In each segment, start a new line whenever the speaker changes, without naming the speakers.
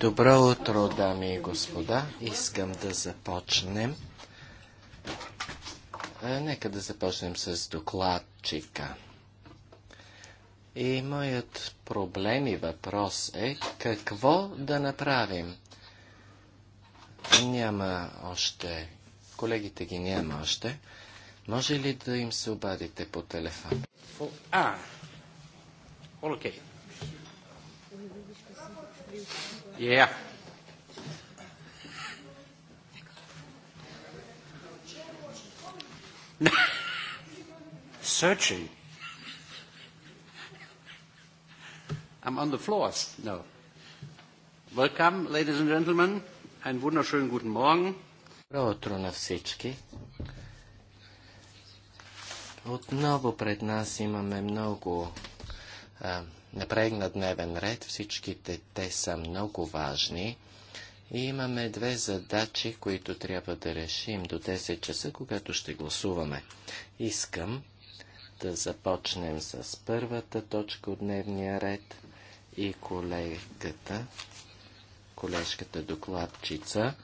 Добро утро, дами и господа. Искам да започнем. Е, нека да започнем с докладчика. И моят проблем и въпрос е какво да направим. Няма още. Колегите ги няма още. Може ли да им се обадите по телефон? А, окей. Okay. Yeah. Searching. I'm on the floors. No. Welcome, ladies and gentlemen. Einen wunderschönen guten Morgen. Добро утро на всички. Отново пред нас имаме много а, Напрегна дневен ред. Всичките те са много важни. И имаме две задачи, които трябва да решим до 10 часа, когато ще гласуваме. Искам да започнем с първата точка от дневния ред и колегата, колежката докладчица.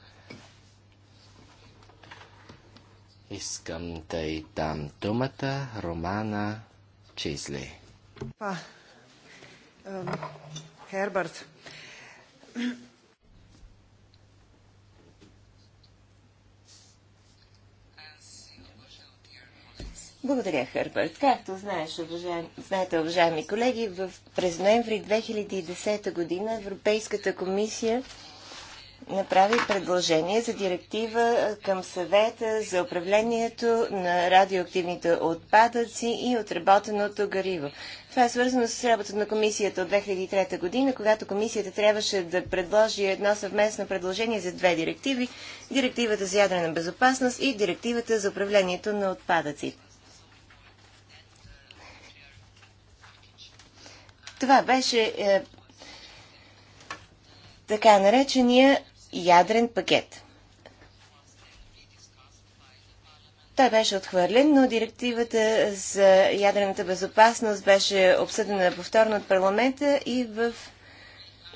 Искам да й дам думата Романа Чизли.
Herbert. Благодаря, Хърбърт. Както знаеш, уважаем, знаете, уважаеми колеги, в, през ноември 2010 година Европейската комисия направи предложение за директива към съвета за управлението на радиоактивните отпадъци и отработеното гориво. Това е свързано с работата на комисията от 2003 година, когато комисията трябваше да предложи едно съвместно предложение за две директиви – директивата за ядрена безопасност и директивата за управлението на отпадъците. Това беше е, така наречения ядрен пакет. Той беше отхвърлен, но директивата за ядрената безопасност беше обсъдена повторно от парламента и в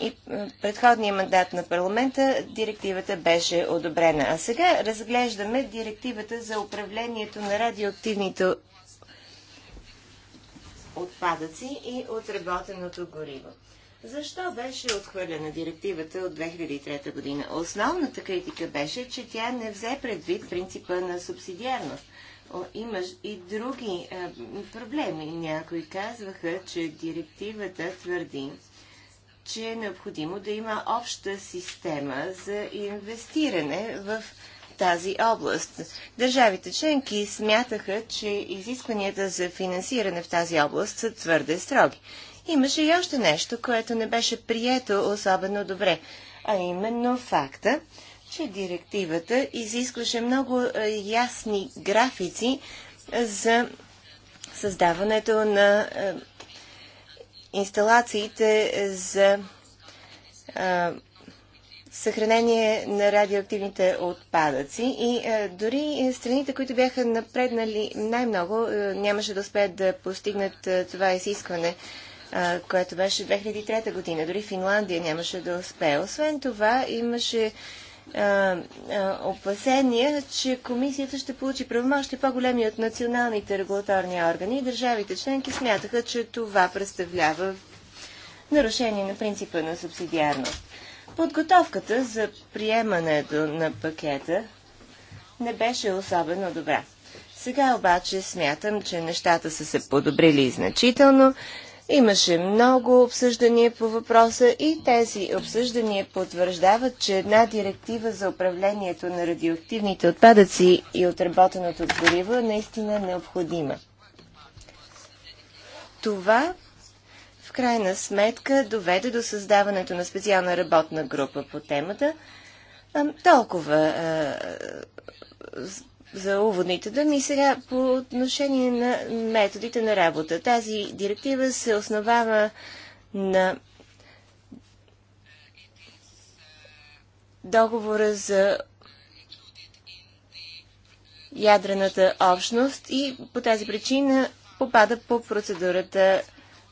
и предходния мандат на парламента директивата беше одобрена. А сега разглеждаме директивата за управлението на радиоактивните отпадъци и отработеното гориво. Защо беше отхвърлена директивата от 2003 година? Основната критика беше, че тя не взе предвид принципа на субсидиарност. Има и други а, е, проблеми. Някои казваха, че директивата твърди, че е необходимо да има обща система за инвестиране в тази област. Държавите членки смятаха, че изискванията за финансиране в тази област са твърде строги. Имаше и още нещо, което не беше прието особено добре, а именно факта, че директивата изискваше много е, ясни графици за създаването на е, инсталациите за е, съхранение на радиоактивните отпадъци и дори страните, които бяха напреднали най-много, нямаше да успеят да постигнат това изискване което беше 2003 година. Дори Финландия нямаше да успее. Освен това, имаше опасения, че комисията ще получи правомощи по-големи от националните регулаторни органи и държавите членки смятаха, че това представлява нарушение на принципа на субсидиарност. Подготовката за приемането на пакета не беше особено добра. Сега обаче смятам, че нещата са се подобрили значително Имаше много обсъждания по въпроса и тези обсъждания потвърждават, че една директива за управлението на радиоактивните отпадъци и отработеното от е наистина необходима. Това в крайна сметка доведе до създаването на специална работна група по темата. толкова за уводните думи. Сега по отношение на методите на работа. Тази директива се основава на договора за ядрената общност и по тази причина попада по процедурата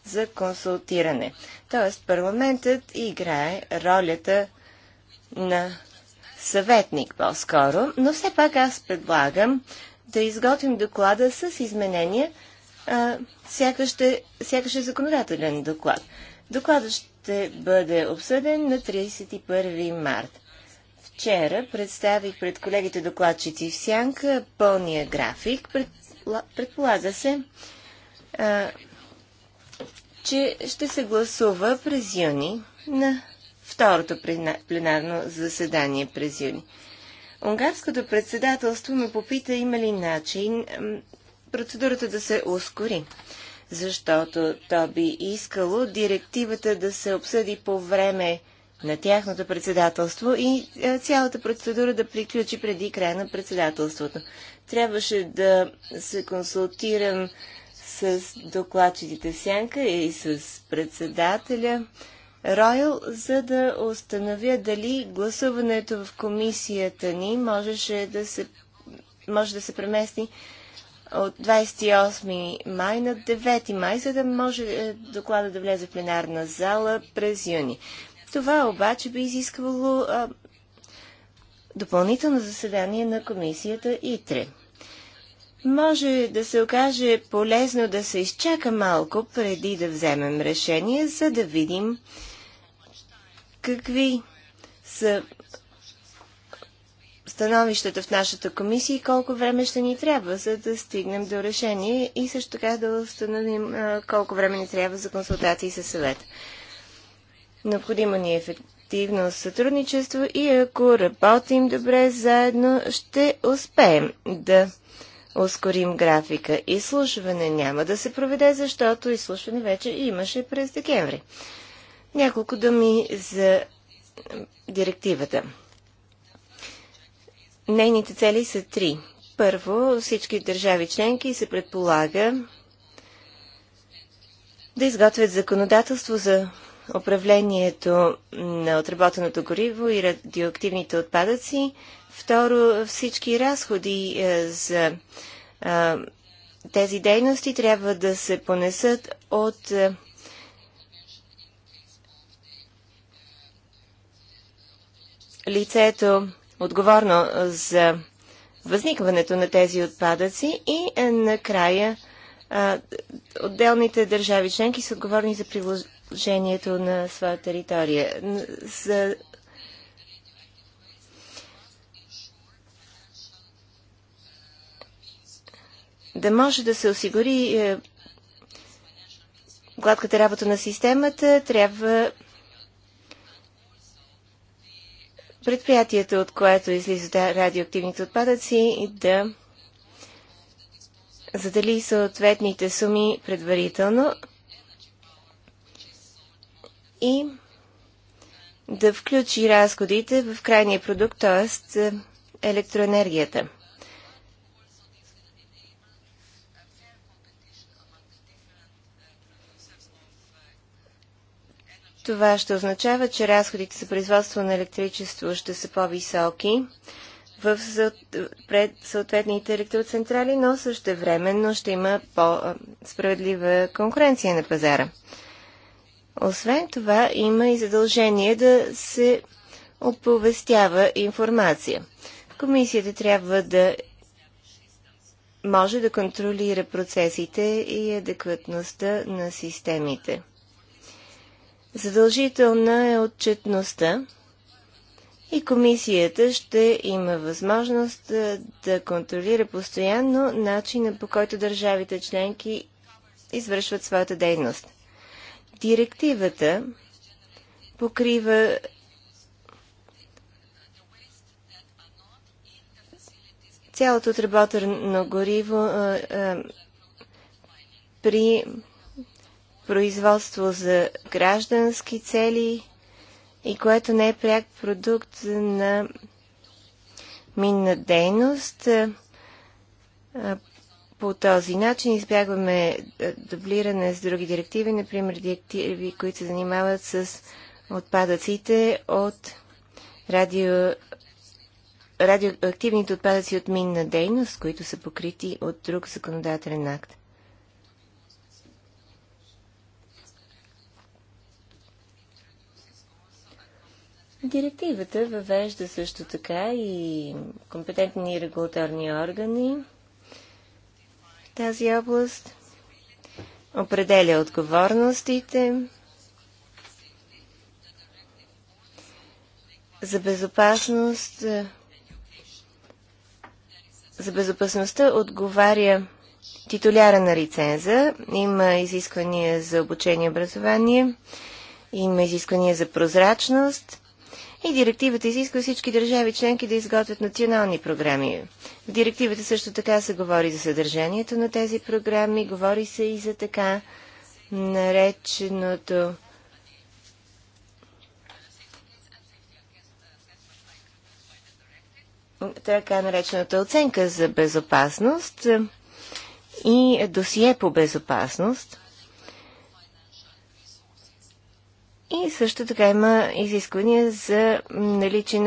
за консултиране. Тоест парламентът играе ролята на съветник по-скоро, но все пак аз предлагам да изготвим доклада с изменения, сякаш, е, сякаш е законодателен доклад. Докладът ще бъде обсъден на 31 март. Вчера представих пред колегите докладчици в Сянка пълния график. Предполага се, а, че ще се гласува през юни на второто пленарно заседание през юни. Унгарското председателство ме попита има ли начин процедурата да се ускори, защото то би искало директивата да се обсъди по време на тяхното председателство и е, цялата процедура да приключи преди края на председателството. Трябваше да се консултирам с докладчиците Сянка и с председателя Ройл, за да установя дали гласуването в комисията ни можеше да се, може да се премести от 28 май на 9 май, за да може е, доклада да влезе в пленарна зала през юни. Това обаче би изисквало а, допълнително заседание на комисията ИТРЕ. Може да се окаже полезно да се изчака малко преди да вземем решение, за да видим какви са становищата в нашата комисия и колко време ще ни трябва, за да стигнем до решение и също така да установим колко време ни трябва за консултации със съвет. Необходимо ни е ефективно сътрудничество и ако работим добре заедно, ще успеем да ускорим графика. Изслушване няма да се проведе, защото изслушване вече имаше през декември. Няколко думи за директивата. Нейните цели са три. Първо, всички държави членки се предполага да изготвят законодателство за управлението на отработеното гориво и радиоактивните отпадъци. Второ, всички разходи е, за е, тези дейности трябва да се понесат от е, лицето отговорно за възникването на тези отпадъци и е, накрая е, отделните държави членки са отговорни за приложението на своя територия. За да може да се осигури е, гладката работа на системата, трябва предприятието, от което излизат радиоактивните отпадъци, да задели съответните суми предварително и да включи разходите в крайния продукт, т.е. електроенергията. Това ще означава, че разходите за производство на електричество ще са по-високи в пред съответните електроцентрали, но също времено ще има по-справедлива конкуренция на пазара. Освен това, има и задължение да се оповестява информация. Комисията трябва да може да контролира процесите и адекватността на системите. Задължителна е отчетността и комисията ще има възможност да контролира постоянно начина по който държавите членки извършват своята дейност. Директивата покрива цялото отработено гориво а, а, при производство за граждански цели и което не е пряк продукт на минна дейност. По този начин избягваме дублиране с други директиви, например директиви, които се занимават с отпадъците от радио, радиоактивните отпадъци от минна дейност, които са покрити от друг законодателен акт. Директивата въвежда също така и компетентни регулаторни органи в тази област, определя отговорностите за безопасност, за безопасността отговаря титуляра на лиценза, има изисквания за обучение и образование, има изисквания за прозрачност – и директивата изисква всички държави членки да изготвят национални програми. В директивата също така се говори за съдържанието на тези програми, говори се и за така нареченото така наречената оценка за безопасност и досие по безопасност. И също така има изисквания за наличие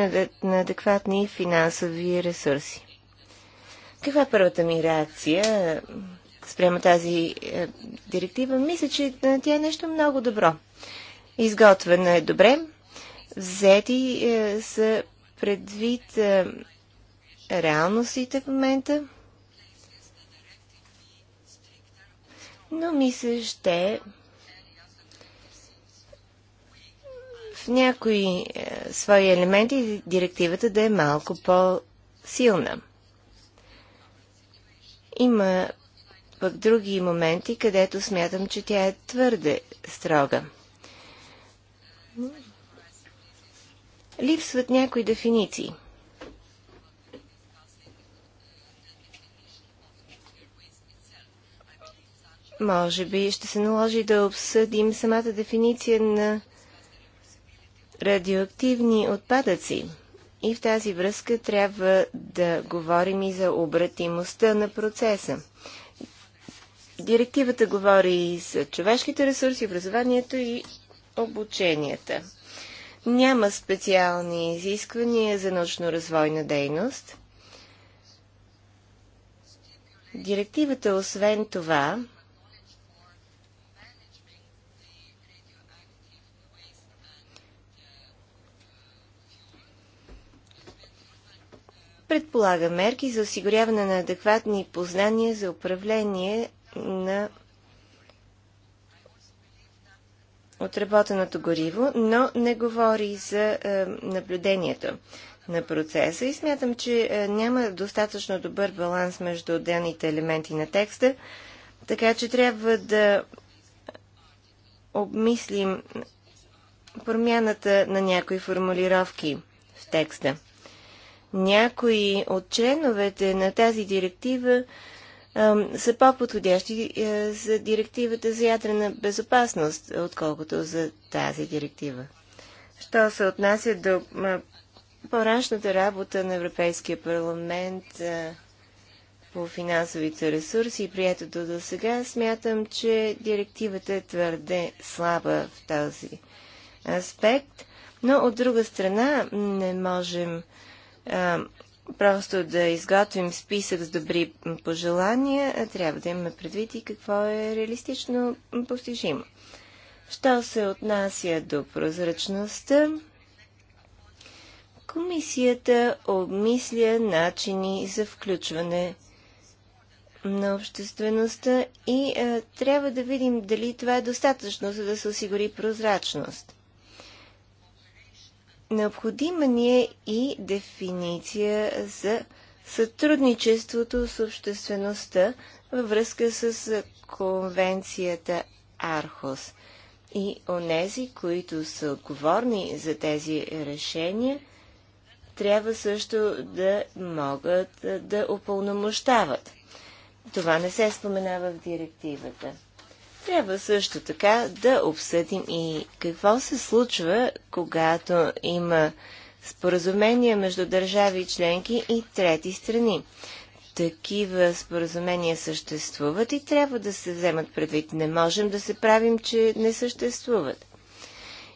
на адекватни финансови ресурси. Каква е първата ми реакция спрямо тази е, директива? Мисля, че е, тя е нещо много добро. Изготвена е добре, взети е, са предвид е, реалностите в момента, но мисля, ще в някои е, свои елементи директивата да е малко по-силна. Има пък други моменти, където смятам, че тя е твърде строга. Липсват някои дефиниции. Може би ще се наложи да обсъдим самата дефиниция на радиоактивни отпадъци. И в тази връзка трябва да говорим и за обратимостта на процеса. Директивата говори и за човешките ресурси, образованието и обученията. Няма специални изисквания за научно-развойна дейност. Директивата, освен това, предполага мерки за осигуряване на адекватни познания за управление на отработеното гориво, но не говори за е, наблюдението на процеса и смятам, че е, няма достатъчно добър баланс между отделните елементи на текста, така че трябва да обмислим промяната на някои формулировки в текста някои от членовете на тази директива са по-подходящи е, за директивата за ядрена безопасност, отколкото за тази директива. Що се отнася до по-рашната работа на Европейския парламент е, по финансовите ресурси и приятото до сега, смятам, че директивата е твърде слаба в този аспект, но от друга страна не можем просто да изготвим списък с добри пожелания, трябва да имаме предвид и какво е реалистично постижимо. Що се отнася до прозрачността, комисията обмисля начини за включване на обществеността и а, трябва да видим дали това е достатъчно, за да се осигури прозрачност. Необходима ни е и дефиниция за сътрудничеството с обществеността във връзка с конвенцията Архос. И онези, които са отговорни за тези решения, трябва също да могат да упълномощават. Това не се споменава в директивата. Трябва също така да обсъдим и какво се случва, когато има споразумения между държави членки и трети страни. Такива споразумения съществуват и трябва да се вземат предвид. Не можем да се правим, че не съществуват.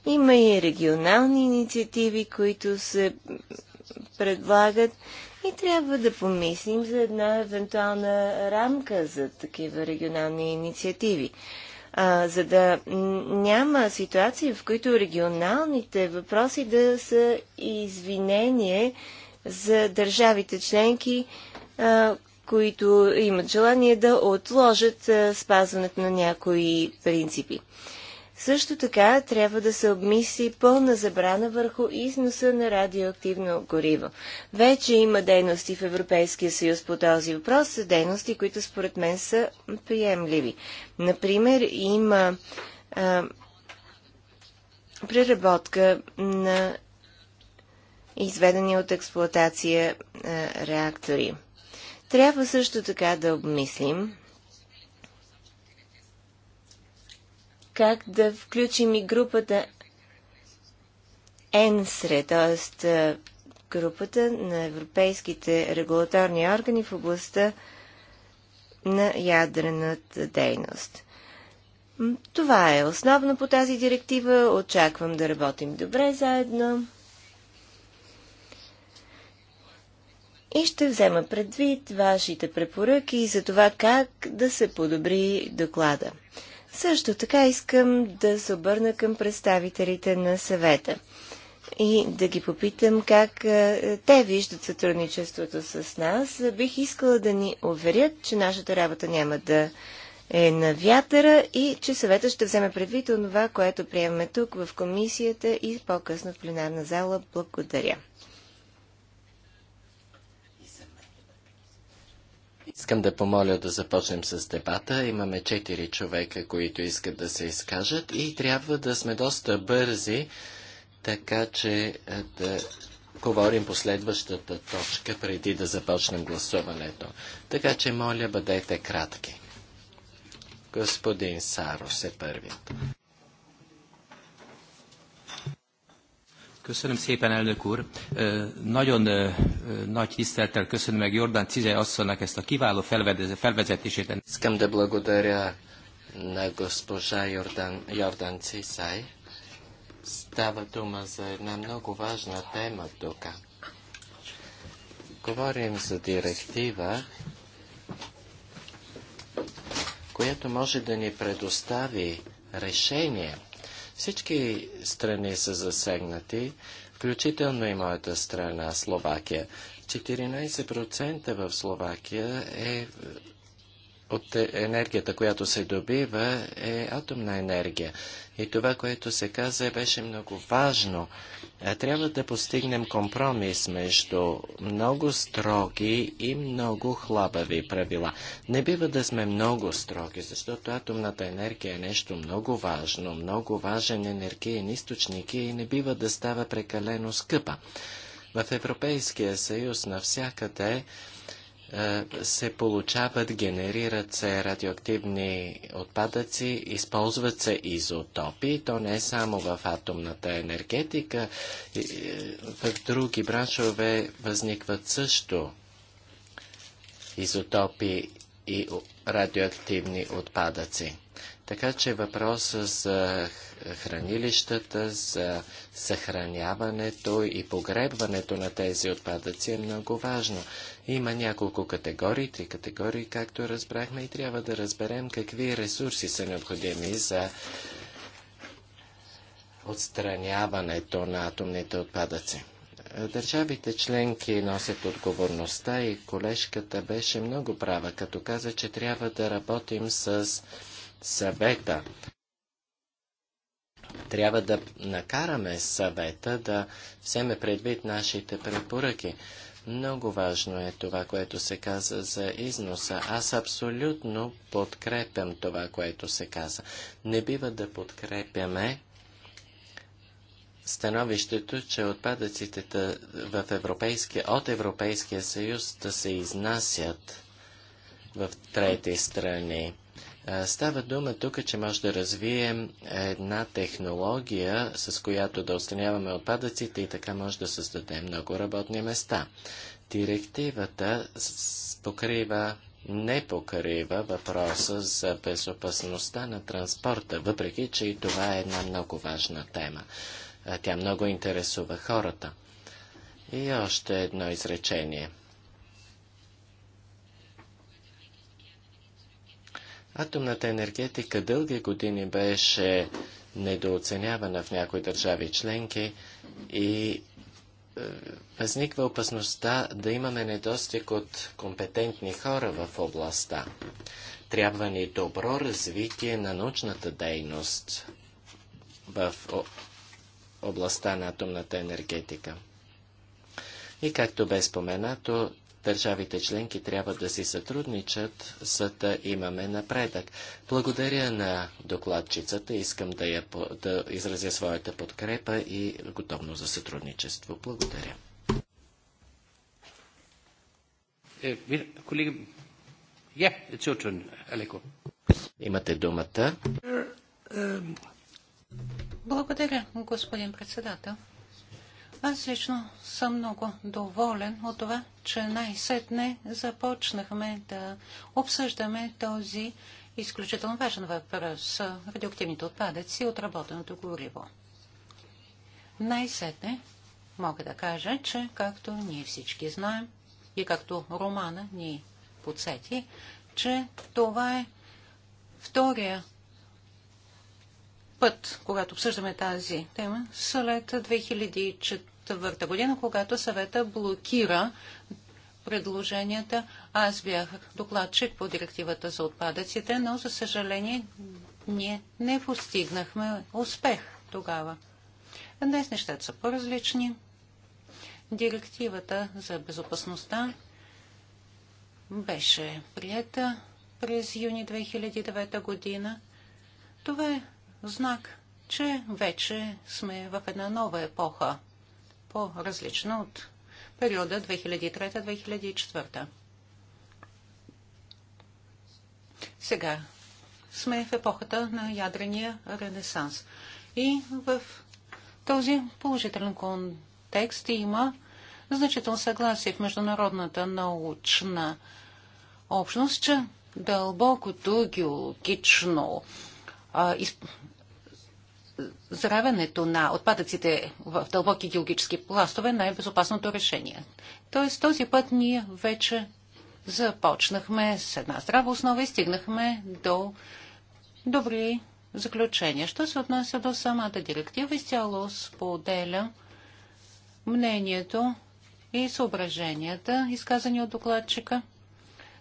Има и регионални инициативи, които се предлагат и трябва да помислим за една евентуална рамка за такива регионални инициативи. А, за да няма ситуации, в които регионалните въпроси да са извинение за държавите членки, а, които имат желание да отложат а, спазването на някои принципи. Също така трябва да се обмисли пълна забрана върху износа на радиоактивно гориво. Вече има дейности в Европейския съюз по този въпрос, са дейности, които според мен са приемливи. Например, има а, преработка на изведени от експлоатация а, реактори. Трябва също така да обмислим как да включим и групата ЕНСРЕ, т.е. групата на европейските регулаторни органи в областта на ядрената дейност. Това е основно по тази директива. Очаквам да работим добре заедно. И ще взема предвид вашите препоръки за това как да се подобри доклада. Също така искам да се обърна към представителите на съвета и да ги попитам как е, те виждат сътрудничеството с нас. Бих искала да ни уверят, че нашата работа няма да е на вятъра и че съвета ще вземе предвид онова, което приемаме тук в комисията и по-късно в пленарна зала. Благодаря.
Искам да помоля да започнем с дебата. Имаме четири човека, които искат да се изкажат и трябва да сме доста бързи, така че е, да говорим последващата точка, преди да започнем гласуването. Така че, моля, бъдете кратки. Господин Саро е първият. Köszönöm szépen, elnök úr. Nagyon nagy tisztelettel köszönöm meg Jordán Cize asszonynak ezt a kiváló felvezetését. Szkem de благодаря на госпожа Йордан, Йордан Цисай. Става дума за една много важна тема тук. Говорим за директива, която може да ни предостави решение – всички страни са засегнати, включително и моята страна, Словакия. 14% в Словакия е от енергията, която се добива, е атомна енергия. И това, което се каза, беше много важно. Е, трябва да постигнем компромис между много строги и много хлабави правила. Не бива да сме много строги, защото атомната енергия е нещо много важно, много важен енергиен източник и не бива да става прекалено скъпа. В Европейския съюз навсякъде е, се получават, генерират се радиоактивни отпадъци, използват се изотопи, то не е само в атомната енергетика, е, в други браншове възникват също изотопи и радиоактивни отпадъци. Така че въпроса за хранилищата, за съхраняването и погребването на тези отпадъци е много важно. Има няколко категории, три категории, както разбрахме, и трябва да разберем какви ресурси са необходими за отстраняването на атомните отпадъци. Държавите членки носят отговорността и колежката беше много права, като каза, че трябва да работим с съвета. Трябва да накараме съвета да вземе предвид нашите препоръки. Много важно е това, което се каза за износа. Аз абсолютно подкрепям това, което се каза. Не бива да подкрепяме становището, че отпадъците в европейски, от Европейския съюз да се изнасят в трети страни. Става дума тук, че може да развием една технология, с която да отстраняваме отпадъците и така може да създадем много работни места. Директивата покрива не покрива въпроса за безопасността на транспорта, въпреки че и това е една много важна тема. Тя много интересува хората. И още едно изречение – Атомната енергетика дълги години беше недооценявана в някои държави членки и е, възниква опасността да имаме недостиг от компетентни хора в областта. Трябва ни добро развитие на научната дейност в областта на атомната енергетика. И както бе споменато, Държавите членки трябва да си сътрудничат, за да имаме напредък. Благодаря на докладчицата, искам да, я, да изразя своята подкрепа и готовно за сътрудничество. Благодаря. Е, Колега, е, Алеко. Имате думата.
Благодаря, господин председател. Аз лично съм много доволен от това, че най-сетне започнахме да обсъждаме този изключително важен въпрос – радиоактивните отпадъци от работеното гориво. Най-сетне мога да кажа, че както ние всички знаем и както романа ни подсети, че това е втория път, когато обсъждаме тази тема, след 2004 2004 година, когато съвета блокира предложенията. Аз бях докладчик по директивата за отпадъците, но за съжаление ние не постигнахме успех тогава. Днес нещата са по-различни. Директивата за безопасността беше прията през юни 2009 година. Това е знак, че вече сме в една нова епоха по-различна от периода 2003-2004. Сега сме в епохата на ядрения ренесанс. И в този положителен контекст има значително съгласие в международната научна общност, че дълбокото геологично из, заравянето на отпадъците в дълбоки геологически пластове е най-безопасното решение. Тоест този път ние вече започнахме с една здрава основа и стигнахме до добри заключения. Що се отнася до самата директива, изцяло споделя мнението и съображенията, изказани от докладчика.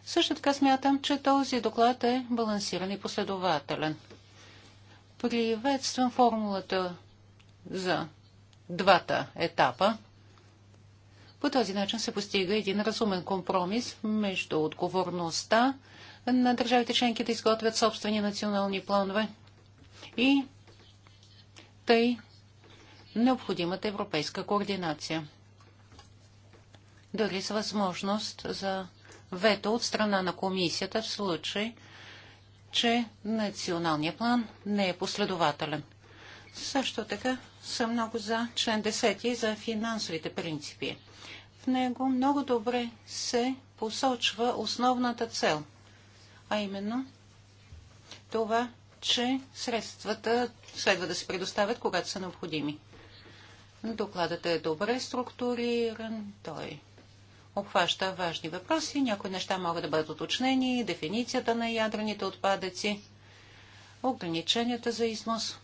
Също така смятам, че този доклад е балансиран и последователен. Приветствам формулата за двата етапа. По този начин се постига един разумен компромис между отговорността на държавите членки да изготвят собствени национални планове и тъй необходимата европейска координация. Дори с възможност за вето от страна на комисията в случай, че националният план не е последователен. Също така съм много за член 10 за финансовите принципи. В него много добре се посочва основната цел, а именно това, че средствата следва да се предоставят, когато са необходими. Докладът е добре структуриран, той обхваща важни въпроси. Някои неща могат да бъдат уточнени, дефиницията на ядрените отпадъци, ограниченията за износ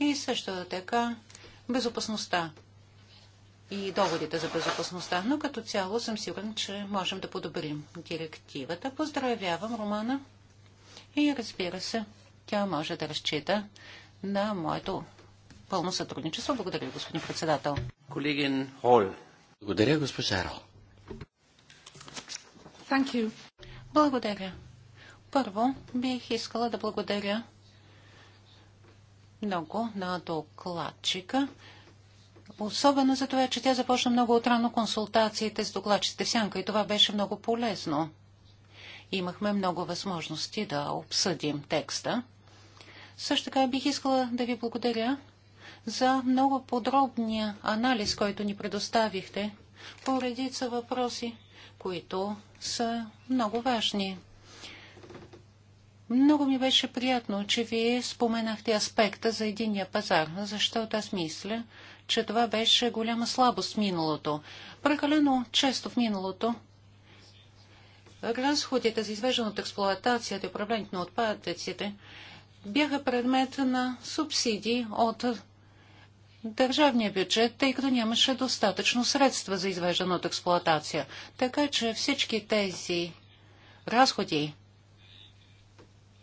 и също така безопасността и доводите за безопасността, но като цяло съм сигурен, че можем да подобрим директивата. Поздравявам Романа и разбира се, тя може да разчита на моето пълно сътрудничество. Благодаря, господин председател.
Колегин Хол. Благодаря, госпожа Рол.
Thank you. Благодаря. Първо бих искала да благодаря много на докладчика, особено за това, че тя започна много отрано консултациите с докладчите в Сянка и това беше много полезно. Имахме много възможности да обсъдим текста. Също така бих искала да ви благодаря за много подробния анализ, който ни предоставихте по редица въпроси, които са много важни. Много ми беше приятно, че вие споменахте аспекта за единния пазар, защото аз мисля, че това беше голяма слабост в миналото. Прекалено често в миналото разходите за извеждане от експлоатацията и управлението на отпадъците бяха предмет на субсидии от държавния бюджет, тъй като нямаше достатъчно средства за извеждане от експлоатация. Така че всички тези разходи,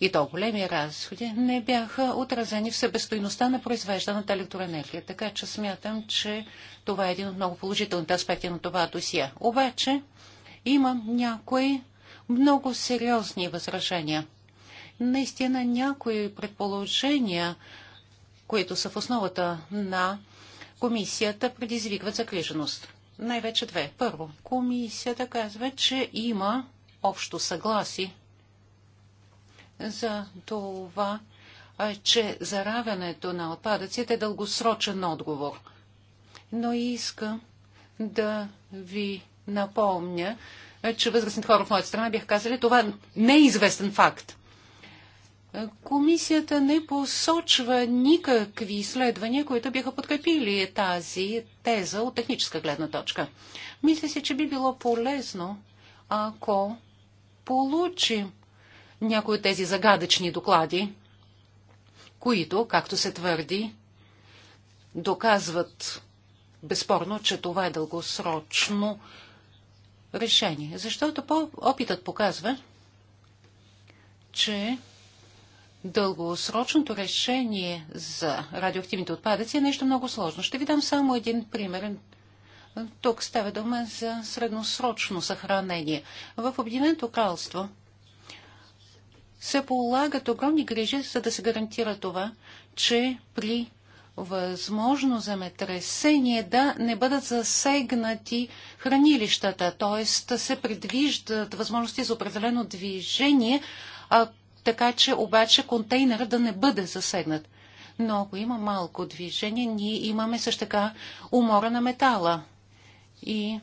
и то големи разходи, не бяха отразени в себестоиността на произвежданата електроенергия. Така че смятам, че това е един от много положителните аспекти на това досие. Обаче имам някои много сериозни възражения. Наистина някои предположения които са в основата на комисията, предизвикват загриженост. Най-вече две. Първо, комисията казва, че има общо съгласи за това, че заравянето на отпадъците е дългосрочен отговор. Но иска да ви напомня, че възрастните хора в моята страна бях казали, това не е известен факт. Комисията не посочва никакви изследвания, които биха подкрепили тази теза от техническа гледна точка. Мисля се, че би било полезно, ако получим някои от тези загадъчни доклади, които, както се твърди, доказват безспорно, че това е дългосрочно решение. Защото по опитът показва, че дългосрочното решение за радиоактивните отпадъци е нещо много сложно. Ще ви дам само един пример. Тук става дума за средносрочно съхранение. В Обединеното кралство се полагат огромни грижи, за да се гарантира това, че при възможно земетресение да не бъдат засегнати хранилищата, т.е. се предвиждат възможности за определено движение, така че обаче контейнера да не бъде засегнат. Но ако има малко движение, ние имаме също така умора на метала. И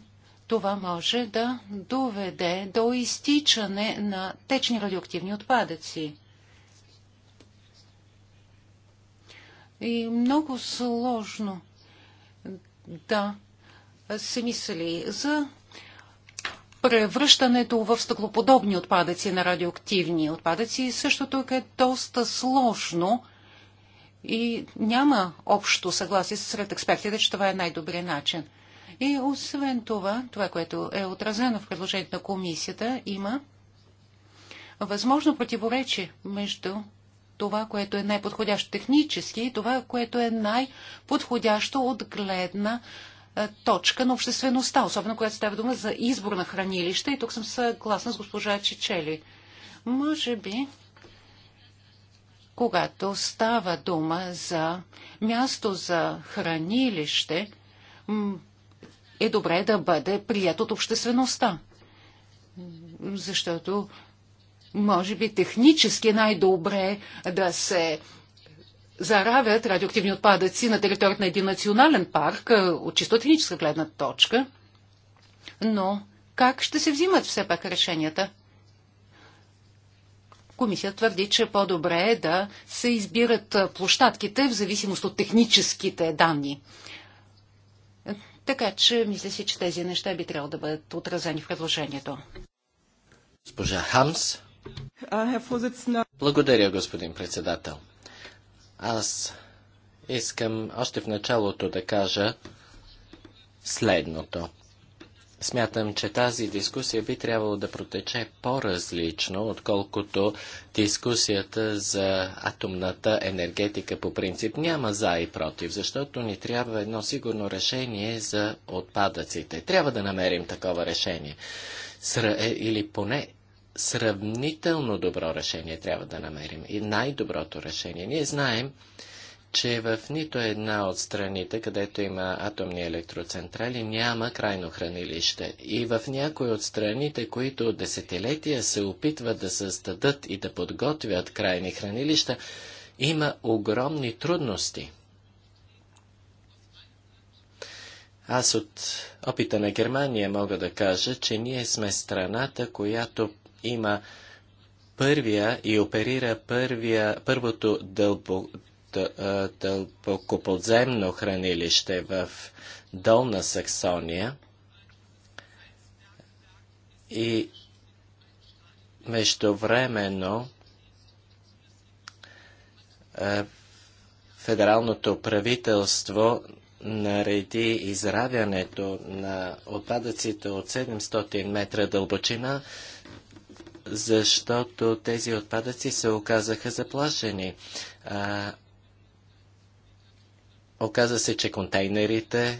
това може да доведе до изтичане на течни радиоактивни отпадъци. И много сложно да се мисли за превръщането в стъклоподобни отпадъци на радиоактивни отпадъци също тук е доста сложно и няма общо съгласие сред експертите, че това е най-добрият начин. И освен това, това, което е отразено в предложението на комисията, има възможно противоречие между това, което е най-подходящо технически и това, което е най-подходящо от гледна е, точка на обществеността, особено когато става дума за избор на хранилище. И тук съм съгласна с госпожа Чичели. Може би, когато става дума за място за хранилище, е добре да бъде прият от обществеността. Защото може би технически е най-добре да се заравят радиоактивни отпадъци на територията на един национален парк от чисто техническа гледна точка. Но как ще се взимат все пак решенията? Комисията твърди, че по-добре е да се избират площадките в зависимост от техническите данни. Е, така че мисля си, че тези неща би трябвало да бъдат отразени в предложението.
Госпожа Хамс. Е, Благодаря, господин председател. Аз искам още в началото да кажа следното. Смятам, че тази дискусия би трябвало да протече по-различно, отколкото дискусията за атомната енергетика по принцип няма за и против, защото ни трябва едно сигурно решение за отпадъците. Трябва да намерим такова решение. Сра... Е, или поне сравнително добро решение трябва да намерим и най-доброто решение. Ние знаем, че в нито една от страните, където има атомни електроцентрали, няма крайно хранилище. И в някои от страните, които от десетилетия се опитват да създадат и да подготвят крайни хранилища, има огромни трудности. Аз от опита на Германия мога да кажа, че ние сме страната, която има първия и оперира първия, първото дълбо, дълбокоподземно хранилище в Долна Саксония и междувременно федералното правителство нареди изравянето на отпадъците от 700 метра дълбочина защото тези отпадъци се оказаха заплашени. А, оказа се, че контейнерите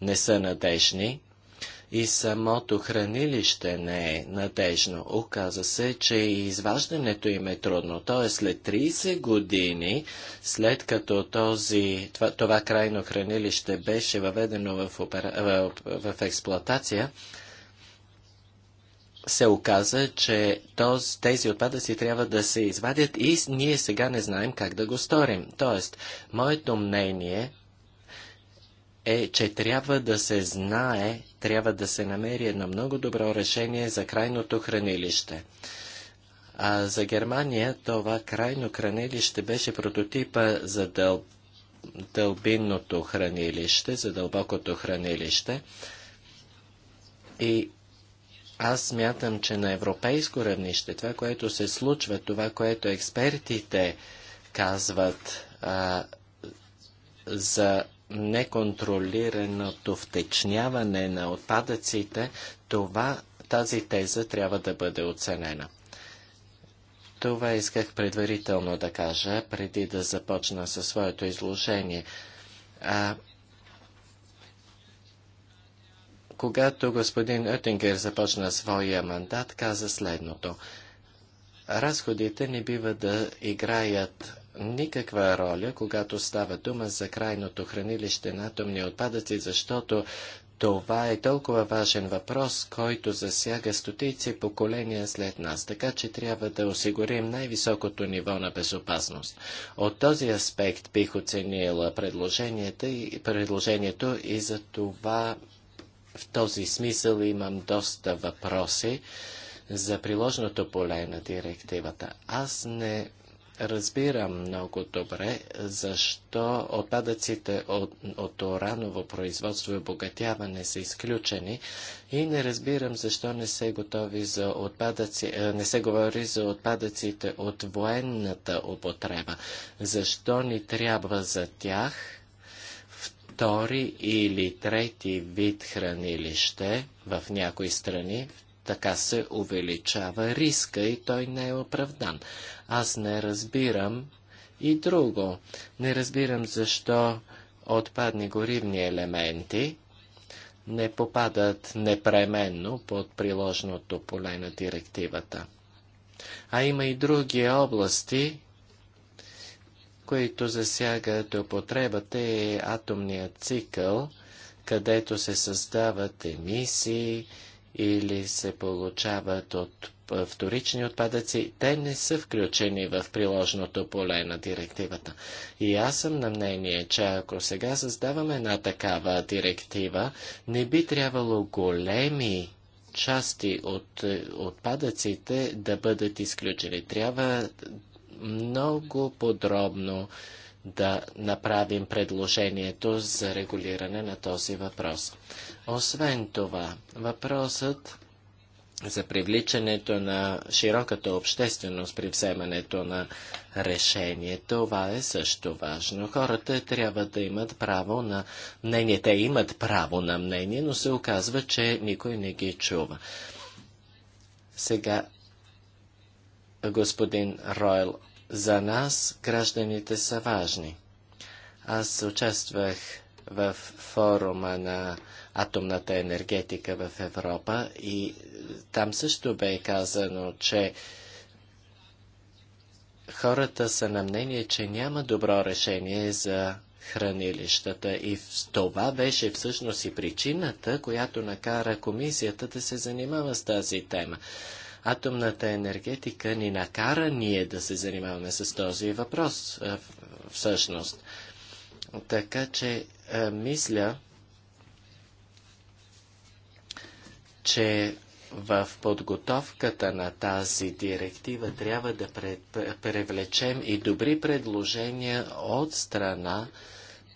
не са надежни и самото хранилище не е надежно. Оказа се, че и изваждането им е трудно. Т.е. след 30 години, след като този, това, това крайно хранилище беше въведено в, опера... в, в, в експлоатация, се оказа, че този, тези отпадъци трябва да се извадят и ние сега не знаем как да го сторим. Тоест, моето мнение е, че трябва да се знае, трябва да се намери едно много добро решение за крайното хранилище. А за Германия това крайно хранилище беше прототипа за дъл... дълбинното хранилище, за дълбокото хранилище. И аз смятам, че на европейско равнище това, което се случва, това, което експертите казват а, за неконтролираното втечняване на отпадъците, това, тази теза трябва да бъде оценена. Това исках предварително да кажа, преди да започна със своето изложение. А, Когато господин Оттингер започна своя мандат, каза следното. Разходите не бива да играят никаква роля, когато става дума за крайното хранилище на атомни отпадъци, защото това е толкова важен въпрос, който засяга стотици поколения след нас, така че трябва да осигурим най-високото ниво на безопасност. От този аспект бих оценила предложението и, предложението и за това в този смисъл имам доста въпроси за приложното поле на директивата. Аз не разбирам много добре защо отпадъците от, от ураново производство и обогатяване са изключени и не разбирам защо не се готови за отпадъци, е, не се говори за отпадъците от военната употреба. Защо ни трябва за тях втори или трети вид хранилище в някои страни, така се увеличава риска и той не е оправдан. Аз не разбирам и друго. Не разбирам защо отпадни горивни елементи не попадат непременно под приложното поле на директивата. А има и други области, които засягат употребата е атомният цикъл, където се създават емисии или се получават от вторични отпадъци, те не са включени в приложното поле на директивата. И аз съм на мнение, че ако сега създаваме една такава директива, не би трябвало големи части от е, отпадъците да бъдат изключени. Трябва много подробно да направим предложението за регулиране на този въпрос. Освен това, въпросът за привличането на широката общественост при вземането на решение. Това е също важно. Хората трябва да имат право на мнение. Те имат право на мнение, но се оказва, че никой не ги чува. Сега господин Ройл за нас гражданите са важни. Аз участвах в форума на атомната енергетика в Европа и там също бе казано, че хората са на мнение, че няма добро решение за хранилищата. И това беше всъщност и причината, която накара комисията да се занимава с тази тема атомната енергетика ни накара ние да се занимаваме с този въпрос всъщност. Така че мисля, че в подготовката на тази директива трябва да превлечем и добри предложения от страна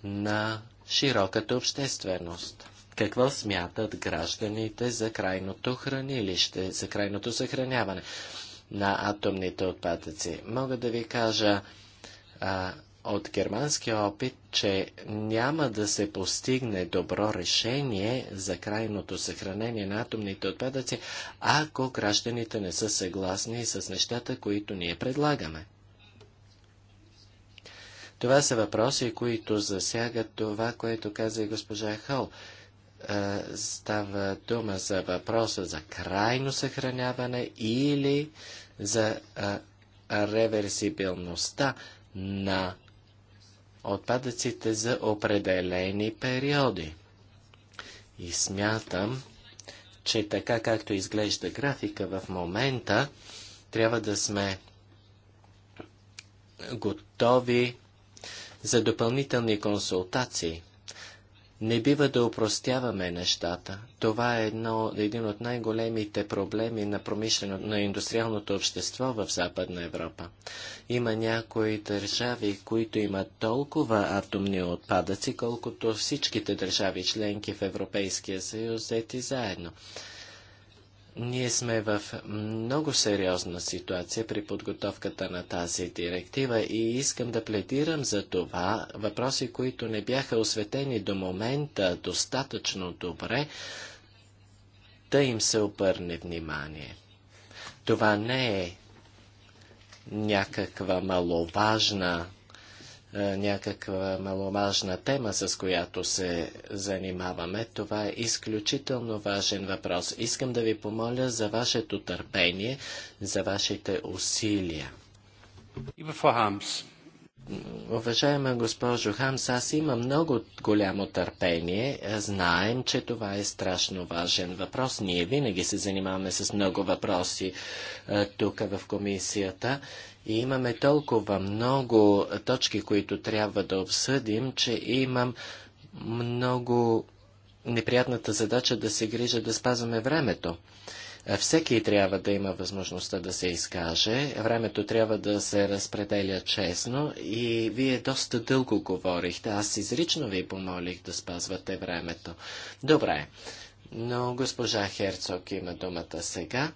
на широката общественост какво смятат гражданите за крайното хранилище, за крайното съхраняване на атомните отпадъци. Мога да ви кажа а, от германския опит, че няма да се постигне добро решение за крайното съхранение на атомните отпадъци, ако гражданите не са съгласни с нещата, които ние предлагаме. Това са въпроси, които засягат това, което каза и госпожа Хол. Е, става дума за въпроса за крайно съхраняване или за е, реверсибилността на отпадъците за определени периоди. И смятам, че така както изглежда графика в момента, трябва да сме готови за допълнителни консултации – не бива да упростяваме нещата. Това е едно, един от най-големите проблеми на промишлено, на индустриалното общество в Западна Европа. Има някои държави, които имат толкова атомни отпадъци, колкото всичките държави членки в Европейския съюз взети заедно. Ние сме в много сериозна ситуация при подготовката на тази директива и искам да пледирам за това въпроси, които не бяха осветени до момента достатъчно добре, да им се обърне внимание. Това не е някаква маловажна е, някаква маломажна тема, с която се занимаваме. Това е изключително важен въпрос. Искам да ви помоля за вашето търпение, за вашите усилия. Уважаема госпожо Хамс, аз имам много голямо търпение. Знаем, че това е страшно важен въпрос. Ние винаги се занимаваме с много въпроси е, тук в комисията и имаме толкова много точки, които трябва да обсъдим, че имам много неприятната задача да се грижа да спазваме времето. Всеки трябва да има възможността да се изкаже, времето трябва да се разпределя честно и вие доста дълго говорихте. Аз изрично ви помолих да спазвате времето. Добре, но госпожа Херцог има думата сега.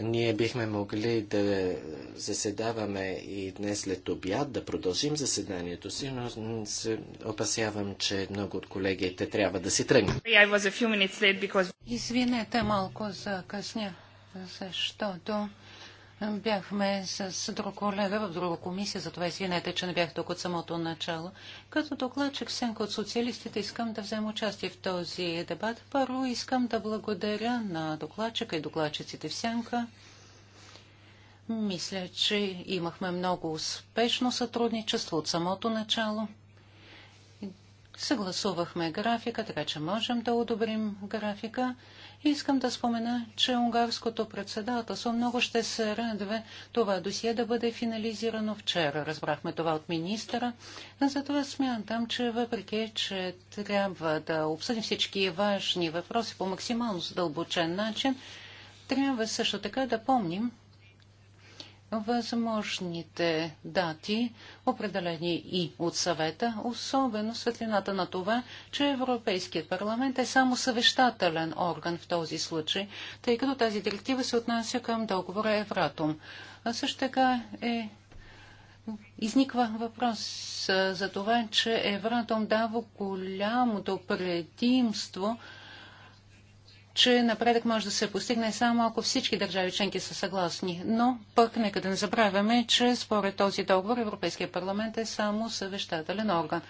Ние бихме могли да заседаваме и днес след обяд, да продължим заседанието си, но се опасявам, че много от колегите трябва да си тръгнат.
Because... Извинете малко късня, защото Бяхме с друг колега в друга комисия, затова извинете, че не бях тук от самото начало. Като докладчик Сенко от социалистите искам да взема участие в този дебат. Първо искам да благодаря на докладчика и докладчиците в Сянка. Мисля, че имахме много успешно сътрудничество от самото начало. Съгласувахме графика, така че можем да одобрим графика. Искам да спомена, че унгарското председателство много ще се радва това досие да бъде финализирано вчера. Разбрахме това от министъра. Затова смятам, че въпреки, че трябва да обсъдим всички важни въпроси по максимално задълбочен начин, трябва също така да помним, възможните дати, определени и от съвета, особено светлината на това, че Европейският парламент е само съвещателен орган в този случай, тъй като тази директива се отнася към договора Евратум. А също така е Изниква въпрос за това, че Евратом дава голямото предимство че напредък може да се постигне само ако всички държави членки са съгласни. Но пък нека да не забравяме, че според този договор Европейския парламент е само съвещателен орган.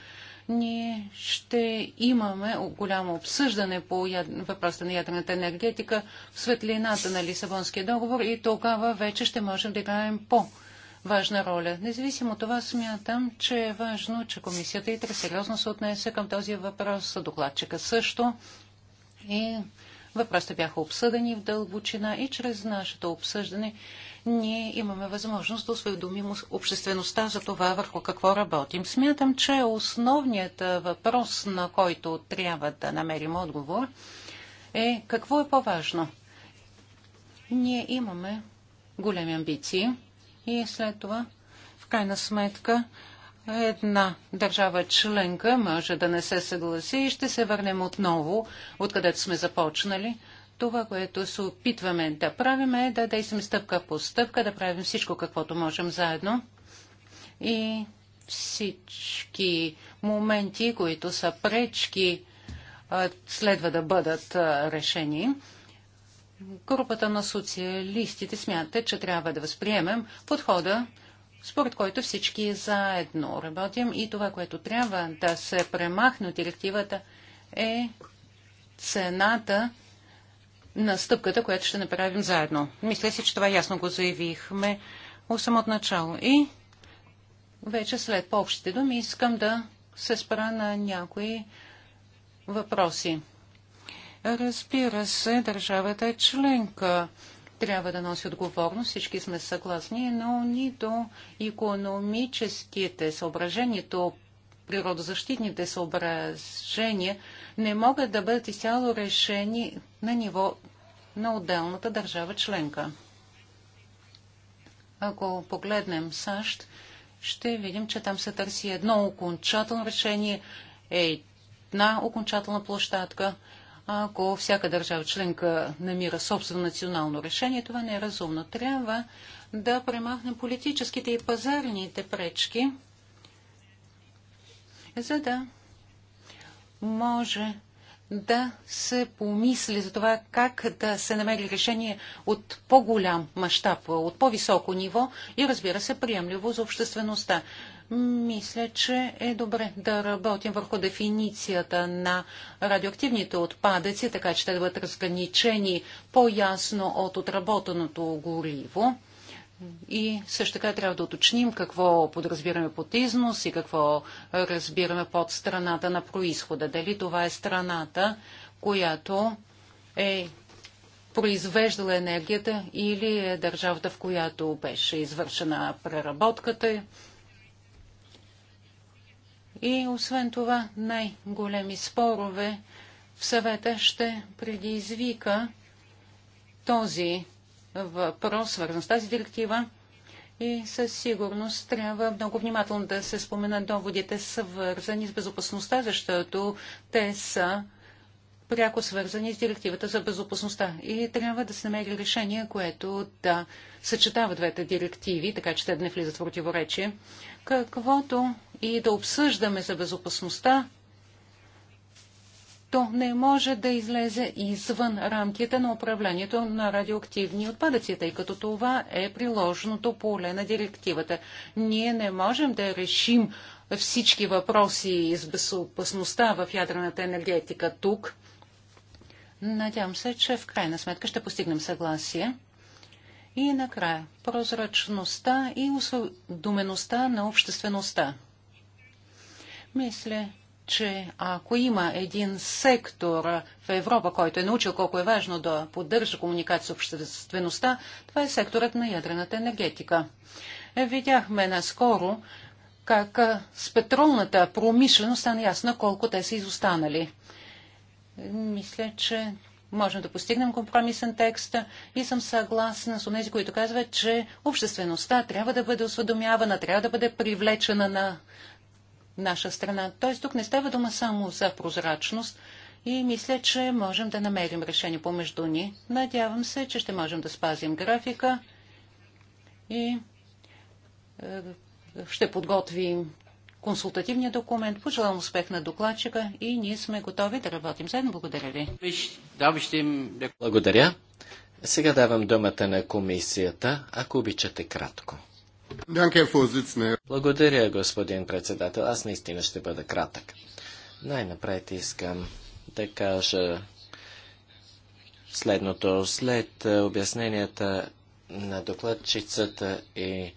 Ние ще имаме голямо обсъждане по яд... въпроса на ядрената енергетика в светлината на Лисабонския договор и тогава вече ще можем да играем по важна роля. Независимо от това, смятам, че е важно, че комисията и сериозно се отнесе към този въпрос, докладчика също. И Въпросите бяха обсъдени в дълбочина и чрез нашето обсъждане ние имаме възможност да осведомим обществеността за това върху какво работим. Смятам, че основният въпрос, на който трябва да намерим отговор, е какво е по-важно. Ние имаме големи амбиции и след това, в крайна сметка, една държава членка може да не се съгласи и ще се върнем отново, откъдето сме започнали. Това, което се опитваме да правим е да действаме стъпка по стъпка, да правим всичко каквото можем заедно. И всички моменти, които са пречки, следва да бъдат решени. Групата на социалистите смята, че трябва да възприемем подхода според който всички заедно работим и това, което трябва да се премахне от директивата е цената на стъпката, която ще направим заедно. Мисля си, че това ясно го заявихме от самото начало. И вече след по-общите думи искам да се спра на някои въпроси. Разбира се, държавата е членка трябва да носи отговорност, всички сме съгласни, но нито економическите съображения, нито природозащитните съображения не могат да бъдат изцяло решени на ниво на отделната държава членка. Ако погледнем САЩ, ще видим, че там се търси едно окончателно решение, една окончателна площадка – ако всяка държава членка намира собствено национално решение, това не е разумно. Трябва да премахнем политическите и пазарните пречки, за да може да се помисли за това как да се намери решение от по-голям мащаб, от по-високо ниво и разбира се приемливо за обществеността мисля, че е добре да работим върху дефиницията на радиоактивните отпадъци, така че те да бъдат разграничени по-ясно от отработеното гориво. И също така трябва да уточним какво подразбираме под износ и какво разбираме под страната на происхода. Дали това е страната, която е произвеждала енергията или е държавата, в която беше извършена преработката и освен това, най-големи спорове в съвета ще предизвика този въпрос, свързан с тази директива. И със сигурност трябва много внимателно да се споменат доводите, свързани с безопасността, защото те са пряко свързани с директивата за безопасността. И трябва да се намери решение, което да съчетава двете директиви, така че те да не влизат в противоречие. Каквото и да обсъждаме за безопасността, то не може да излезе извън рамките на управлението на радиоактивни отпадъци, тъй като това е приложеното поле на директивата. Ние не можем да решим всички въпроси с безопасността в ядрената енергетика тук. Надявам се, че в крайна сметка ще постигнем съгласие. И накрая прозрачността и усъдомеността на обществеността. Мисля, че ако има един сектор в Европа, който е научил колко е важно да поддържа комуникация с обществеността, това е секторът на ядрената енергетика. Е, видяхме наскоро как с петролната промишленост стана ясно колко те са изостанали. Мисля, че можем да постигнем компромисен текст и съм съгласна с тези, които казват, че обществеността трябва да бъде осведомявана, трябва да бъде привлечена на наша страна. Т.е. тук не става дума само за прозрачност и мисля, че можем да намерим решение помежду ни. Надявам се, че ще можем да спазим графика и е, ще подготвим консултативния документ. Пожелавам успех на докладчика и ние сме готови да работим заедно. Благодаря ви.
Благодаря. Сега давам думата на комисията, ако обичате кратко. Благодаря, господин председател. Аз наистина ще бъда кратък. Най-напред искам да кажа следното. След е, обясненията на докладчицата и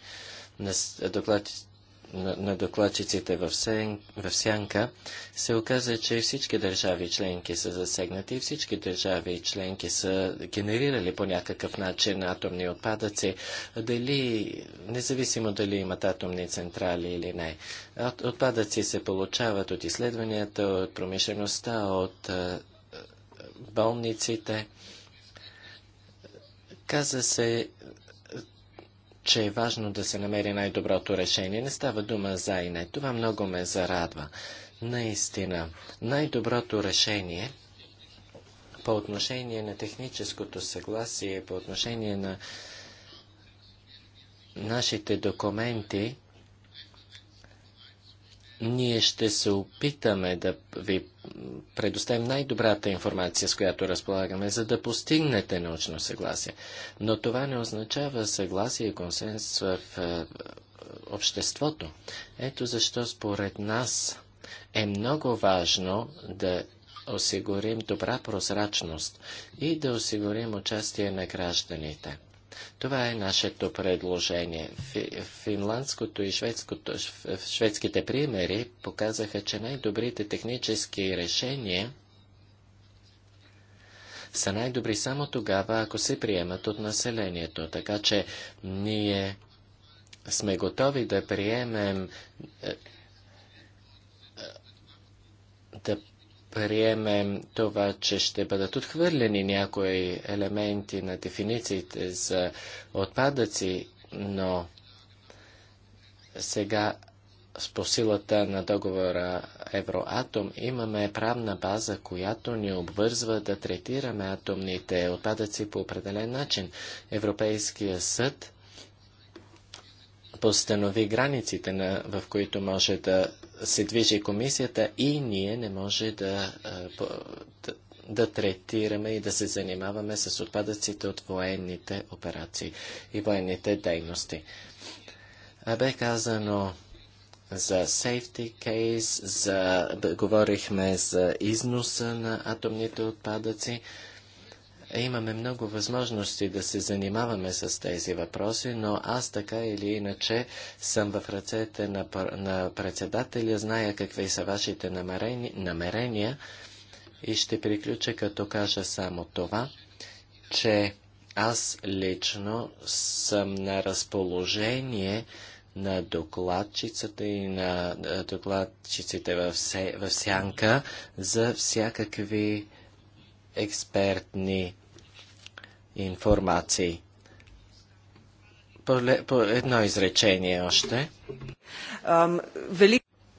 на докладчицата, на, на докладчиците в, сен, в Сянка, се оказа, че всички държави членки са засегнати и всички държави членки са генерирали по някакъв начин атомни отпадъци, дали, независимо дали имат атомни централи или не. От, отпадъци се получават от изследванията, от промишлеността, от болниците. Каза се, че е важно да се намери най-доброто решение. Не става дума за и не. Това много ме зарадва. Наистина, най-доброто решение по отношение на техническото съгласие, по отношение на нашите документи, ние ще се опитаме да ви предоставим най-добрата информация, с която разполагаме, за да постигнете научно съгласие. Но това не означава съгласие и консенсус в е, обществото. Ето защо според нас е много важно да осигурим добра прозрачност и да осигурим участие на гражданите. Това е нашето предложение. Финландското и шведското, шведските примери показаха, че най-добрите технически решения са най-добри само тогава, ако се приемат от населението. Така че ние сме готови да приемем е, е, да приемем това, че ще бъдат отхвърлени някои елементи на дефинициите за отпадъци, но сега с силата на договора Евроатом имаме правна база, която ни обвързва да третираме атомните отпадъци по определен начин. Европейския съд постанови границите, на, в които може да се движи комисията и ние не може да, да, да третираме и да се занимаваме с отпадъците от военните операции и военните дейности. А бе казано за safety case, за, говорихме за износа на атомните отпадъци. Имаме много възможности да се занимаваме с тези въпроси, но аз така или иначе съм в ръцете на, на председателя, зная какви са вашите намерения, намерения и ще приключа като кажа само това, че аз лично съм на разположение на докладчицата и на докладчиците в, се, в сянка за всякакви експертни информации. По, по едно изречение още.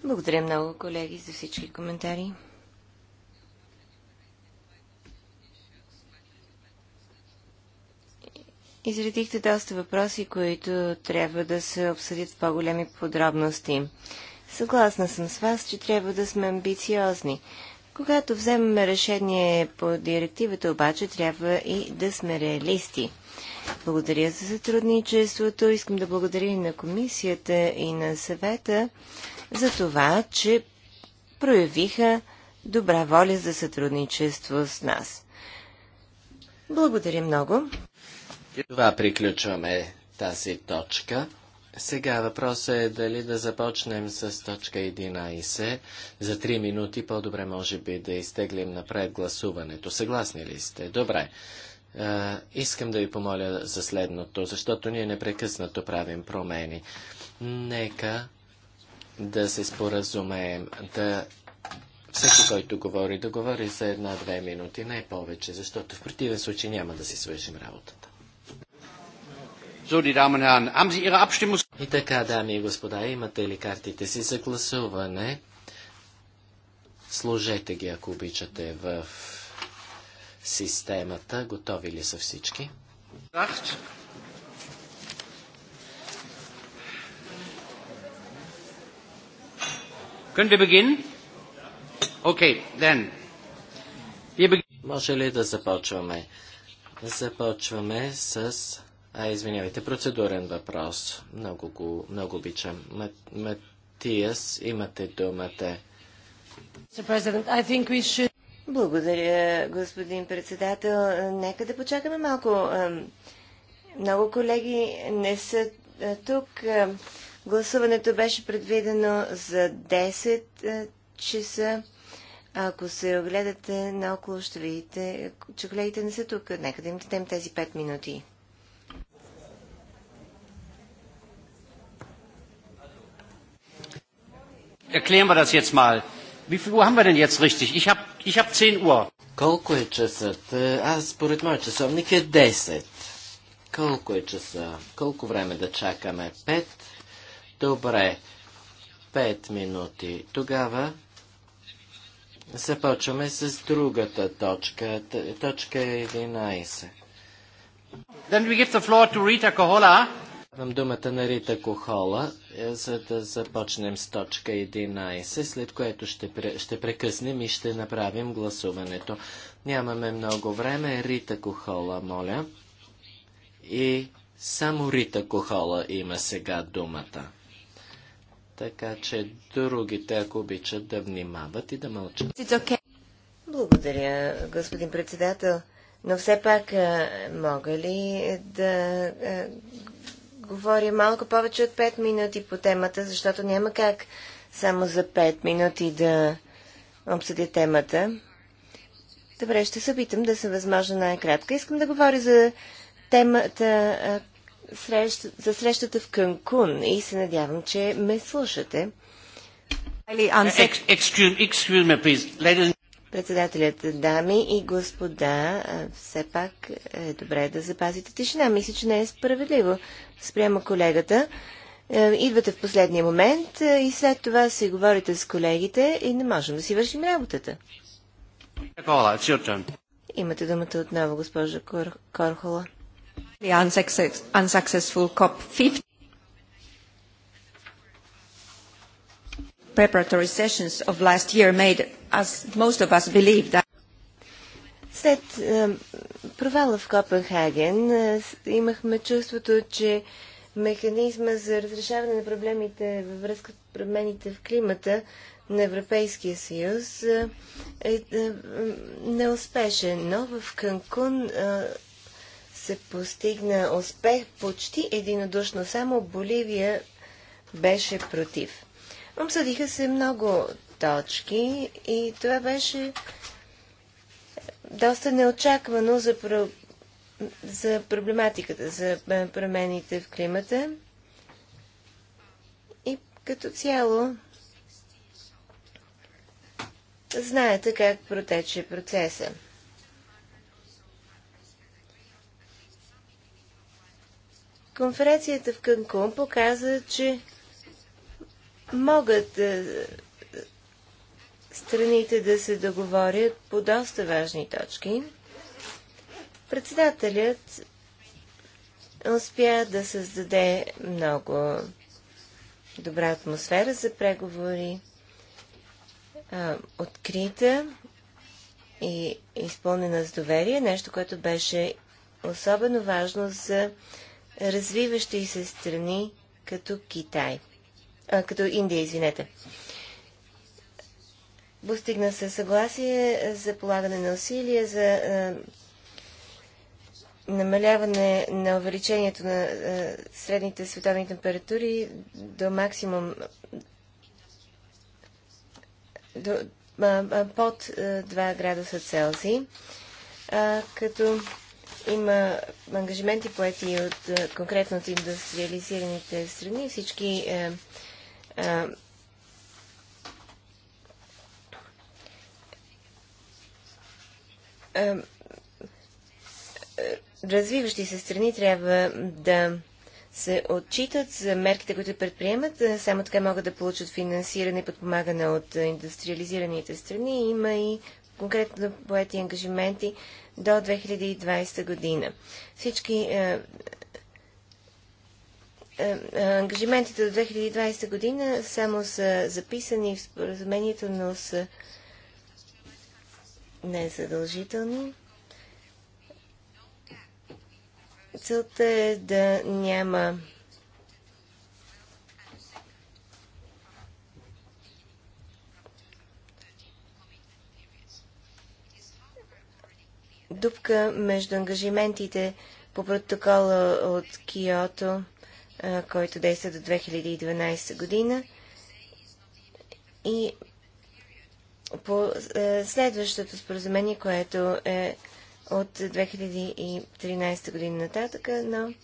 Благодаря много, колеги, за всички коментари. Изредихте доста въпроси, които трябва да се обсъдят в по-големи подробности. Съгласна съм с вас, че трябва да сме амбициозни. Когато вземаме решение по директивата, обаче трябва и да сме реалисти. Благодаря за сътрудничеството. Искам да благодаря и на комисията и на съвета за това, че проявиха добра воля за сътрудничество с нас. Благодаря много.
Това приключваме тази точка. Сега въпросът е дали да започнем с точка 11. За 3 минути по-добре може би да изтеглим напред гласуването. Съгласни ли сте? Добре. искам да ви помоля за следното, защото ние непрекъснато правим промени. Нека да се споразумеем, да всеки, който говори, да говори за една-две минути, не повече, защото в противен случай няма да си свършим работа. И така, дами и господа, имате ли картите си за гласуване? Сложете ги, ако обичате, в системата. Готови ли са всички? Können wir beginnen? Okay, then. Може ли да започваме? Започваме с а, извинявайте, процедурен въпрос. Много го, много обичам. Матиас, имате думата.
Благодаря, господин председател. Нека да почакаме малко. Много колеги не са тук. Гласуването беше предвидено за 10 часа. Ако се огледате наоколо, ще видите, че колегите не са тук. Нека да им дадем тези 5 минути.
Erklären wir das jetzt mal. Wie viel Uhr haben wir denn jetzt richtig? Ich hab, ich hab 10 Uhr. Колко е часът? Е, аз според моят часовник е 10. Колко е часа? Колко време да чакаме? 5? Добре. 5 минути. Тогава започваме с другата точка. Точка 11. Then we give the floor to Rita Kohola. Давам думата на Рита Кохола, е, за да започнем с точка 11, след което ще, ще прекъснем и ще направим гласуването. Нямаме много време. Рита Кохола, моля. И само Рита Кохола има сега думата. Така че другите, ако обичат, да внимават и да мълчат.
Okay. Благодаря, господин председател. Но все пак, мога ли да говоря малко повече от 5 минути по темата, защото няма как само за 5 минути да обсъдя темата. Добре, ще се опитам да съм възможно най-кратка. Искам да говоря за темата а, срещ, за срещата в Канкун и се надявам, че ме слушате. Excuse me, please. Председателят, дами и господа, все пак е добре да запазите тишина. Мисля, че не е справедливо спрямо колегата. Е, идвате в последния момент е, и след това си говорите с колегите и не можем да си вършим работата. Имате думата отново, госпожа Кор Корхола. preparatory sessions of last year made us, most of us believe that след е, провала в Копенхаген е, имахме чувството, че механизма за разрешаване на проблемите във връзка с промените в климата на Европейския съюз е, е, е неуспешен, но в Канкун се постигна успех почти единодушно. Само Боливия беше против. Обсъдиха се много точки и това беше доста неочаквано за, про... за проблематиката, за е, промените в климата. И като цяло знаете как протече процеса. Конференцията в Канкун показа, че могат е, страните да се договорят по доста важни точки. Председателят успя да създаде много добра атмосфера за преговори, е, открита и изпълнена с доверие, нещо, което беше особено важно за развиващи се страни като Китай а, като Индия, извинете. Постигна се съгласие за полагане на усилия за а, намаляване на увеличението на а, средните световни температури до максимум до, а, под 2 градуса Целзий, като има ангажименти поети от, конкретно от индустриализираните страни. Всички е, е, е, е, развиващи се страни трябва да се отчитат за мерките, които предприемат. Само така могат да получат финансиране и подпомагане от индустриализираните страни. Има и конкретно поети ангажименти до 2020 година. Всички е, е, е, ангажиментите до 2020 година само са записани в споразумението, но са незадължителни. Целта е да няма дупка между ангажиментите по протокола от Киото – който действа до 2012 година. И по следващото споразумение, което е от 2013 година нататък, но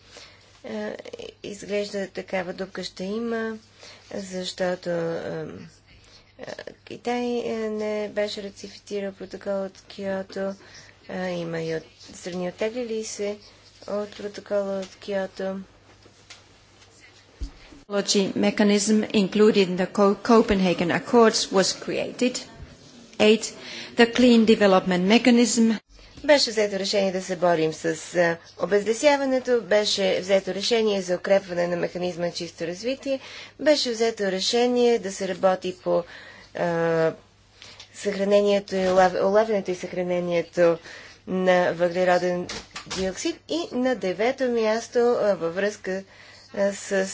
изглежда такава дупка ще има, защото Китай не беше рецифицирал протокол от Киото, има и от, страни оттеглили се от протокола от Киото mechanism included in the Copenhagen Accords was created. Eight, the clean development mechanism беше взето решение да се борим с обезлесяването, беше взето решение за укрепване на механизма на чисто развитие, беше взето решение да се работи по а, съхранението и улавянето и съхранението на въглероден диоксид и на девето място а, във връзка с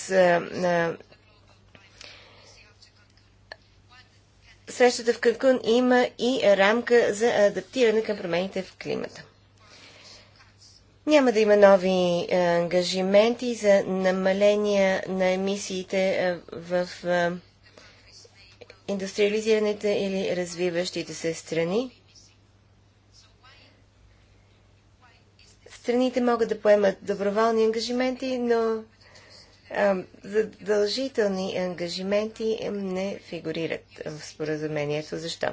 срещата в Канкун има и рамка за адаптиране към промените в климата. Няма да има нови ангажименти за намаления на емисиите в индустриализираните или развиващите се страни. Страните могат да поемат доброволни ангажименти, но задължителни ангажименти не фигурират в споразумението. Защо?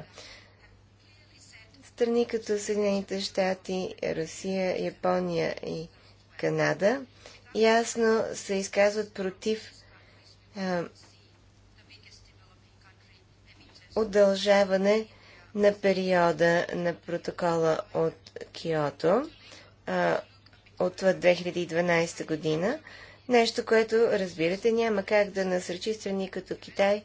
Страни като Съединените щати, Русия, Япония и Канада ясно се изказват против удължаване на периода на протокола от Киото от 2012 година, Нещо, което, разбирате, няма как да насръчи страни като Китай,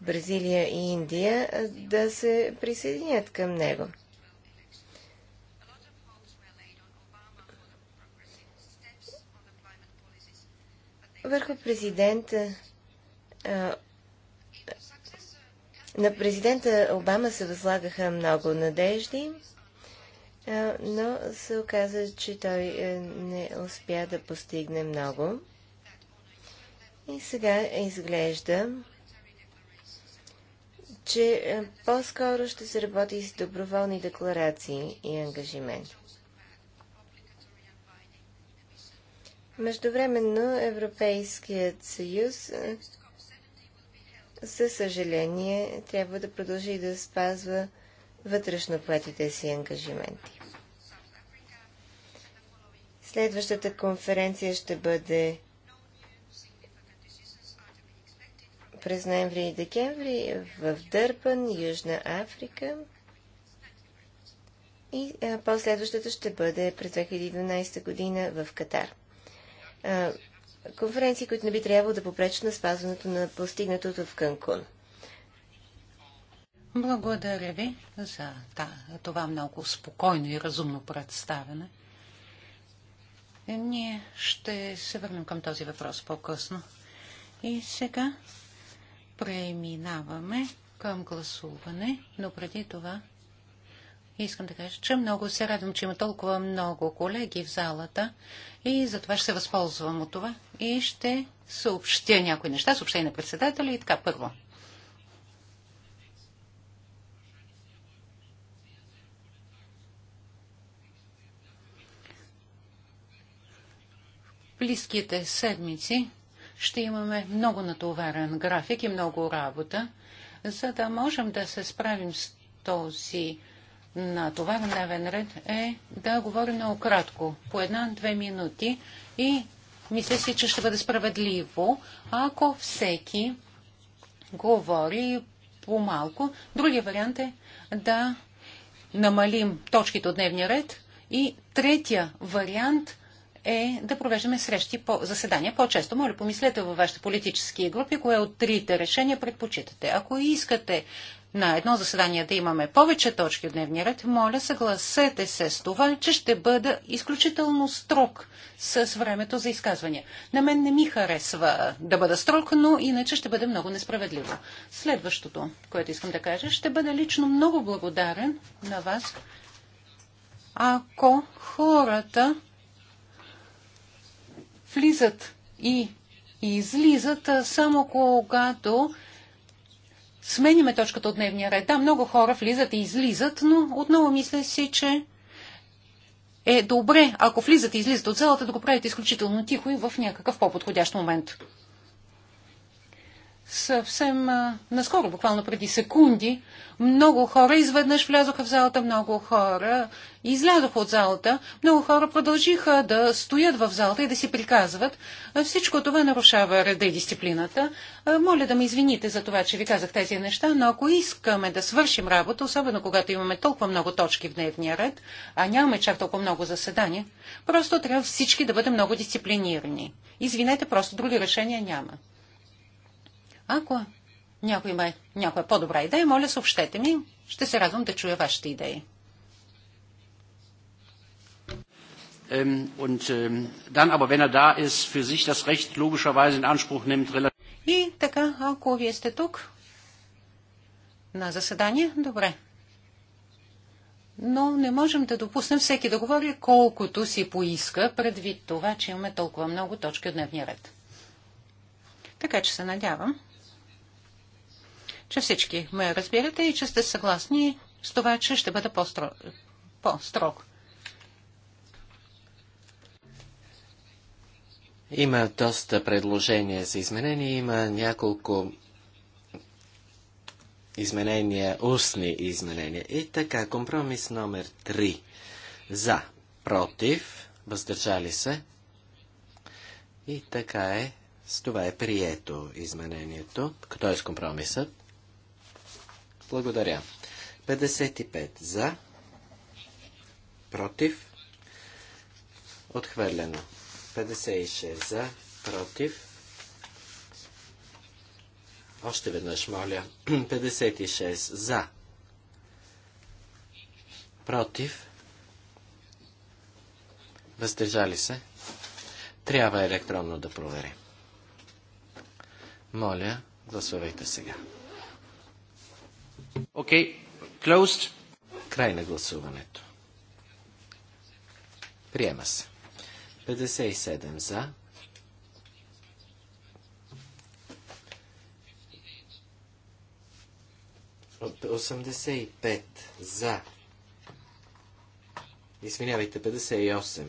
Бразилия и Индия да се присъединят към него. Върху президента на президента Обама се възлагаха много надежди, но се оказа, че той е, не успя да постигне много. И сега изглежда, че е, по-скоро ще се работи с доброволни декларации и ангажименти. Междувременно Европейският съюз, за е, съжаление, трябва да продължи да спазва вътрешно платите си ангажименти. Следващата конференция ще бъде през ноември и декември в Дърбан, Южна Африка. И последващата ще бъде през 2012 година в Катар. А, конференции, които не би трябвало да попречат на спазването на постигнатото в Канкун.
Благодаря ви за това много спокойно и разумно представяне. Ние ще се върнем към този въпрос по-късно. И сега преминаваме към гласуване, но преди това искам да кажа, че много се радвам, че има толкова много колеги в залата и затова ще се възползвам от това и ще съобщя някои неща, съобщение на председателя и така първо. близките седмици ще имаме много натоварен график и много работа, за да можем да се справим с този натоварен дневен ред е да говорим много кратко, по една-две минути и мисля си, че ще бъде справедливо, ако всеки говори по-малко. Другия вариант е да намалим точките от дневния ред и третия вариант е да провеждаме срещи по заседания по-често. Моля, помислете във вашите политически групи, кое от трите решения предпочитате. Ако искате на едно заседание да имаме повече точки от дневния ред, моля, съгласете се с това, че ще бъда изключително строг с времето за изказвания. На мен не ми харесва да бъда строг, но иначе ще бъде много несправедливо. Следващото, което искам да кажа, ще бъда лично много благодарен на вас, ако хората влизат и излизат само когато сменяме точката от дневния ред. Да, много хора влизат и излизат, но отново мисля си, че е добре, ако влизат и излизат от залата, да го правите изключително тихо и в някакъв по-подходящ момент съвсем а, наскоро, буквално преди секунди, много хора изведнъж влязоха в залата, много хора излязоха от залата, много хора продължиха да стоят в залата и да си приказват. Всичко това нарушава реда и дисциплината. Моля да ме извините за това, че ви казах тези неща, но ако искаме да свършим работа, особено когато имаме толкова много точки в дневния ред, а нямаме чак толкова много заседания, просто трябва всички да бъдем много дисциплинирани. Извинете, просто други решения няма. Ако някой има някоя по-добра идея, моля съобщете ми. Ще се радвам да чуя вашите идеи.
Er
И така, ако вие сте тук на заседание, добре. Но не можем да допуснем всеки да говори колкото си поиска, предвид това, че имаме толкова много точки от дневния ред. Така че се надявам, че всички ме разбирате и че сте съгласни с това, че ще бъда по-строг.
Има доста предложения за изменения, има няколко изменения, устни изменения. И така, компромис номер 3. За, против, въздържали се. И така е, с това е прието изменението. Кто е с компромисът? Благодаря. 55 за, против, отхвърлено. 56 за, против. Още веднъж, моля. 56 за, против, въздържали се. Трябва електронно да проверим. Моля, гласувайте сега. Окей, okay. closed. Край на гласуването. Приема се. 57 за. 85 за. Извинявайте, 58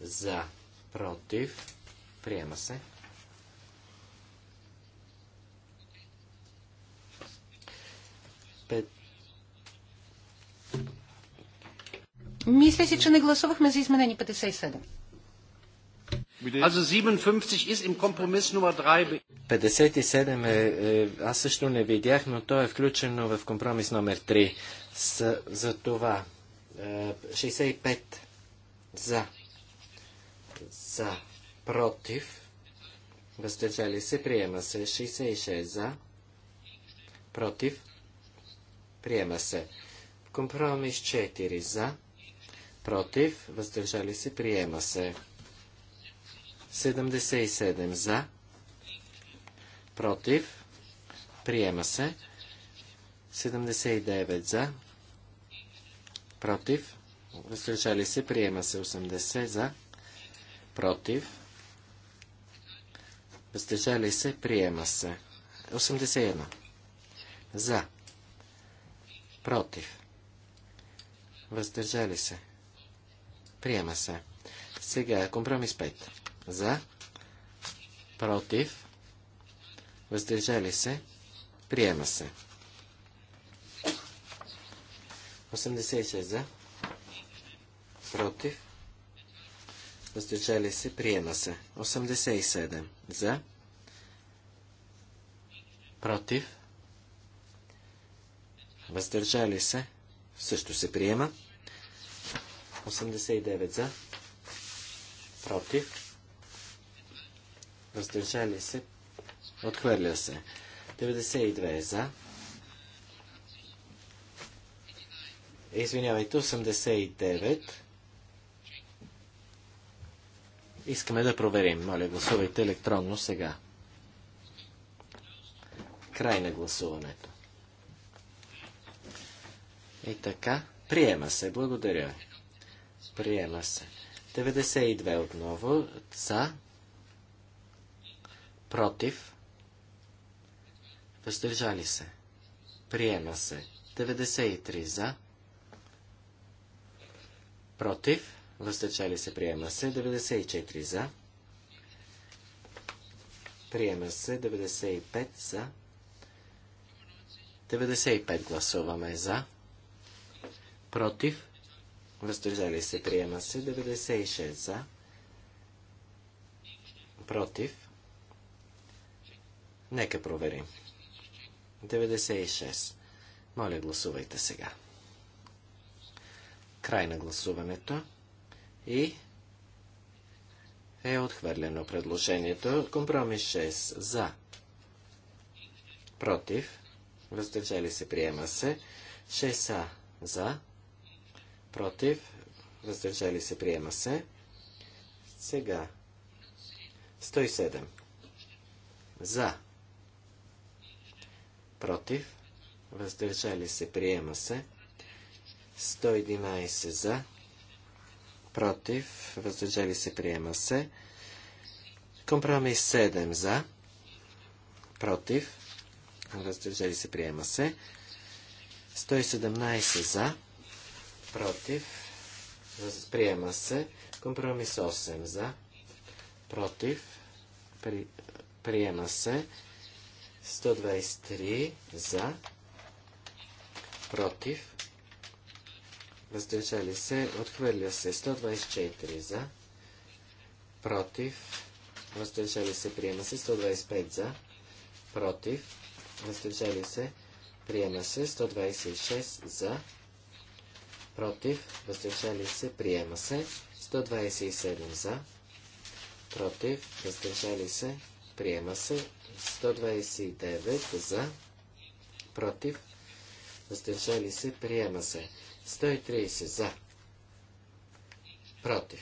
за. Против. Приема се.
Мисля си, че не гласувахме за изменени 57. 57
е, е, аз също не видях, но то е включено в компромис номер 3. С, за това е, 65 за, за, против, въздържали се, приема се 66 за, против, приема се. Компромис 4 за, против, въздържали се, приема се. 77 за, против, приема се. 79 за, против, въздържали се, приема се. 80 за, против, въздържали се, приема се. 81 за, против, въздържали се, Приема се. Сега компромис 5. За. Против. Въздържали се. Приема се. 86 за. Против. Въздържали се. Приема се. 87 за. Против. Въздържали се. Също се приема. 89 за, против, въздържали се, отхвърля се. 92 за. Извинявайте, 89. Искаме да проверим. Моля, гласувайте електронно сега. Край на гласуването. И така, приема се. Благодаря ви. Приема се. 92 отново. За. Против. Въздържали се. Приема се. 93 за. Против. Въздържали се. Приема се. 94 за. Приема се. 95 за. 95 гласуваме за. Против въздържали се, приема се 96 за, против, нека проверим. 96. Моля, гласувайте сега. Край на гласуването и е отхвърлено предложението. Компромис 6 за, против, въздържали се, приема се 6 за, против, въздържали се, приема се. Сега 107 за, против, въздържали се, приема се. 111 за, против, въздържали се, приема се. Компромис 7 за, против, въздържали се, приема се. 117 за, против, приема се. Компромис 8 за, против, при, приема се. 123 за, против, въздържали се, отхвърля се. 124 за, против, въздържали се, приема се. 125 за, против, въздържали се, приема се. 126 за, против против, въздържали се, приема се. 127 за, против, въздържали се, приема се. 129 за, против, въздържали се, приема се. 130 за, против,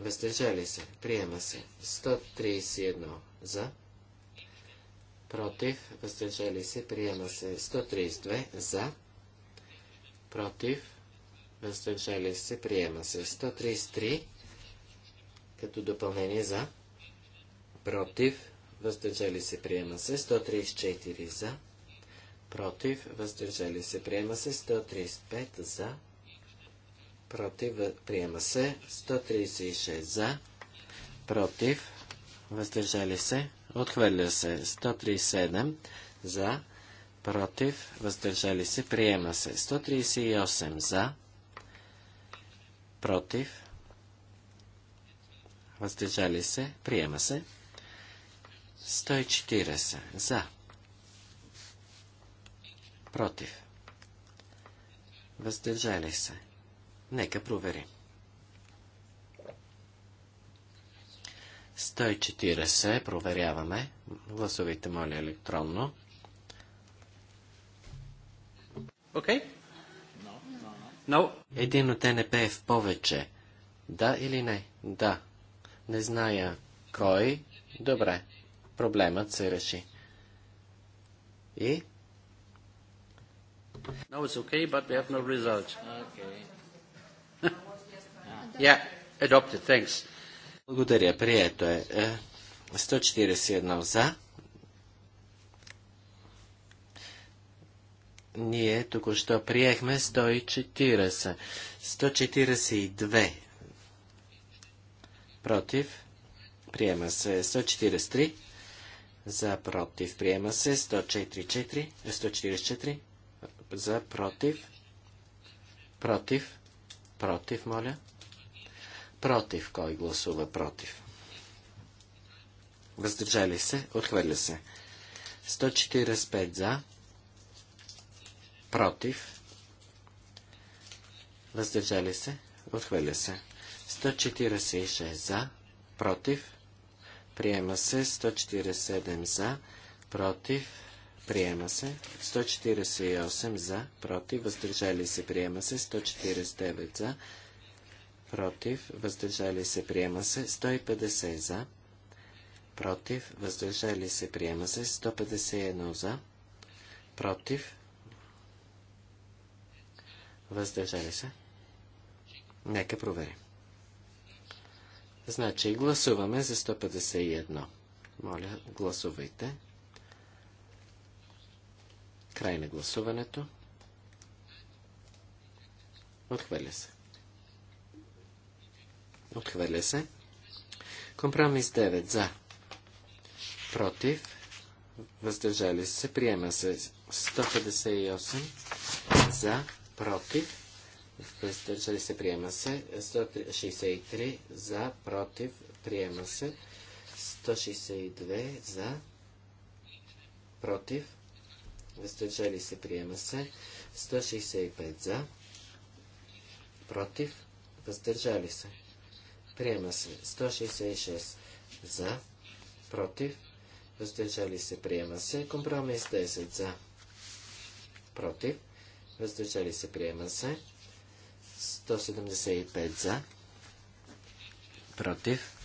въздържали се, приема се. 131 за, против, въздържали се, приема се. 132 за, против, въздържали се, приема се. 133 като допълнение за, против, въздържали се, приема се. 134 за, против, въздържали се, приема се. 135 за, против, приема се. 136 за, против, въздържали се, отхвърля се. 137 за, против, въздържали се, приема се. 138 за, против, въздържали се, приема се. 140 за, против, въздържали се. Нека проверим. 140 проверяваме. Гласовите моля електронно. Окей? Но. Един от НП е в повече. Да или не? Да. Не зная кой. Добре. Проблемът се реши. И? No, it's okay, but we have no result. Okay. yeah, adopted, thanks. Благодаря, прието е. 141 е, за, Ние току-що приехме 140. 142 против. Приема се 143. За против. Приема се 144. 144. За против. Против. Против, моля. Против. Кой гласува против? Въздържали се. Отхвърля се. 145 за против, въздържали се, отхвърля се. 146 за, против, приема се, 147 за, против, приема се, 148 за, против, въздържали се, приема се, 149 за, против, въздържали се, приема се, 150 за, против, въздържали се, приема се, 151 за, против, въздържали се. Нека проверим. Значи, гласуваме за 151. Моля, гласувайте. Край на гласуването. Отхвърля се. Отхвърля се. Компромис 9 за. Против. Въздържали се. Приема се 158 за против, въздържали се, приема се. 163 за, против, приема се. 162 за, против, въздържали се, приема се. 165 за, против, въздържали се. Приема се 166 за, против, въздържали се, приема се. Компромис 10 за, против, въздържали се, приема се. 175 за, против,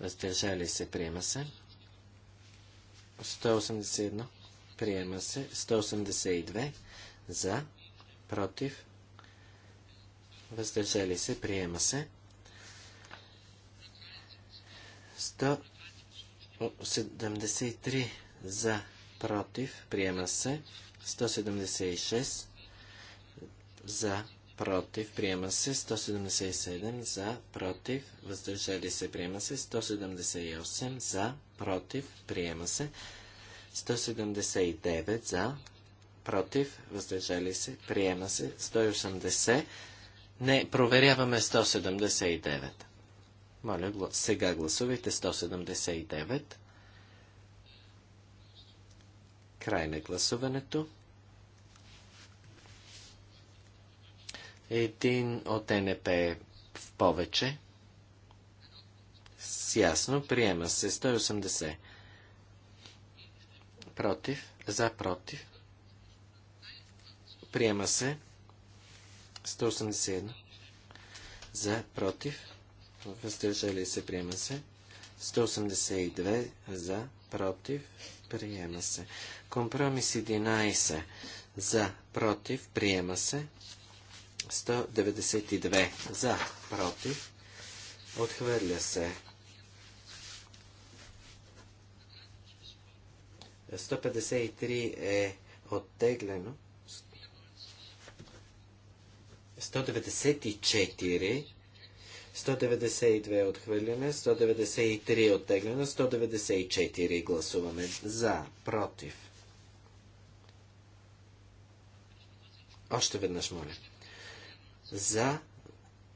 въздържали се, приема се. 181, приема се. 182 за, против, въздържали се, приема се. 173 за, против, приема се. 176 за, против, приема се. 177 за, против, въздържали се, приема се. 178 за, против, приема се. 179 за, против, въздържали се, приема се. 180 не, проверяваме 179. Моля, сега гласувайте 179. Край на гласуването. Един от НП е в повече. С ясно приема се 180. Против, за против. Приема се 181. За против. Въздържали се, приема се. 182 за против приема се. Компромис 11 за, против, приема се. 192 за, против, отхвърля се. 153 е оттеглено. 194 192 отхвърляне, 193 е 194 гласуваме за, против. Още веднъж моля. За,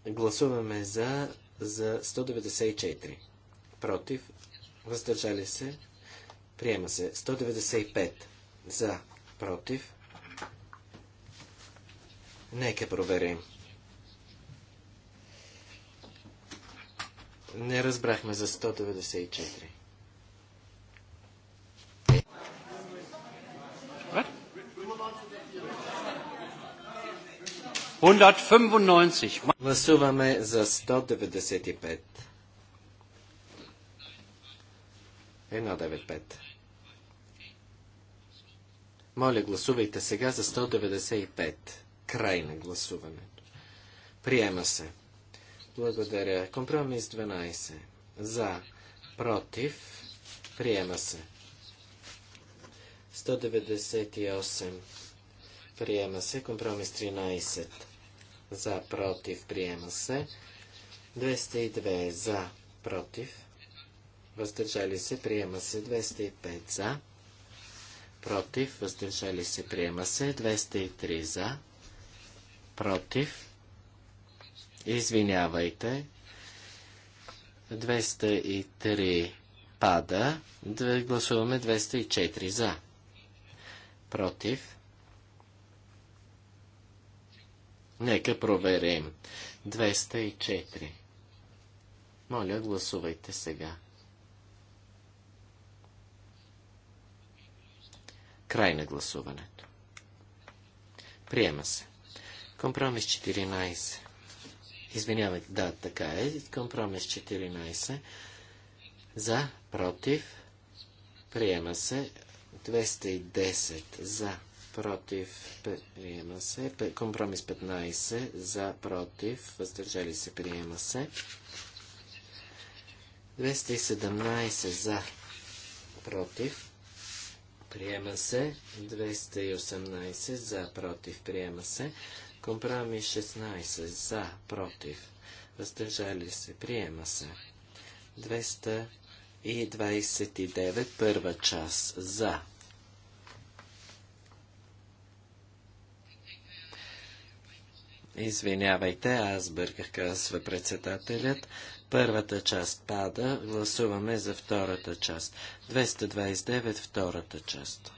гласуваме за, за 194. Против, въздържали се, приема се. 195 за, против. Нека проверим. Не разбрахме за 194. Гласуваме за 195. 195. Моля, гласувайте сега за 195. Край на гласуването. Приема се. Благодаря. Компромис 12. За. Против. Приема се. 198. Приема се. Компромис 13. За. Против. Приема се. 202. За. Против. Въздържали се. Приема се. 205. За. Против. Въздържали се. Приема се. 203. За. Против Извинявайте. 203 пада. Гласуваме 204 за. Против. Нека проверим. 204. Моля, гласувайте сега. Край на гласуването. Приема се. Компромис 14. Извинявай, да, така е. Компромис 14. За, против, приема се. 210 за, против, приема се. Компромис 15 за, против, въздържали се, приема се. 217 за, против, приема се. 218 за, против, приема се. Компрами 16 за, против, въздържали се, приема се. 229 първа част за. Извинявайте, аз бърках, казва председателят. Първата част пада, гласуваме за втората част. 229 втората част.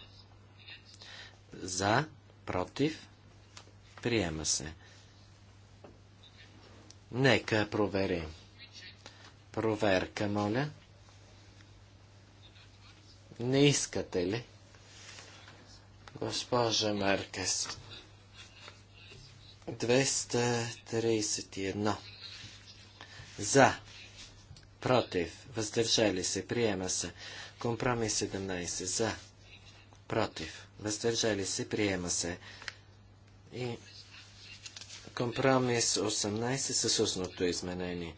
За, против, Приема се. Нека проверим. Проверка, моля. Не искате ли? Госпожа Маркес. 231. За. Против. Въздържали се. Приема се. Компромис 17. За. Против. Въздържали се. Приема се. И компромис 18 с устното изменение.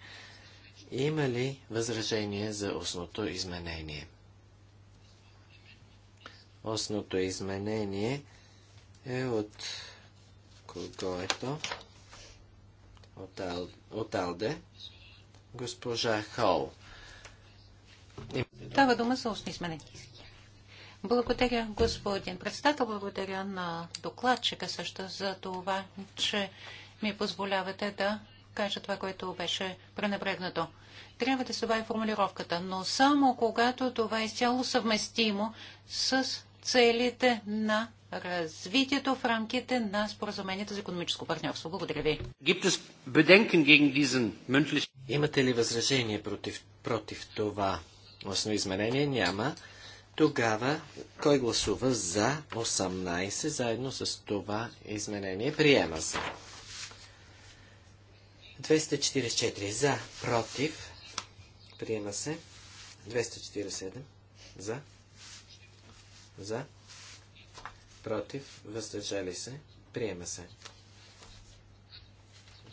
Има ли възражение за устното изменение? Осното изменение е от кого е то? От, Ал... от Алде. Госпожа Хол.
Става дума за устни изменения. Благодаря, господин председател. Благодаря на докладчика също за това, че ми позволявате да кажа това, което беше пренебрегнато. Трябва да се бави формулировката, но само когато това е изцяло съвместимо с целите на развитието в рамките на споразумението за економическо партньорство. Благодаря ви.
Имате ли възражение против, против това? основно изменение няма. Тогава кой гласува за 18 заедно с това изменение? Приема се. 244 за, против. Приема се. 247 за. За. Против. Въздържали се. Приема се.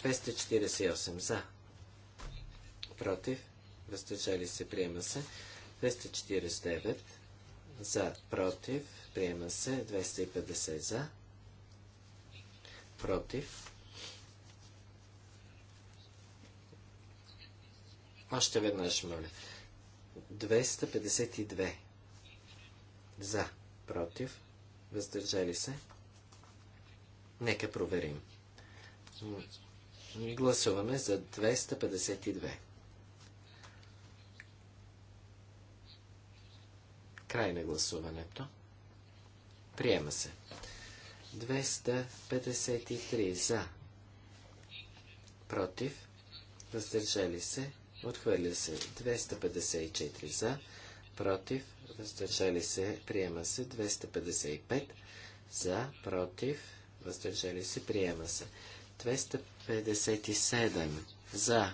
248 за. Против. Въздържали се. Приема се. 249 за, против, приема се 250 за, против. Още веднъж, моля. 252 за, против, въздържали се. Нека проверим. Гласуваме за 252. Край на гласуването. Приема се. 253 за. Против. Въздържали се. Отхвърля се. 254 за. Против. Въздържали се. Приема се. 255 за. Против. Въздържали се. Приема се. 257 за.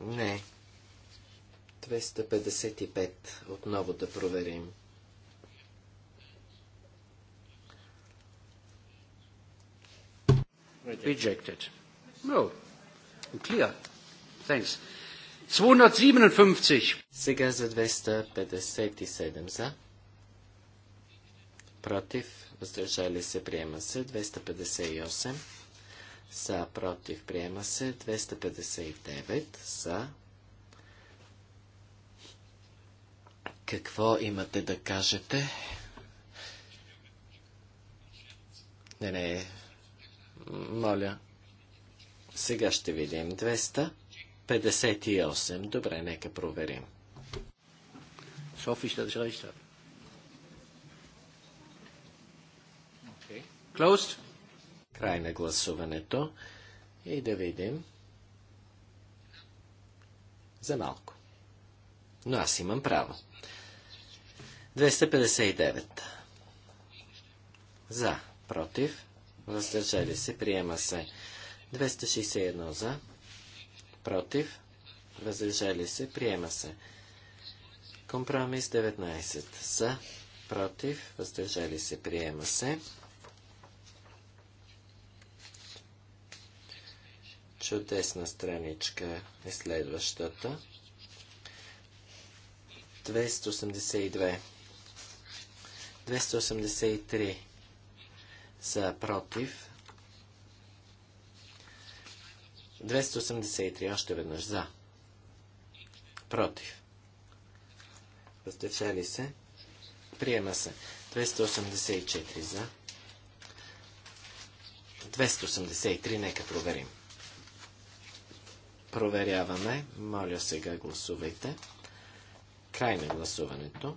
Не. 255. Отново да проверим. Rejected. No. Clear. Thanks. 257. Сега за 257 за. Против. Въздържали се. Приема се. 258. За. Против. Приема се. 259. За Какво имате да кажете? Не, не. Моля. Сега ще видим. 258. Добре, нека проверим. Софиш да държа, habe. Closed. Край на гласуването. И да видим. За малко. Но аз имам право. 259. За. Против. Въздържали се. Приема се. 261 за. Против. Въздържали се. Приема се. Компромис 19. За. Против. Въздържали се. Приема се. Чудесна страничка е следващата. 282. 283 са против. 283 още веднъж за. Против. Въздържали се. Приема се. 284 за. 283, нека проверим. Проверяваме. Моля сега гласувайте. Край на гласуването.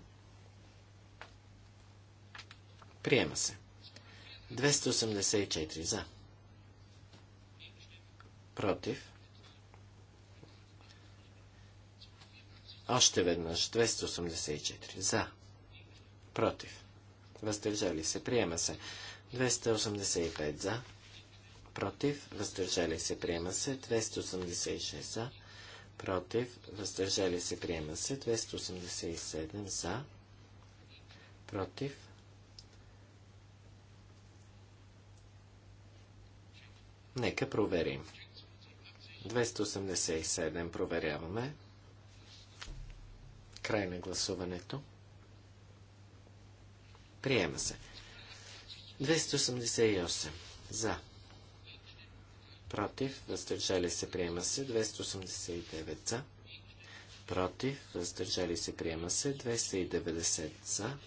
Приема се. 284 за. Против. Още веднъж 284 за. Против. Въздържали се. Приема се. 285 за. Против. Въздържали се. Приема се. 286 за. Против. Въздържали се. Приема се. 287 за. Против Нека проверим. 287 проверяваме. Край на гласуването. Приема се. 288. За. Против. Въздържали се. Приема се. 289 за. Против. Въздържали се. Приема се. 290 за.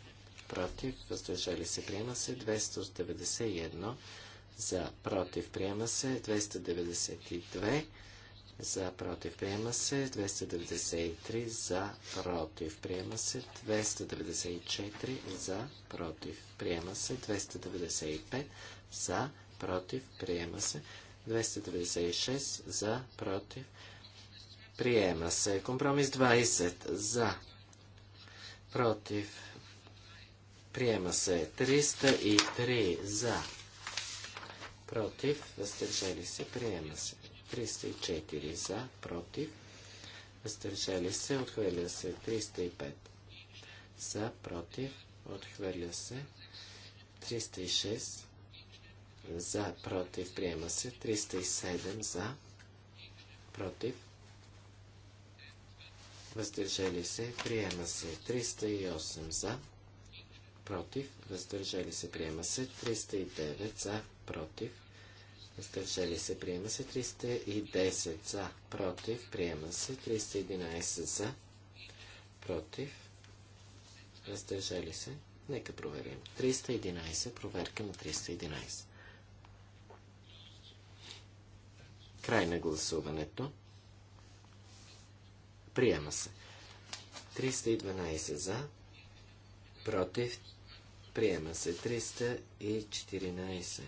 Против. Въздържали се. Приема се. 291 за против приема се 292 за против приема се 293 за против приема се 294 за против приема се 295 за против приема се 296 за против приема се компромис 20 за против приема се 303 за против, въздържали се, приема се. 304 за, против, въздържали се, отхвърля се. 305 за, против, отхвърля се. 306 за, против, приема се. 307 за, против, въздържали се, приема се. 308 за, против, въздържали се, приема се. 309 за, против, въздържали се, приема се 310 за, против, приема се 311 за, против, въздържали се. Нека проверим. 311, проверка на 311. Край на гласуването. Приема се. 312 за, против, приема се. 314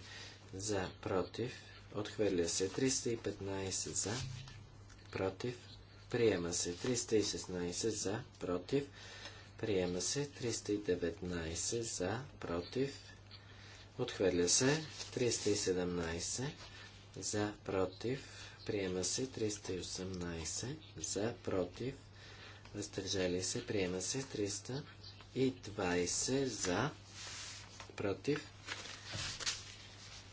за, против, отхвърля се 315 за, против, приема се 316 за, против, приема се 319 за, против, отхвърля се 317 за, против, приема се 318 за, против, въздържали се, приема се 320 за, против,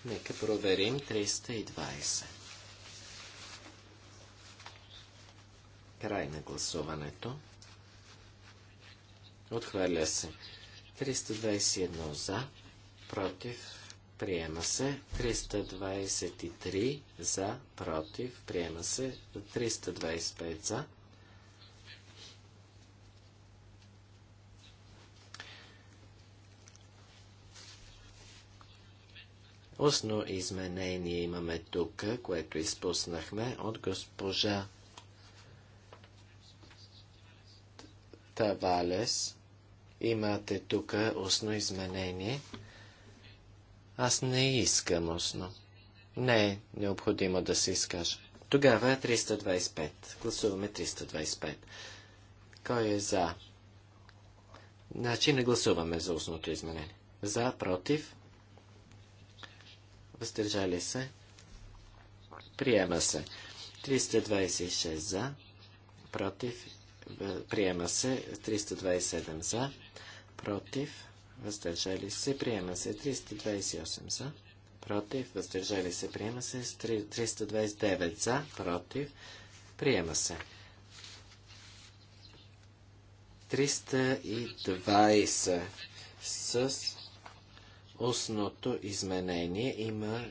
Нека проверим 320. Край на гласуването. Отхвърля се. 321 за, против, приема се. 323 за, против, приема се. 325 за, Устно изменение имаме тук, което изпуснахме от госпожа Тавалес. Имате тук устно изменение. Аз не искам устно. Не е необходимо да се изкажа. Тогава 325. Гласуваме 325. Кой е за? Значи не гласуваме за устното изменение. За, против, въздържали се, приема се. 326 за, против, приема се. 327 за, против, въздържали се, приема се. 328 за, против, въздържали се, приема се. 329 за, против, приема се. 320 с Устното изменение има...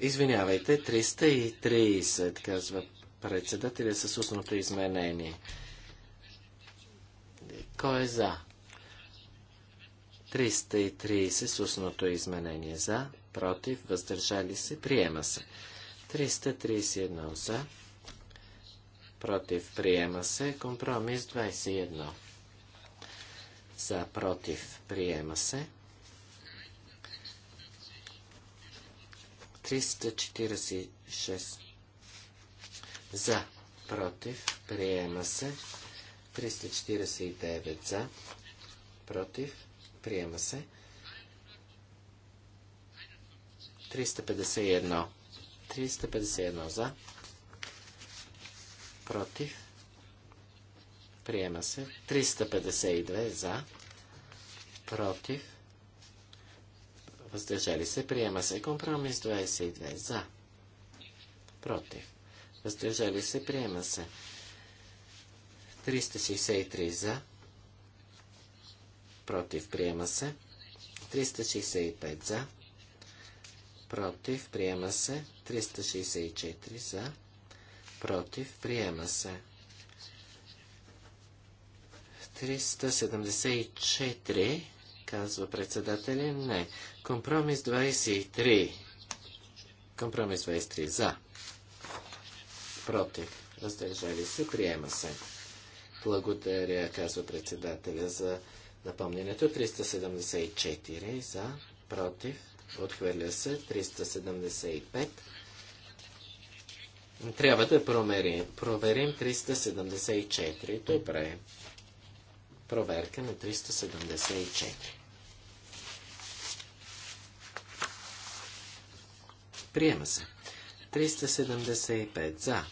Извинявайте, 330, казва председателя с устното изменение. Кой е за? 330 с устното изменение за, против, въздържали се, приема се. 331 за, против, приема се, компромис 21. За, против, приема се. 346 за, против, приема се. 349 за, против, приема се. 351. 351 за. Против. Приема се. 352 за. Против въздържали се, приема се. Компромис 22 за, против, въздържали се, приема се. 363 за, против, приема се. 365 за, против, приема се. 364 за, против, приема се. 374 казва председателя. Не. Компромис 23. Компромис 23. За. Против. Раздържали се. Приема се. Благодаря, казва председателя, за напомнянето. 374. За. Против. Отхвърля се. 375. Трябва да промерим. проверим 374. Добре. Проверка на 374. Приема се. 375 за.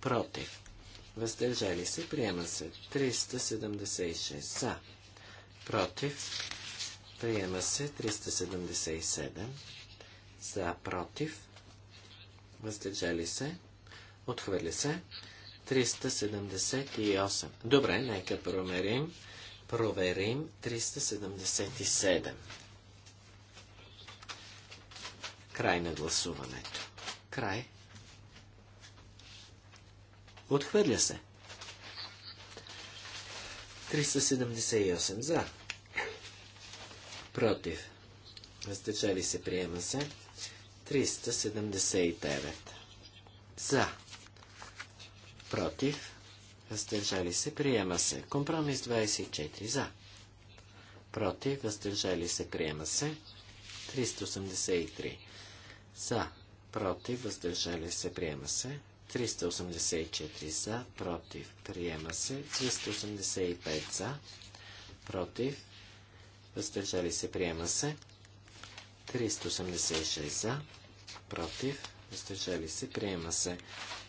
Против. Въздържали се. Приема се. 376 за. Против. Приема се. 377 за. Против. Въздържали се. отхвърли се. 378. Добре, нека проверим. Проверим 377. Край на гласуването. Край. Отхвърля се. 378 за. Против. Въздържали се, приема се. 379 за. Против. Въздържали се, приема се. Компромис 24 за. Против. Въздържали се, приема се. 383 за. Против. Въздържали се. Приема се. 384 за. Против. Приема се. 385 за. Против. Въздържали се. Приема се. 386 за. Против. Въздържали се. Приема се.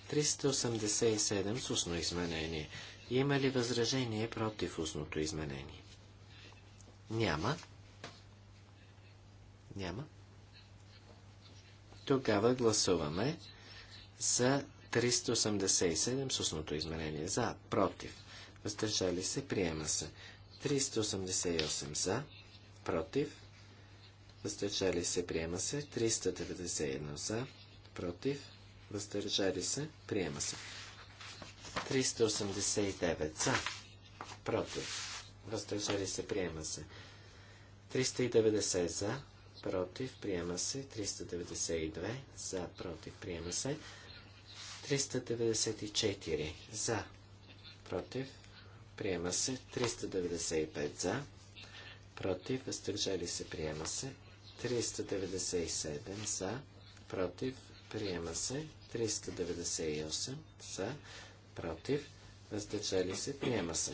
387 с устно изменение. Има ли възражение против устното изменение? Няма. Няма. Тогава гласуваме за 387 с устното изменение. За, против. Въздържали се, приема се. 388 за, против. Въздържали се, приема се. 391 за, против. Въздържали се, приема се. 389 за, против. Въздържали се, приема се. 390 за, против, приема се. 392 за, против, приема се. 394 за, против, приема се. 395 за, против, въздържали се, приема се. 397 за, против, приема се. 398 за, против, въздържали се, приема се.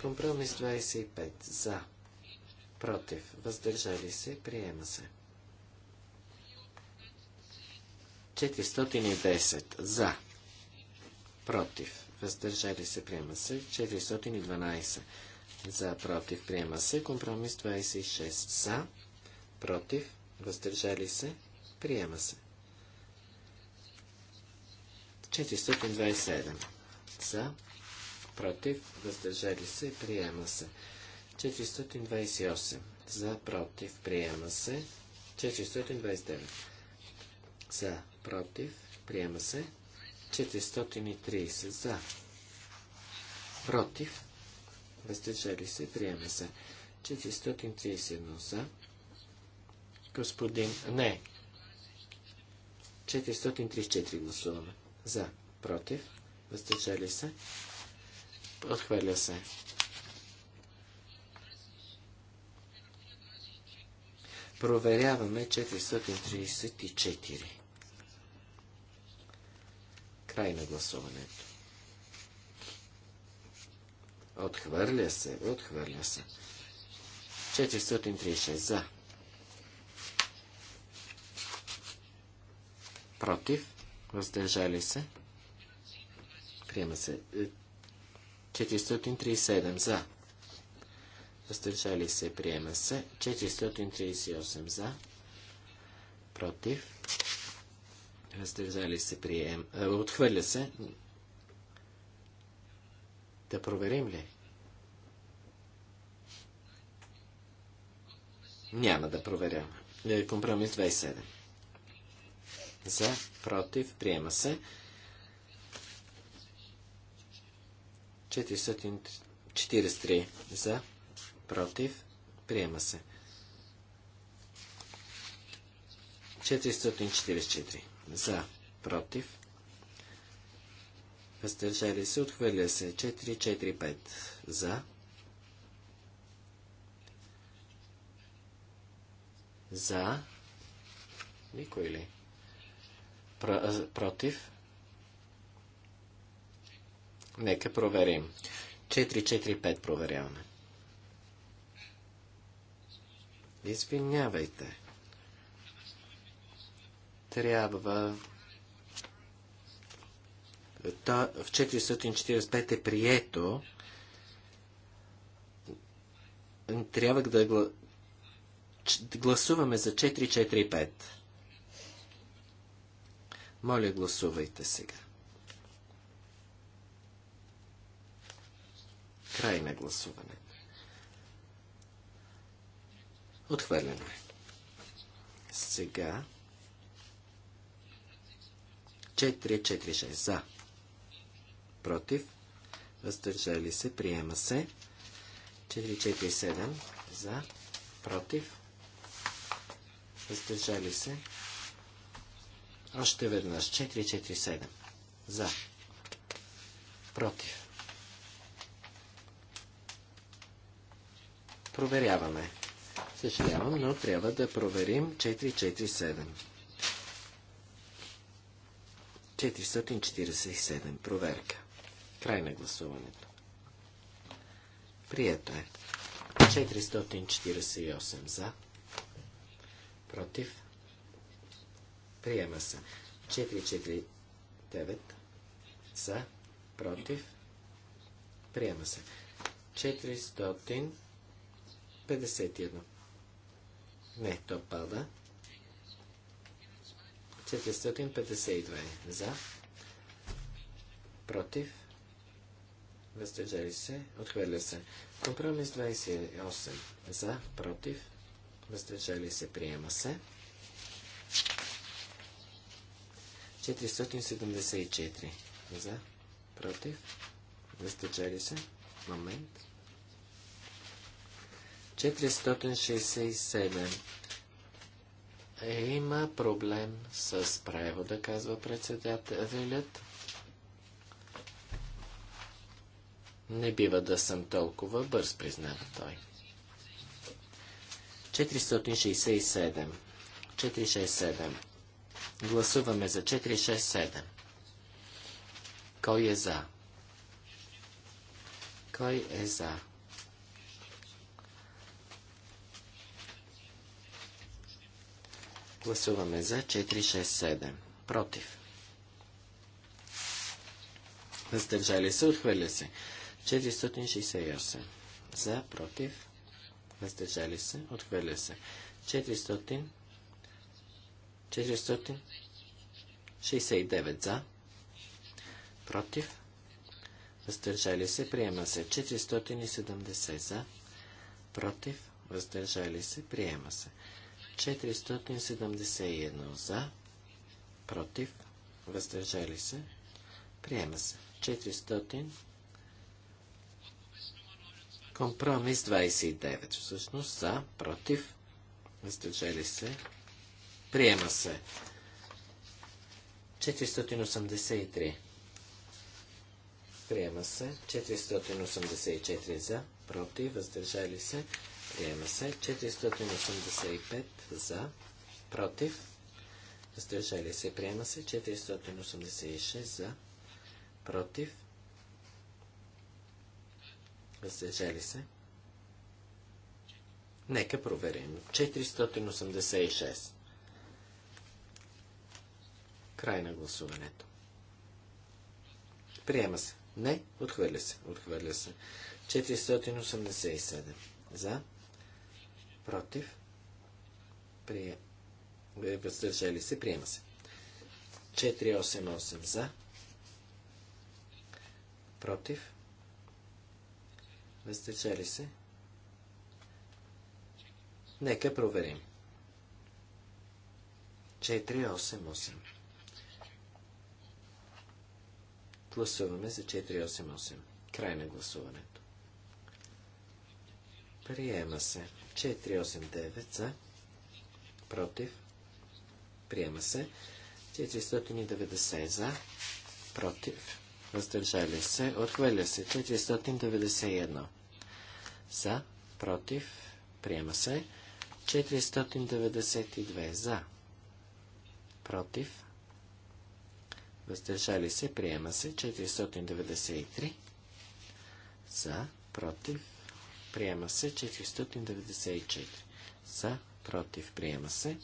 Компромис 25 за, против, въздържали се, приема се. 410 за, против, въздържали се, приема се. 412 за, против, приема се. Компромис 26 за, против, въздържали се, приема се. 427 за, против, въздържали се, приема се. 428. За, против, приема се. 429. За, против, приема се. 430. За, против, въздържали се, приема се. 431 за. Господин, не. 434 гласуваме. За, против, въздържали се. Отхвърля се. Проверяваме 434. Край на гласуването. Отхвърля се, отхвърля се. 436 за. Против. Въздържали се. Приема се. 437 за въздържали се, приема се. 438 за, против, въздържали се, приема, е, отхвърля се. Да проверим ли? Няма да проверяваме. Компромис 27. За, против, приема се. 443 за, против, приема се. 444 за, против, въздържали се, отхвърля се. 445 за, за, никой ли? Про, против, нека проверим. 445 проверяваме. Извинявайте. Трябва... То в 445 е прието. Трябва да гласуваме за 445. Моля, гласувайте сега. Край на гласуването. Отхвърлено е. Сега 4-4-6 за. Против. Въздържали се. Приема се. 4-4-7 за. Против. Въздържали се. Още веднъж. 4-4-7 за. Против. Проверяваме. 4-4-7. Съжалявам, но трябва да проверим 447. 447. Проверка. Край на гласуването. Прието е. 448 за. Против. Приема се. 449 за. Против. Приема се. 451. Не, то пада. 452 за. Против. Въздържали се. Отхвърля се. Компромис 28 за. Против. Въздържали се. Приема се. 474 за. Против. Въздържали се. Момент. 467. Е, има проблем с превода, казва председателят. Не бива да съм толкова бърз, признава той. 467. 467. Гласуваме за 467. Кой е за? Кой е за? Гласуваме за 467. Против. Въздържали се, отхвърля се. 468. За, против. Въздържали се, отхвърля се. 400. 469 за. Против. Въздържали се, приема се. 470 за. Против. Въздържали се, приема се. 471 за, против, въздържали се, приема се. 400, компромис 29, всъщност за, против, въздържали се, приема се. 483. Приема се. 484 за, против, въздържали се. Приема се 485 за, против, въздържали се. Приема се 486 за, против, въздържали се. Нека проверим. 486. Край на гласуването. Приема се. Не, отхвърля се. Отхвърля се. 487. За против, прие... Е, въздържали се, приема се. 488 за, против, въздържали се. Нека проверим. 488. Гласуваме за 488. Край на гласуването. Приема се. 489 за. Против. Приема се. 490 за. Против. Въздържали се. Отхвърля се. 491 за. Против. Приема се. 492 за. Против. Въздържали се. Приема се. 493 за. Против Приема се 494. За, против, приема се.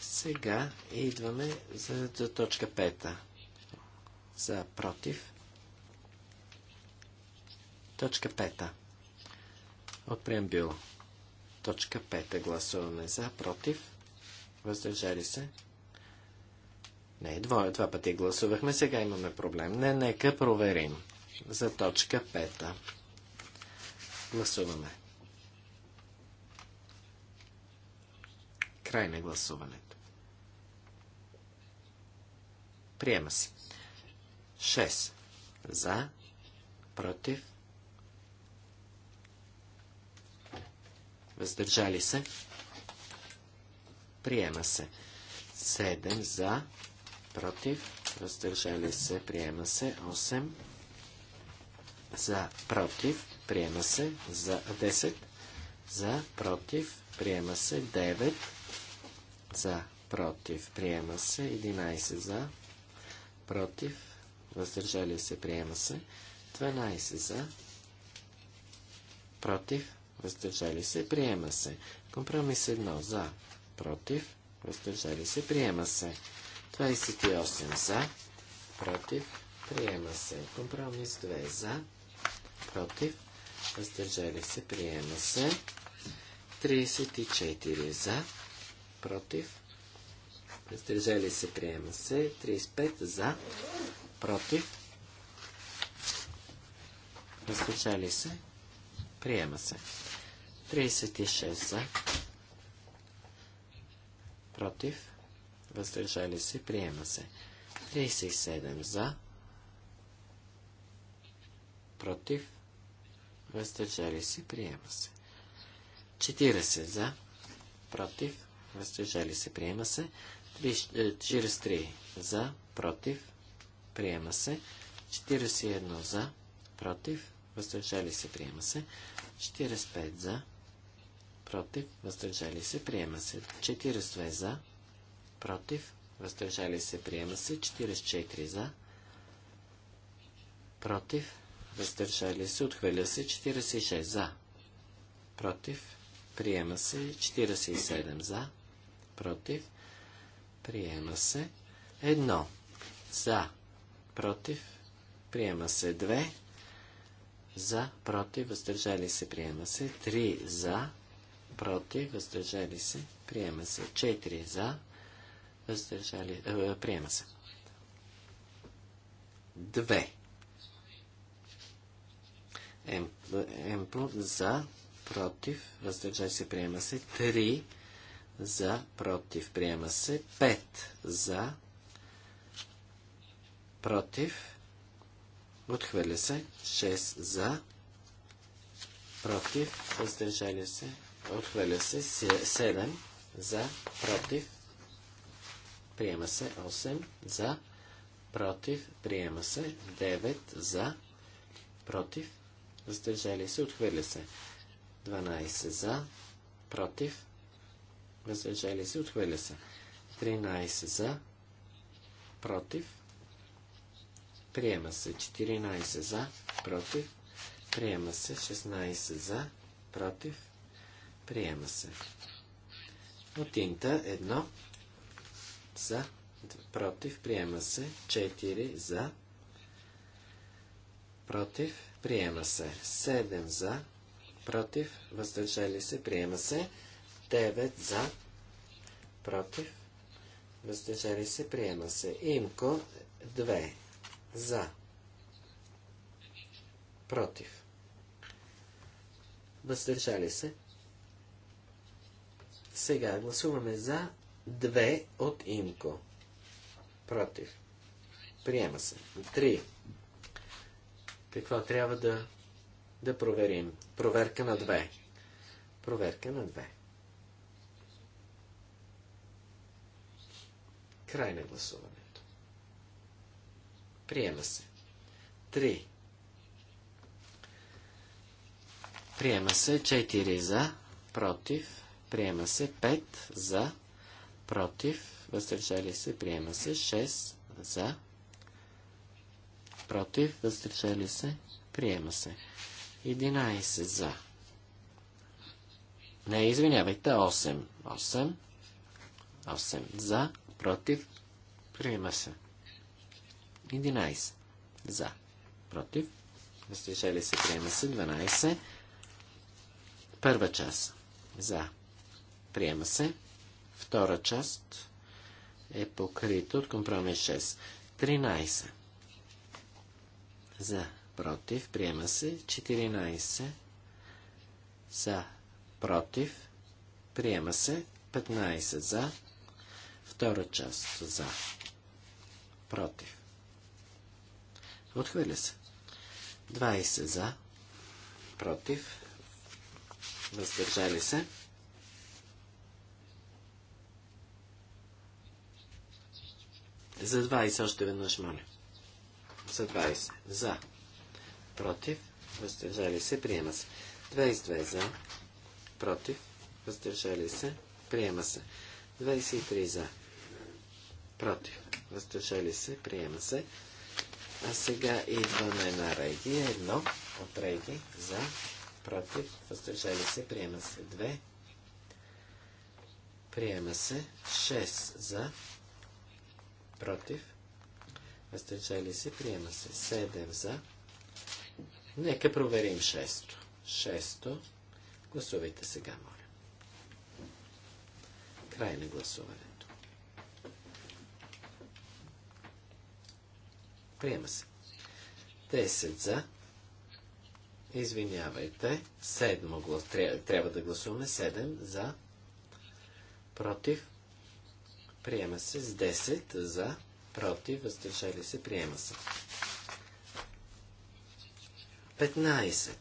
Сега идваме за, за точка 5. За, против. Точка 5. От преамбюл. Точка 5. Гласуваме за, против. Въздържали се. Не, двое, два пъти гласувахме, сега имаме проблем. Не, нека проверим. За точка 5. Гласуваме. Край на гласуването. Приема се. 6. За. Против. Въздържали се. Приема се. 7. За. Против. Въздържали се. Приема се. 8. За. Против приема се за 10, за, против, приема се 9, за, против, приема се 11, за, против, въздържали се, приема се 12, за, против, въздържали се, приема се. Компромис 1, за, против, въздържали се, приема се. 28 за, против, приема се. Компромис 2 за, против, въздържали се, приема се. 34 за, против, въздържали се, приема се. 35 за, против, въздържали се, приема се. 36 за, против, въздържали се, приема се. 37 за, против, въздържали се, приема се. 40 за, против, въздържали се, приема се. 43 е, за, против, приема се. 41 за, против, въздържали се, приема се. 45 за, против, въздържали се, приема се. 42 за, против, въздържали се, приема се. 44 за, против, въздържали се, отхвърля се 46 за, против, приема се 47 за, против, приема се 1 за, против, приема се 2 за, против, въздържали се, приема се 3 за, против, въздържали се, приема се 4 за, въздържали, э, приема се 2 Емпл за, против, въздържали се, приема се. 3 за, против, приема се. 5 за, против, отхвърля се. 6 за, против, въздържали се, отхвърля се. 7 за, против, приема се. 8 за, против, приема се. 9 за, против, въздържали се, отхвърля се. 12 за, против, въздържали се, отхвърля се. 13 за, против, приема се. 14 за, против, приема се. 16 за, против, приема се. От инта 1 за, против, приема се. 4 за, против, Приема се. 7 за. Против. Въздържали се. Приема се. 9 за. Против. Въздържали се. Приема се. Имко. 2. За. Против. Въздържали се. Сега гласуваме за 2 от Имко. Против. Приема се. 3 какво трябва да, да проверим? Проверка на две. Проверка на две. Край на гласуването. Приема се. Три. Приема се 4 за, против. Приема се 5 за, против. Въздържали се. Приема се 6 за, против, въздържали се, приема се. 11 за. Не, извинявайте, 8. 8. 8 за, против, приема се. 11 за, против, въздържали се, приема се. 12. Първа част. За. Приема се. Втора част е покрита от компромис 6. 13 за, против, приема се. 14 за, против, приема се. 15 за, втора част за, против. Отхвърля се. 20 за, против, въздържали се. За 20 още веднъж моля са 20. За. Против. Въздържали се. Приема се. 22. За. Против. Въздържали се. Приема се. 23. За. Против. Въздържали се. Приема се. А сега идваме на Реги. Едно от Реги. За. Против. Въздържали се. Приема се. 2. Приема се. 6. За. Против въздържали се, приема се. 7 за. Нека проверим 6. 6. Гласувайте сега, моля. Край на гласуването. Приема се. 10 за. Извинявайте. Седмо глас. Трябва да гласуваме 7 за. Против. Приема се с 10 за против, въздържали се, приема се. 15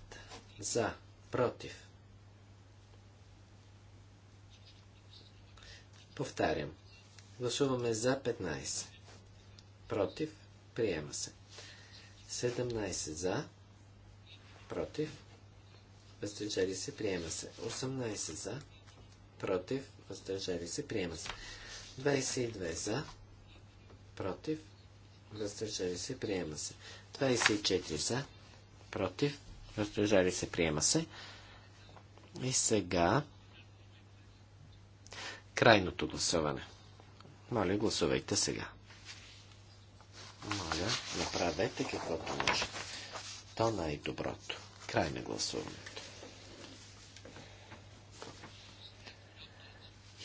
за, против. Повтарям. Гласуваме за 15. Против, приема се. 17 за, против, въздържали се, приема се. 18 за, против, въздържали се, приема се. 22 за, против, въздържали се, приема се. 24 за, против, въздържали се, приема се. И сега крайното гласуване. Моля, гласувайте сега. Моля, направете каквото може. То най-доброто. Край на гласуването.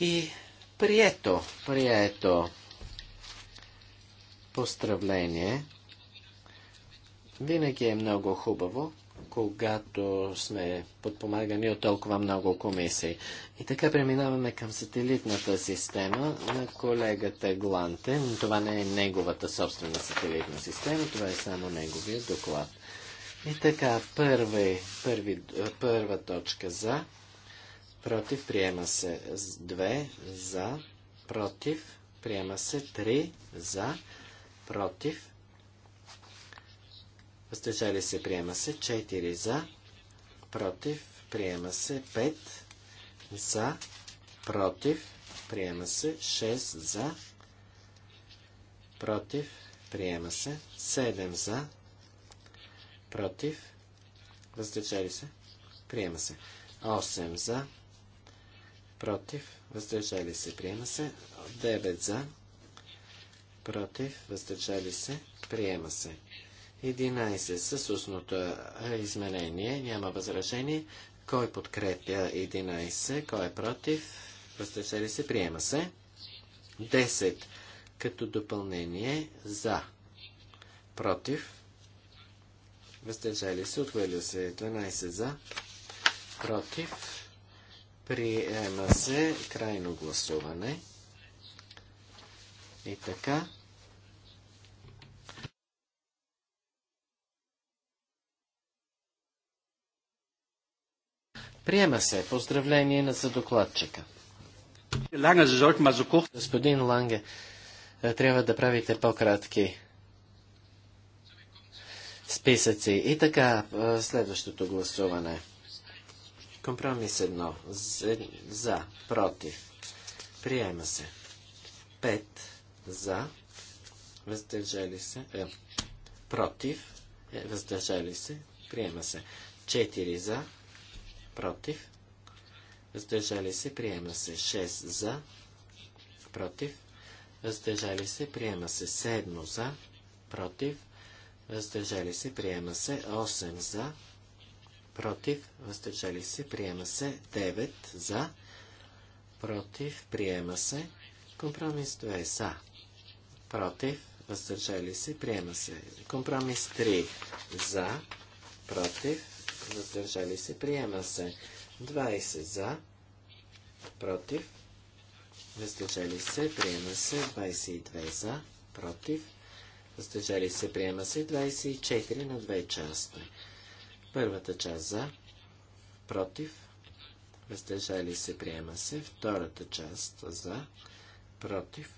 И прието, прието. Поздравление! Винаги е много хубаво, когато сме подпомагани от толкова много комисии. И така преминаваме към сателитната система на колегата Гланте. Но това не е неговата собствена сателитна система, това е само неговия доклад. И така, първи, първи, първа точка за, против, приема се две за, против, приема се три за, против, въздържали се, приема се, 4 за, против, приема се, 5 за, против, приема се, 6 за, против, приема се, 7 за, против, въздържали се, приема се, 8 за, против, въздържали се, приема се, 9 за, против, въздържали се, приема се. 11. С устното изменение няма възражение. Кой подкрепя 11? Кой е против? Въздържали се, приема се. 10. Като допълнение за. Против. Въздържали се, отхвърля се 12 за. Против. Приема се крайно гласуване. И така, Приема се. Поздравление на задокладчика. Господин Ланге, е, трябва да правите по-кратки списъци. И така, е, следващото гласуване. Компромис едно. За, против. Приема се. Пет за. Въздържали се. Е, против. Е, въздържали се. Приема се. Четири за против, въздържали се, приема се 6 за, против, въздържали се, приема се 7 за, против, въздържали се, приема се 8 за, против, въздържали се, приема се 9 за, против, приема се, компромис 2 за, против, въздържали се, приема се, компромис 3 за, против, въздържали се, приема се. 20 за, против, въздържали се, приема се. 22 за, против, въздържали се, приема се. 24 на две части. Първата част за, против, въздържали се, приема се. Втората част за, против.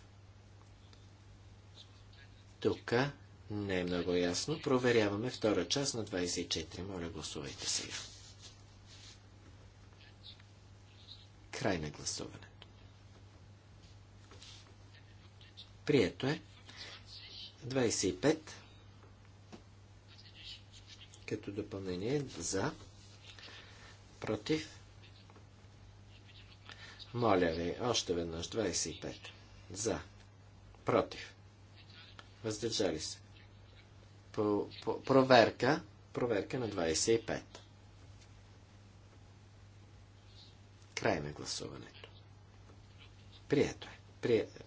Тук не е много ясно. Проверяваме втора част на 24. Моля, гласувайте сега. Край на гласуването. Прието е. 25. Като допълнение за. Против. Моля ви, още веднъж 25. За. Против. Въздържали се. Про, проверка, проверка на 25. Край на гласуването. Прието е. Прието.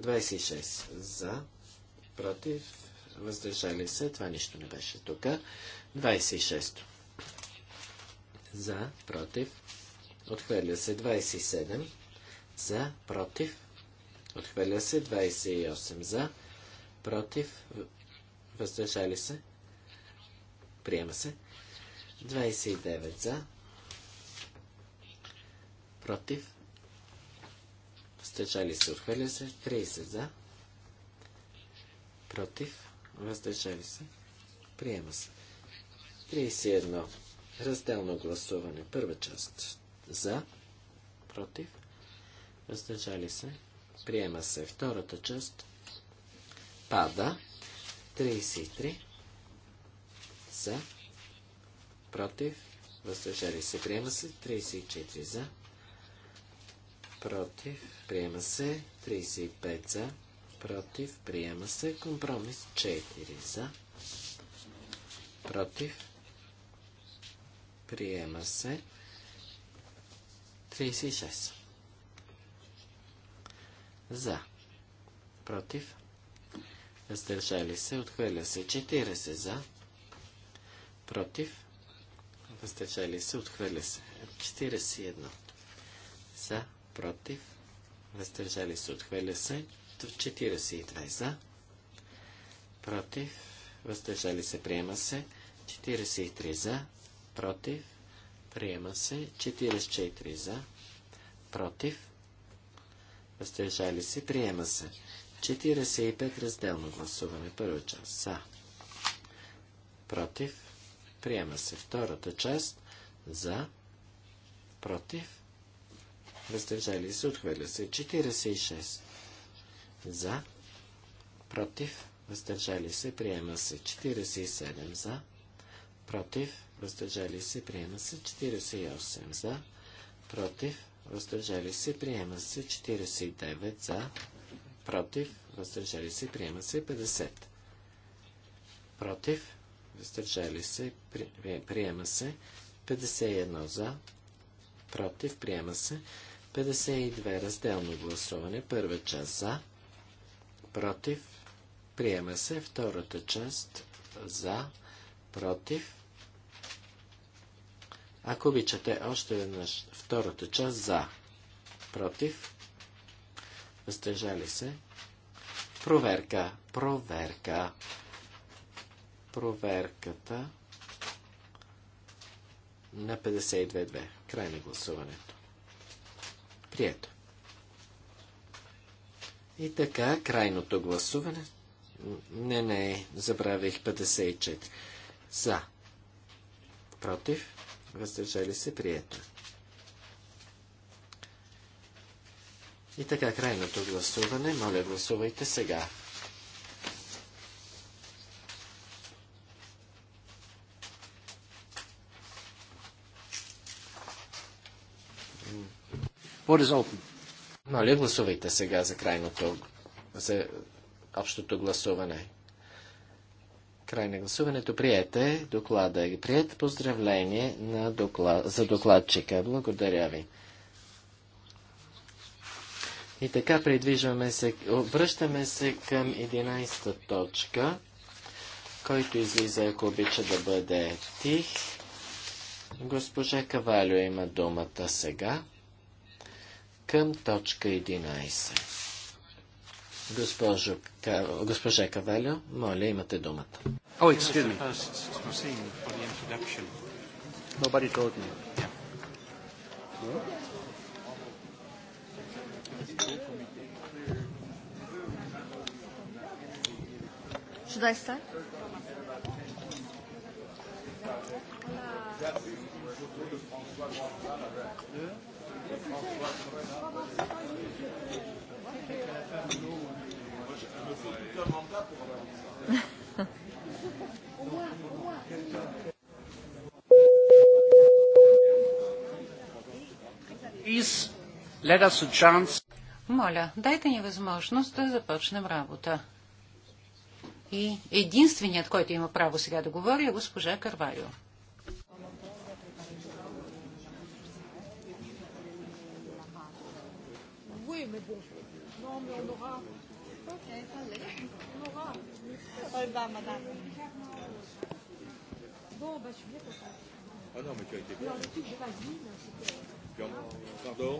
26 е. за, против, въздържали се. Това нищо не беше тук. 26 за, против, отхвърля се. 27 за, против, отхвърля се. 28 за, против, въздържали се, приема се. 29 за, против, въздържали се, отхвърля се. 30 за, против, въздържали се, приема се. 31. Разделно гласуване. Първа част. За, против, въздържали се, приема се. Втората част пада. 33 за, против, въздържали се, приема се. 34 за, против, приема се. 35 за, против, приема се. Компромис 4 за, против, приема се. 36 за, против, въздържали се, отхвърля се 40 за, против, въздържали се, отхвърля се 41 за, против, въздържали се, отхвърля се 42 за, против, въздържали се, приема се 43 за, против, приема се 44 за, против, въздържали се, приема се 45 разделно гласуване. Първа част. За. Против. Приема се втората част. За. Против. Въздържали се. Отхвърля се. 46. За. Против. Въздържали се. Приема се. 47. За. Против. Въздържали се. Приема се. 48. За. Против. Въздържали се. Приема се. 49. За против, въздържали се, приема се 50. Против, въздържали се, при, е, приема се 51 за, против, приема се 52 разделно гласуване, първа част за, против, приема се втората част за, против. Ако обичате още веднъж втората част за, против, Въздържали се. Проверка. Проверка. Проверката на 52-2. Край на гласуването. Прието. И така, крайното гласуване. Не, не, забравих 54. За. Против. Въздържали се. Прието. И така, крайното гласуване. Моля, гласувайте сега. Моля, гласувайте сега за крайното, за общото гласуване. Край на гласуването приете. Доклада е прият. Поздравление на доклад, за докладчика. Благодаря ви. И така придвижваме се, връщаме се към 11-та точка, който излиза, ако обича да бъде тих. Госпожа Кавалио има думата сега към точка 11. Госпожо, госпожа Кавалио, моля, имате думата. О, oh, excuse
me.
Nobody told me. Yeah. No?
Е should
Моля, дайте ни възможност да започнем работа. И единственият, който има право сега да говори, е госпожа Карвайо. Oui, mais bon.
Pardon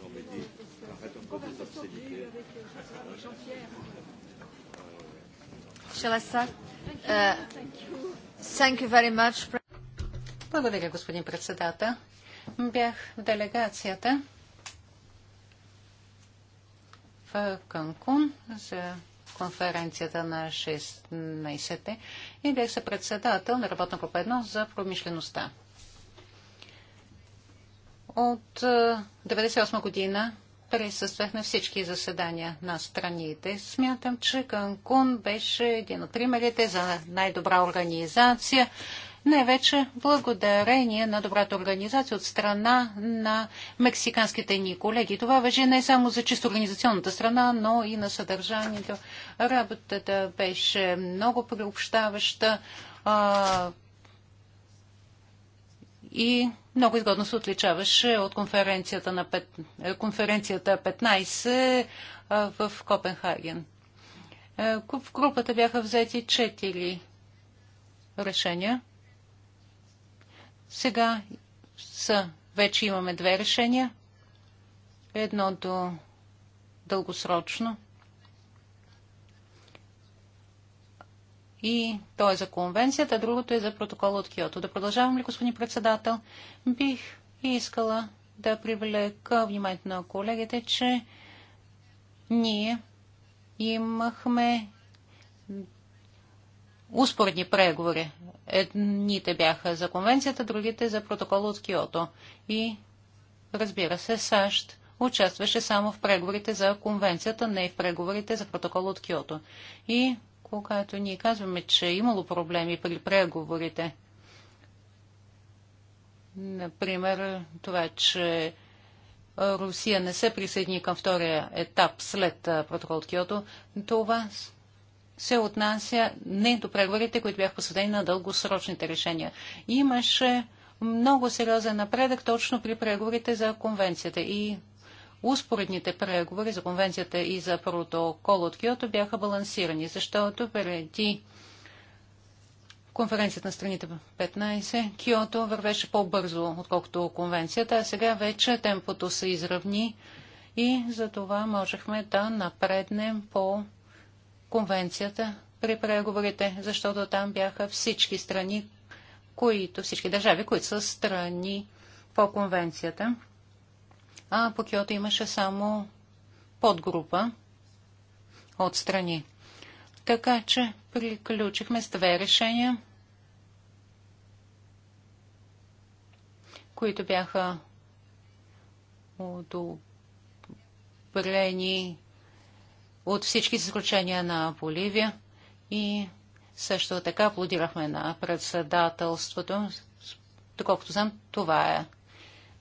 Non, mais dis, arrête un peu de
t'obséditer.
Uh,
Благодаря, господин председател. Бях в делегацията в Канкун за конференцията на 16-те и бях се председател на работна група 1 за промишлеността. От 1998 е, година присъствах на всички заседания на страните. Смятам, че Канкун беше един от примерите за най-добра организация, най-вече благодарение на добрата организация от страна на мексиканските ни колеги. Това въжи не само за чисто организационната страна, но и на съдържанието. Работата беше много приобщаваща и много изгодно се отличаваше от конференцията, на 5, е, конференцията 15 в Копенхаген. Е, в групата бяха взети 4 решения. Сега са, вече имаме две решения. Едното дългосрочно – И то е за конвенцията, другото е за протокола от Киото. Да продължавам ли, господин председател? Бих искала да привлека вниманието на колегите, че ние имахме успоредни преговори. Едните бяха за конвенцията, другите за протокола от Киото. И, разбира се, САЩ участваше само в преговорите за конвенцията, не и в преговорите за протокола от Киото. И когато ние казваме, че е имало проблеми при преговорите. Например, това, че Русия не се присъедини към втория етап след протокол от Киото, това се отнася не до преговорите, които бяха посветени на дългосрочните решения. Имаше много сериозен напредък точно при преговорите за конвенцията и успоредните преговори за конвенцията и за протокол от Киото бяха балансирани, защото преди конференцията на страните 15 Киото вървеше по-бързо, отколкото конвенцията, а сега вече темпото се изравни и за това можехме да напреднем по конвенцията при преговорите, защото там бяха всички страни, които, всички държави, които са страни по конвенцията а по Киото имаше само подгрупа от страни. Така че приключихме с две решения, които бяха одобрени от всички изключения на Боливия и също така аплодирахме на председателството. Доколкото знам, това е.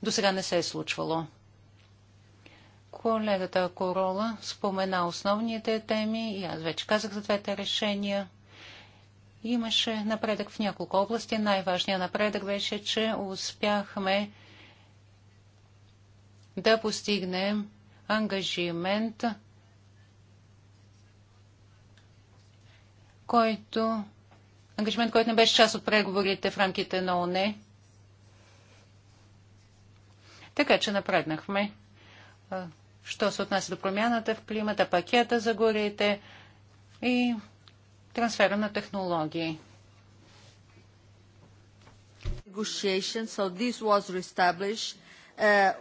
До сега не се е случвало. Колегата Корола спомена основните теми и аз вече казах за двете решения. Имаше напредък в няколко области. Най-важният напредък беше, че успяхме да постигнем ангажимент, който ангажимент, който не беше част от преговорите в рамките на ОНЕ. Така че напреднахме що се отнася до промяната в климата, пакета за горите и трансфера на технологии. Uh,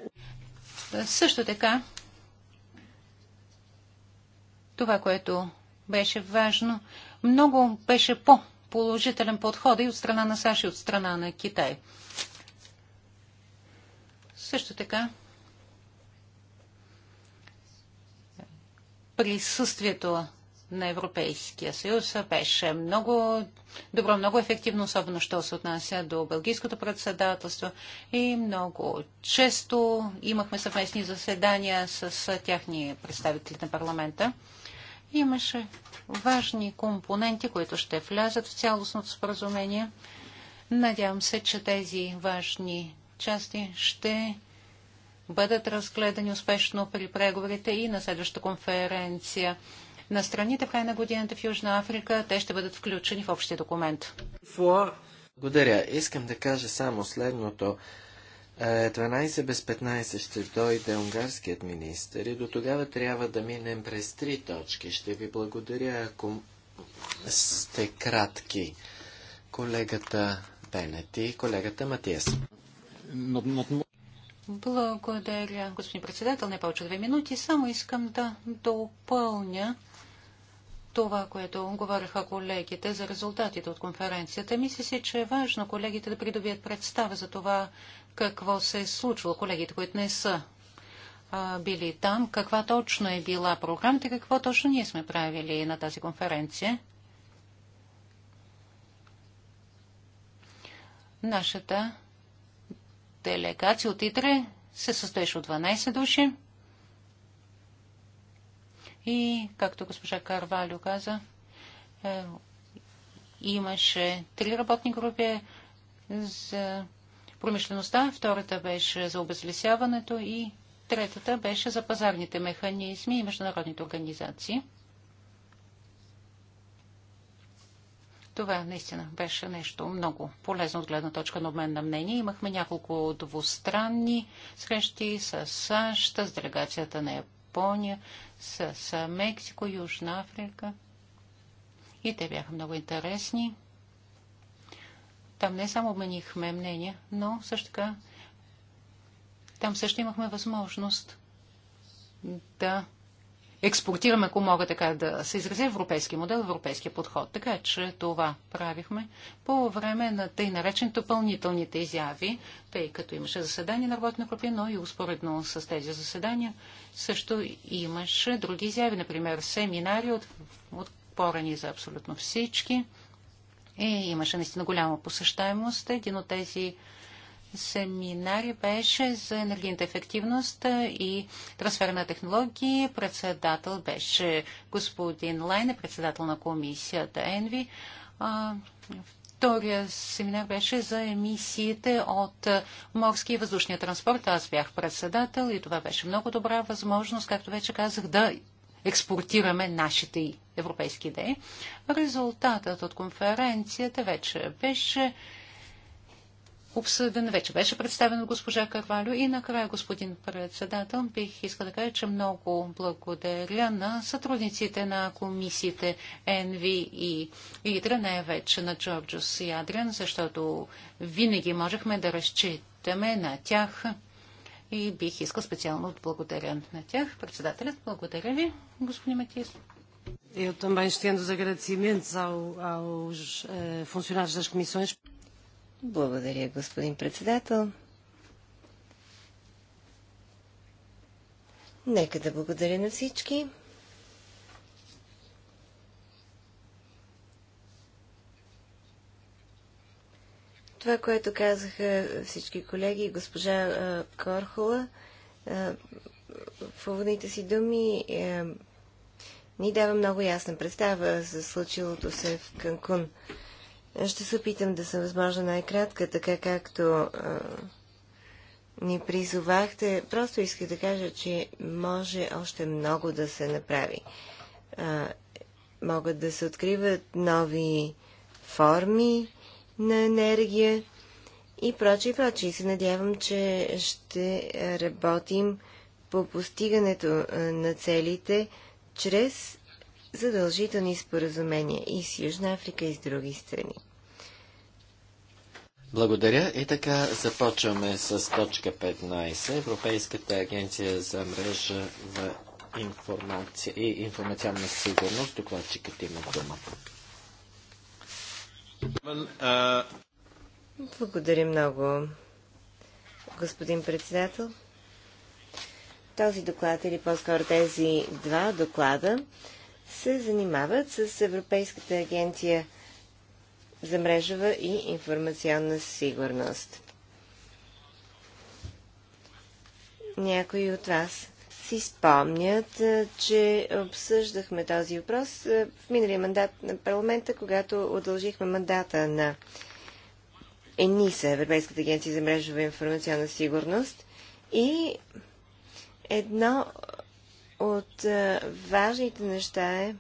Също така, това, което беше важно, много беше по-положителен подход и от страна на САЩ и от страна на Китай. Също така, присъствието на Европейския съюз беше много добро, много ефективно, особено що се отнася до Белгийското председателство и много често имахме съвместни заседания с тяхни представители на парламента. Имаше важни компоненти, които ще влязат в цялостното споразумение. Надявам се, че тези важни части ще бъдат разгледани успешно при преговорите и на следващата конференция на страните в край на годината в Южна Африка. Те ще бъдат включени в общия документ.
Благодаря. Искам да кажа само следното. 12 е, без 15 ще дойде унгарският министр и до тогава трябва да минем през три точки. Ще ви благодаря, ако сте кратки. Колегата Бенети и колегата Матиас.
Благодаря, господин председател. Не повече две минути. Само искам да допълня това, което говориха колегите за резултатите от конференцията. Мисля си, че е важно колегите да придобият представа за това какво се е случило. Колегите, които не са а, били там, каква точно е била програмата и какво точно ние сме правили на тази конференция. Нашата делегация от ИТРЕ се състоеше от 12 души. И, както госпожа Карвалю каза, е, имаше три работни групи за промишлеността, втората беше за обезлесяването и третата беше за пазарните механизми и международните организации. Това наистина беше нещо много полезно от гледна точка на обмен на мнение. Имахме няколко двустранни срещи с САЩ, с делегацията на Япония, с Мексико, Южна Африка. И те бяха много интересни. Там не само обменихме мнение, но също така там също имахме възможност да експортираме, ако мога така да се изразя, европейски модел, европейски подход. Така че това правихме по време на тъй наречени допълнителните изяви, тъй като имаше заседания на работна група, но и успоредно с тези заседания също имаше други изяви, например семинари от, от порани за абсолютно всички. И имаше наистина голяма посещаемост. Един от тези семинари беше за енергийната ефективност и трансфер на технологии. Председател беше господин Лайне, председател на комисията ЕНВИ. Втория семинар беше за емисиите от морски и въздушния транспорт. Аз бях председател и това беше много добра възможност, както вече казах, да експортираме нашите европейски идеи. Резултатът от конференцията вече беше обсъден, вече беше представен от госпожа Карвалю. И накрая, господин председател, бих искал да кажа, че много благодаря на сътрудниците на комисиите ЕНВИ и ИДРА, най-вече на Джорджус и Адриан, защото винаги можехме да разчитаме на тях и бих искал специално да благодаря на тях. Председателят, благодаря ви, господин Матис.
Eu também estendo os agradecimentos aos, aos uh, eh, funcionários das comissões. Благодаря, господин председател. Нека да благодаря на всички. Това, което казаха всички колеги, госпожа Корхола, в уводните си думи е, ни дава много ясна представа за случилото се в Канкун. Ще се опитам да съм възможно най-кратка, така както а, ни призовахте. Просто исках да кажа, че може още много да се направи. А, могат да се откриват нови форми на енергия и прочи и прочи, И се надявам, че ще работим по постигането на целите чрез задължителни споразумения и с Южна Африка, и с други страни.
Благодаря. И така започваме с точка 15. Европейската агенция за мрежа в информация и информационна сигурност. Докладчикът има дума.
Благодаря много, господин председател. Този доклад или по-скоро тези два доклада се занимават с Европейската агенция за мрежова и информационна сигурност. Някои от вас си спомнят, че обсъждахме този въпрос в миналия мандат на парламента, когато удължихме мандата на ЕНИСА, Европейската агенция за мрежова и информационна сигурност. И едно от важните неща е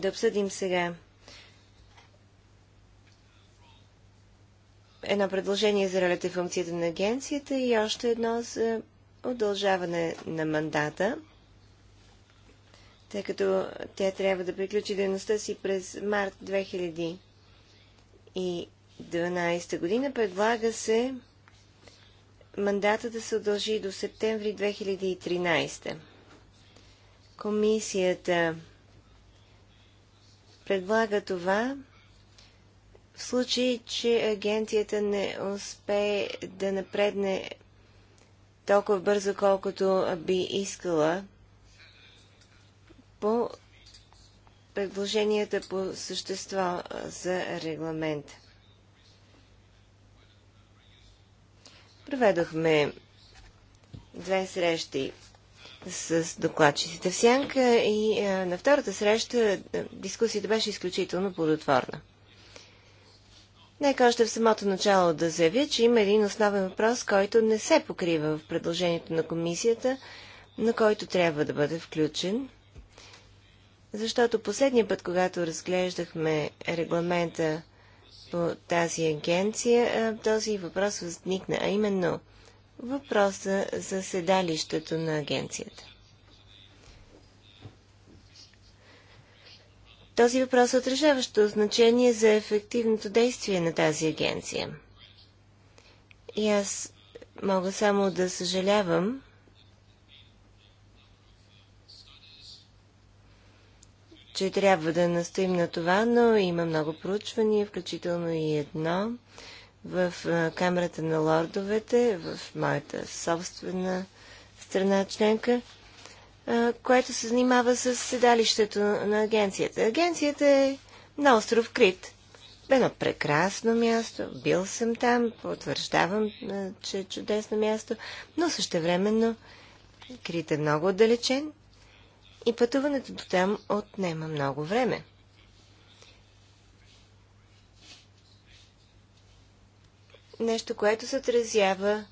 да обсъдим сега едно предложение за ролята и функцията на агенцията и още едно за удължаване на мандата, тъй като тя трябва да приключи дейността си през март 2012 година. Предлага се мандата да се удължи до септември 2013. Комисията предлага това в случай, че агенцията не успее да напредне толкова бързо, колкото би искала по предложенията по същество за регламент. Проведохме две срещи с докладчиците в Сянка и а, е, на втората среща е, дискусията беше изключително плодотворна. Нека още в самото начало да заявя, че има един основен въпрос, който не се покрива в предложението на комисията, на който трябва да бъде включен. Защото последния път, когато разглеждахме регламента по тази агенция, е, този въпрос възникна, а именно – въпроса за седалището на агенцията. Този въпрос е отражаващо значение за ефективното действие на тази агенция. И аз мога само да съжалявам, че трябва да настоим на това, но има много проучвания, включително и едно, в Камерата на лордовете, в моята собствена страна членка, което се занимава с седалището на агенцията. Агенцията е на остров Крит. Едно прекрасно място. Бил съм там, потвърждавам, че е чудесно място, но същевременно Крит е много отдалечен и пътуването до там отнема много време. нещо, което се отразява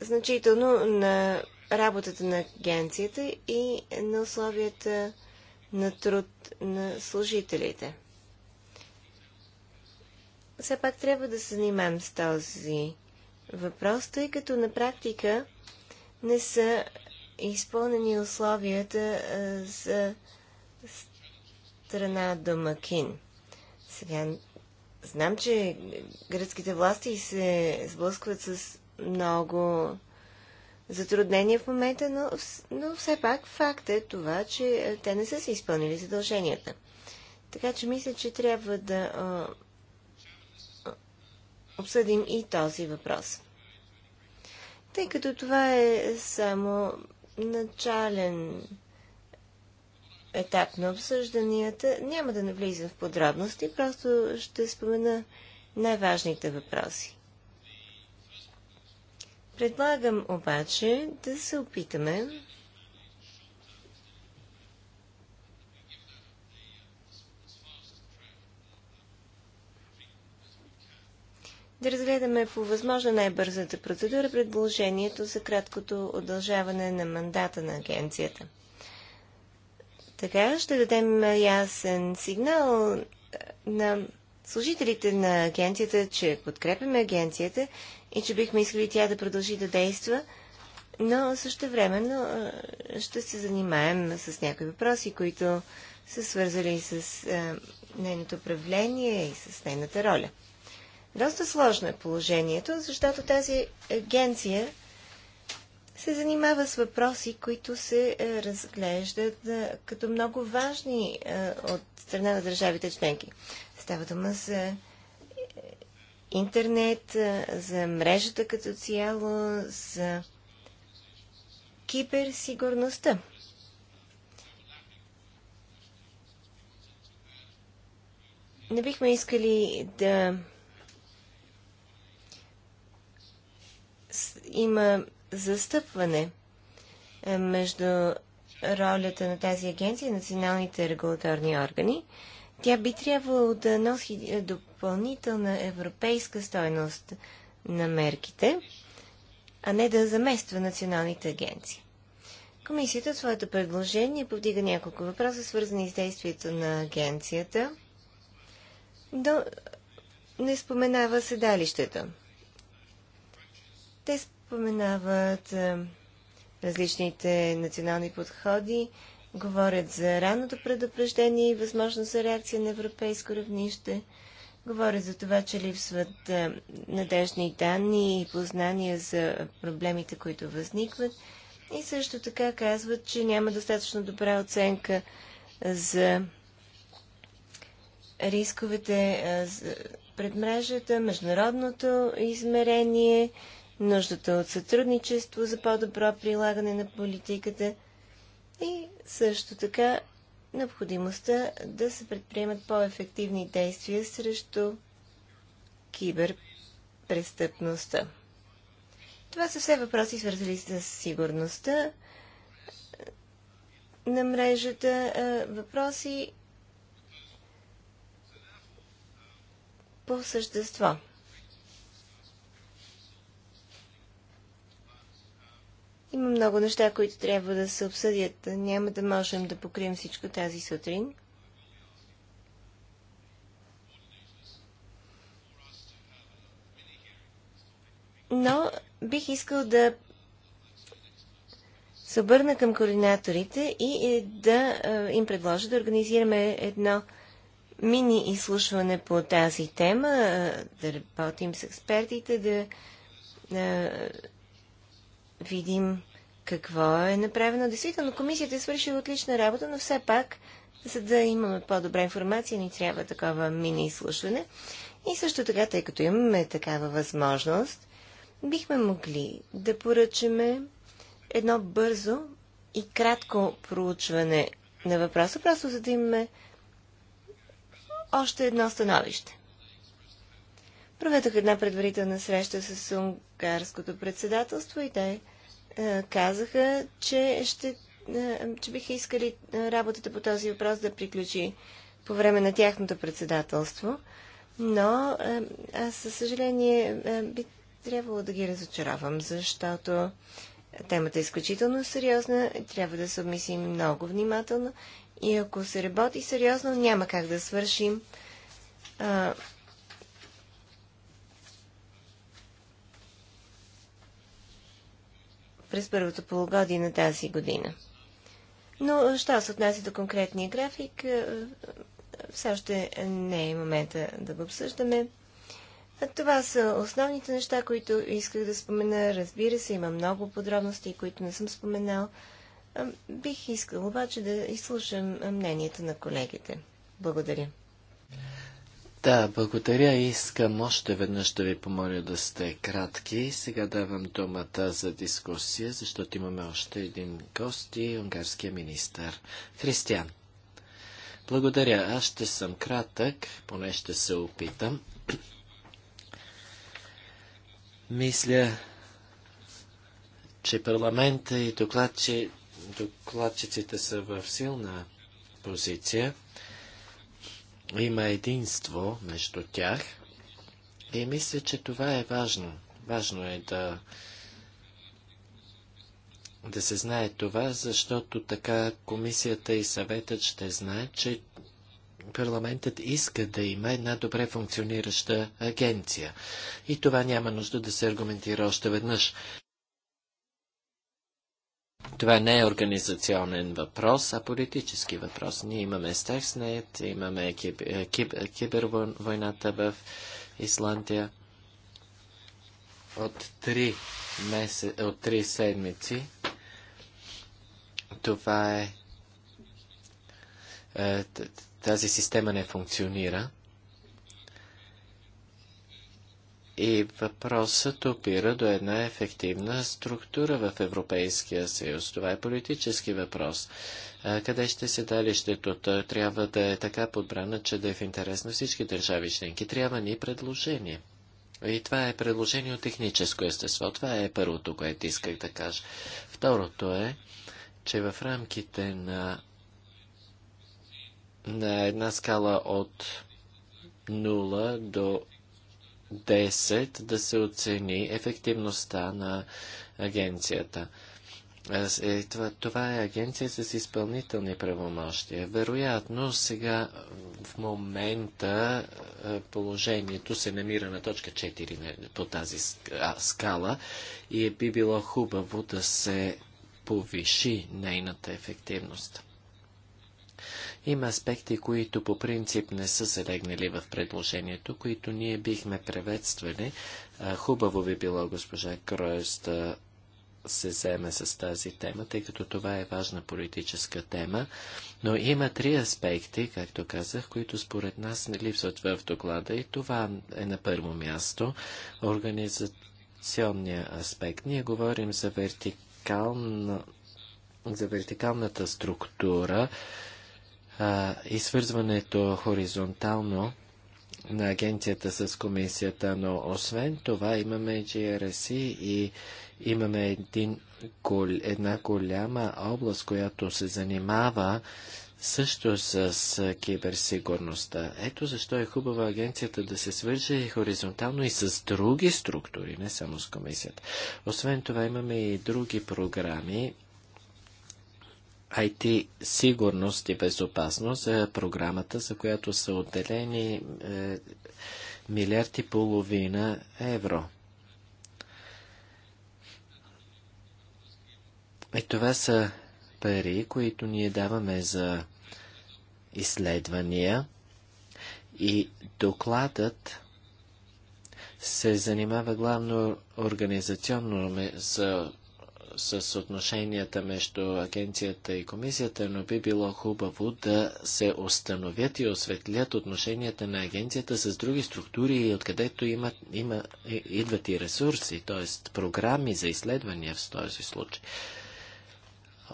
значително на работата на агенцията и на условията на труд на служителите. Все пак трябва да се занимаем с този въпрос, тъй като на практика не са изпълнени условията за страна домакин. Сега Знам, че гръцките власти се сблъскват с много затруднения в момента, но, но все пак факт е това, че е, те не са се изпълнили задълженията. Така че мисля, че трябва да а, обсъдим и този въпрос. Тъй като това е само начален етап на обсъжданията. Няма да навлизам в подробности, просто ще спомена най-важните въпроси. Предлагам обаче да се опитаме да разгледаме по възможно най-бързата процедура предложението за краткото удължаване на мандата на агенцията. Така ще дадем ясен сигнал е, на служителите на агенцията, че подкрепяме агенцията и че бихме искали тя да продължи да действа, но също времено е, ще се занимаем с някои въпроси, които са свързали с е, нейното управление и с нейната роля. Доста сложно е положението, защото тази агенция се занимава с въпроси, които се е, разглеждат е, като много важни е, от страна на държавите членки. Става дума за интернет, за мрежата като цяло, за киберсигурността. Не бихме искали да има застъпване е, между ролята на тази агенция и националните регулаторни органи. Тя би трябвало да носи е, допълнителна европейска стойност на мерките, а не да замества националните агенции. Комисията в своето предложение повдига няколко въпроса, свързани с действието на агенцията, но не споменава седалището. Те споменават различните национални подходи, говорят за ранното предупреждение и възможност за реакция на европейско равнище, говорят за това, че липсват надежни данни и познания за проблемите, които възникват и също така казват, че няма достатъчно добра оценка за рисковете е, пред мрежата, международното измерение, нуждата от сътрудничество за по-добро прилагане на политиката и също така необходимостта да се предприемат по-ефективни действия срещу киберпрестъпността. Това са все въпроси, свързани с сигурността на мрежата. Въпроси по същество – Има много неща, които трябва да се обсъдят. Няма да можем да покрием всичко тази сутрин. Но бих искал да се обърна към координаторите и е, да е, им предложа да организираме едно мини изслушване по тази тема, е, да работим с експертите, да, да видим какво е направено. Действително, комисията е свършила отлична работа, но все пак, за да имаме по-добра информация, ни трябва такова мини-изслушване. И също така, тъй като имаме такава възможност, бихме могли да поръчаме едно бързо и кратко проучване на въпроса, просто за да имаме още едно становище. Проведох една предварителна среща с унгарското председателство и те да е, казаха, че, ще, е, че биха искали е, работата по този въпрос да приключи по време на тяхното председателство, но аз със съжаление би трябвало да ги разочаровам, защото темата е изключително сериозна, трябва да се обмислим много внимателно и ако се работи сериозно, няма как да свършим а, през първото полугодие на тази година. Но, що се отнася до конкретния график, е, все още не е момента да го обсъждаме. това са основните неща, които исках да спомена. Разбира се, има много подробности, които не съм споменал. Бих искал обаче да изслушам мнението на колегите. Благодаря.
Да, благодаря. Искам още веднъж да ви помоля да сте кратки. Сега давам думата за дискусия, защото имаме още един гост и унгарския министър. Християн. Благодаря. Аз ще съм кратък, поне ще се опитам. Мисля, че парламента и докладчи... докладчиците са в силна позиция има единство между тях и мисля, че това е важно. Важно е да, да се знае това, защото така комисията и съветът ще знаят, че парламентът иска да има една добре функционираща агенция. И това няма нужда да се аргументира още веднъж. Това не е организационен въпрос, а политически въпрос. Ние имаме Стекснет, имаме киб, е, киб, е, кибервойната в Исландия. От три, месе, от три седмици това е, е тази система не функционира. И въпросът опира до една ефективна структура в Европейския съюз. Това е политически въпрос. Къде ще се далището? трябва да е така подбрана, че да е в интерес на всички държави членки. Трябва ни предложение. И това е предложение от техническо естество. Това е първото, което исках да кажа. Второто е, че в рамките на, на една скала от 0 до 10 да се оцени ефективността на агенцията. Е, това, това е агенция с изпълнителни правомощия. Вероятно, сега в момента е, положението се намира на точка 4 по тази скала и би било хубаво да се повиши нейната ефективност. Има аспекти, които по принцип не са залегнали в предложението, които ние бихме приветствали. Хубаво би било госпожа Кройс да се вземе с тази тема, тъй като това е важна политическа тема, но има три аспекти, както казах, които според нас не липсват в доклада и това е на първо място организационния аспект. Ние говорим за, вертикална, за вертикалната структура а, и свързването хоризонтално на агенцията с комисията, но освен това имаме GRC и имаме един, една голяма област, която се занимава също с киберсигурността. Ето защо е хубава агенцията да се свърже хоризонтално и с други структури, не само с комисията. Освен това имаме и други програми, IT сигурност и безопасност е програмата, за която са отделени е, милиард и половина евро. И е, това са пари, които ние даваме за изследвания и докладът се занимава главно организационно с с отношенията между агенцията и комисията, но би било хубаво да се установят и осветлят отношенията на агенцията с други структури, откъдето има, има, идват и ресурси, т.е. програми за изследвания в този случай.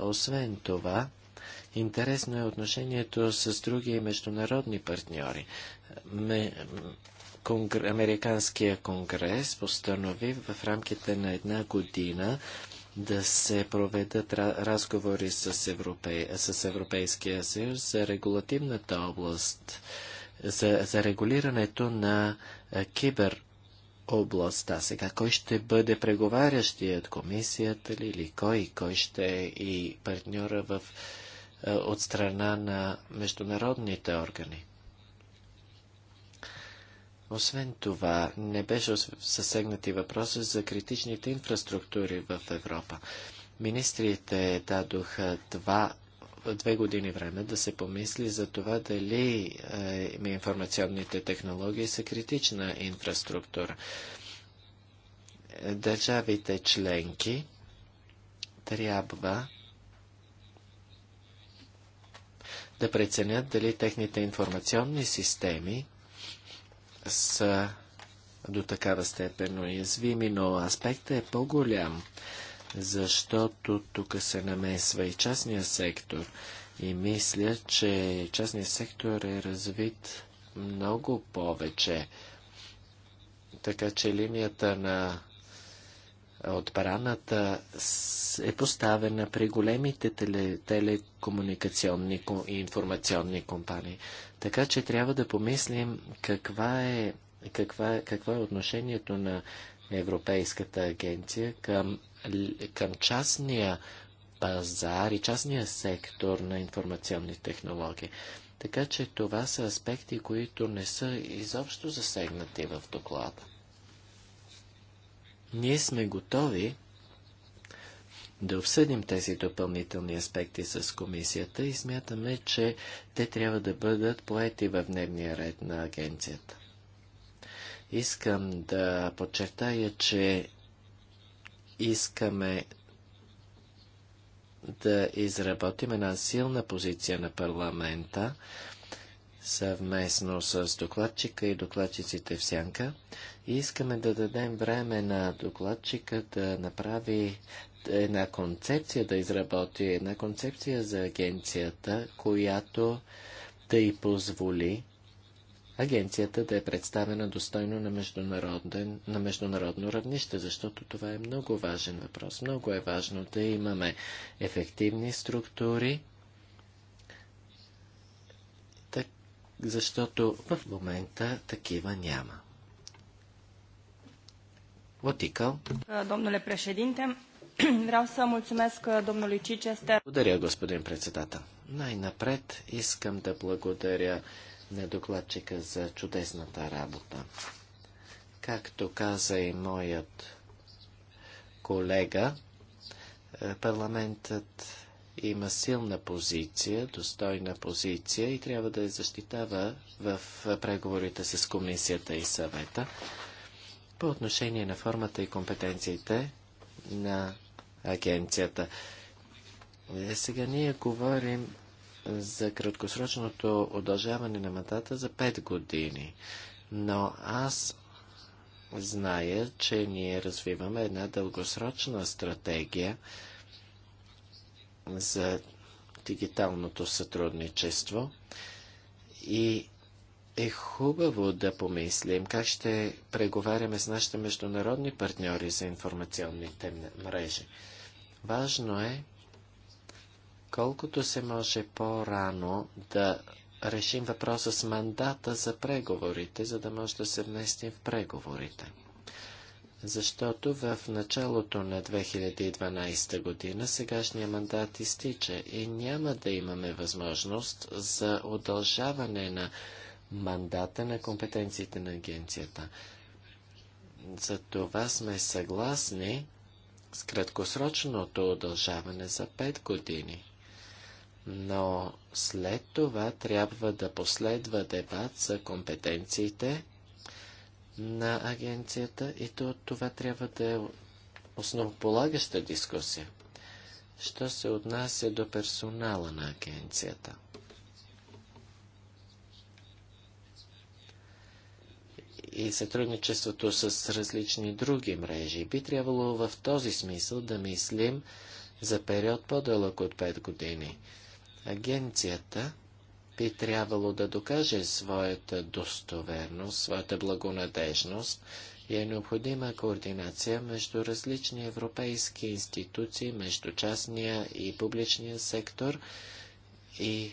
Освен това, интересно е отношението с други международни партньори. Ме, Конгр... Американския конгрес постанови в рамките на една година да се проведат разговори с, Европей, с Европейския съюз за регулативната област, за, за регулирането на кибер областта. Сега кой ще бъде преговарящият комисията ли, или кой? Кой ще е и партньора в, от страна на международните органи? Освен това, не беше съсегнати въпроса за критичните инфраструктури в Европа. Министрите дадоха два, две години време да се помисли за това дали е, информационните технологии са критична инфраструктура. Държавите членки трябва да преценят дали техните информационни системи са до такава степен уязвими, но аспектът е по-голям, защото тук се намесва и частния сектор. И мисля, че частният сектор е развит много повече. Така че линията на отбраната е поставена при големите теле, телекомуникационни и информационни компании. Така че трябва да помислим каква е, каква, какво е отношението на Европейската агенция към, към частния пазар и частния сектор на информационни технологии. Така че това са аспекти, които не са изобщо засегнати в доклада. Ние сме готови да обсъдим тези допълнителни аспекти с комисията и смятаме, че те трябва да бъдат поети в дневния ред на агенцията. Искам да подчертая, че искаме да изработим една силна позиция на парламента съвместно с докладчика и докладчиците в сянка. И искаме да дадем време на докладчика да направи една концепция, да изработи една концепция за агенцията, която да й позволи агенцията да е представена достойно на, международен, на международно равнище, защото това е много важен въпрос. Много е важно да имаме ефективни структури, защото в момента такива няма. Лотикъл.
Е, домнуле președинте, vreau să mulțumesc е, domnului Чичестер. Благодаря,
господин председател. Най-напред искам да благодаря на докладчика за чудесната работа. Както каза и моят колега, е, парламентът има силна позиция, достойна позиция и трябва да я защитава в преговорите с комисията и съвета по отношение на формата и компетенциите на агенцията. Е, сега ние говорим за краткосрочното удължаване на мандата за 5 години, но аз зная, че ние развиваме една дългосрочна стратегия, за дигиталното сътрудничество и е хубаво да помислим как ще преговаряме с нашите международни партньори за информационните мрежи. Важно е колкото се може по-рано да решим въпроса с мандата за преговорите, за да може да се вместим в преговорите защото в началото на 2012 година сегашния мандат изтича и няма да имаме възможност за удължаване на мандата на компетенциите на агенцията. За това сме съгласни с краткосрочното удължаване за 5 години. Но след това трябва да последва дебат за компетенциите на агенцията и то, това трябва да е основополагаща дискусия. Що се отнася до персонала на агенцията? и сътрудничеството с различни други мрежи. Би трябвало в този смисъл да мислим за период по-дълъг от 5 години. Агенцията би трябвало да докаже своята достоверност, своята благонадежност и е необходима координация между различни европейски институции, между частния и публичния сектор и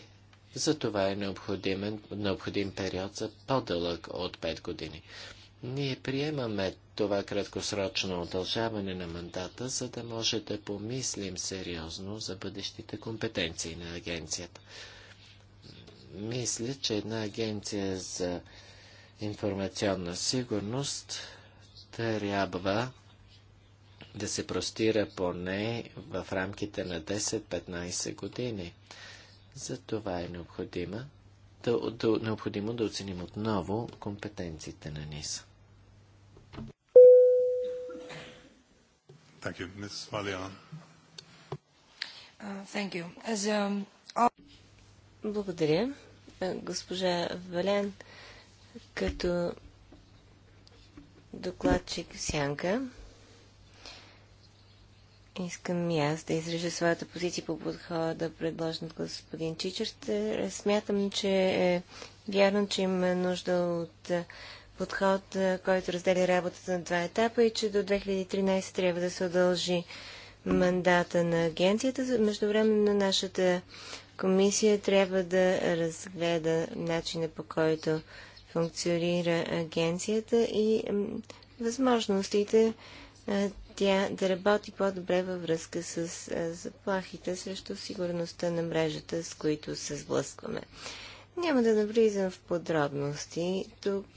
за това е необходим, необходим период за по-дълъг от 5 години. Ние приемаме това краткосрочно удължаване на мандата, за да може да помислим сериозно за бъдещите компетенции на агенцията. Мисля, че една агенция за информационна сигурност трябва да се простира поне в рамките на 10-15 години. За това е необходимо да, да, необходимо да оценим отново компетенциите на НИСА.
Благодаря. Госпожа Вален, като докладчик Сянка, искам и аз да изрежа своята позиция по подхода, предложен от господин Чичерте. Смятам, че е вярно, че има нужда от подход, който разделя работата на два етапа и че до 2013 трябва да се удължи мандата на агенцията. Междувременно на нашата комисия трябва да разгледа начина по който функционира агенцията и възможностите тя да работи по-добре във връзка с заплахите срещу сигурността на мрежата, с които се сблъскваме. Няма да навлизам в подробности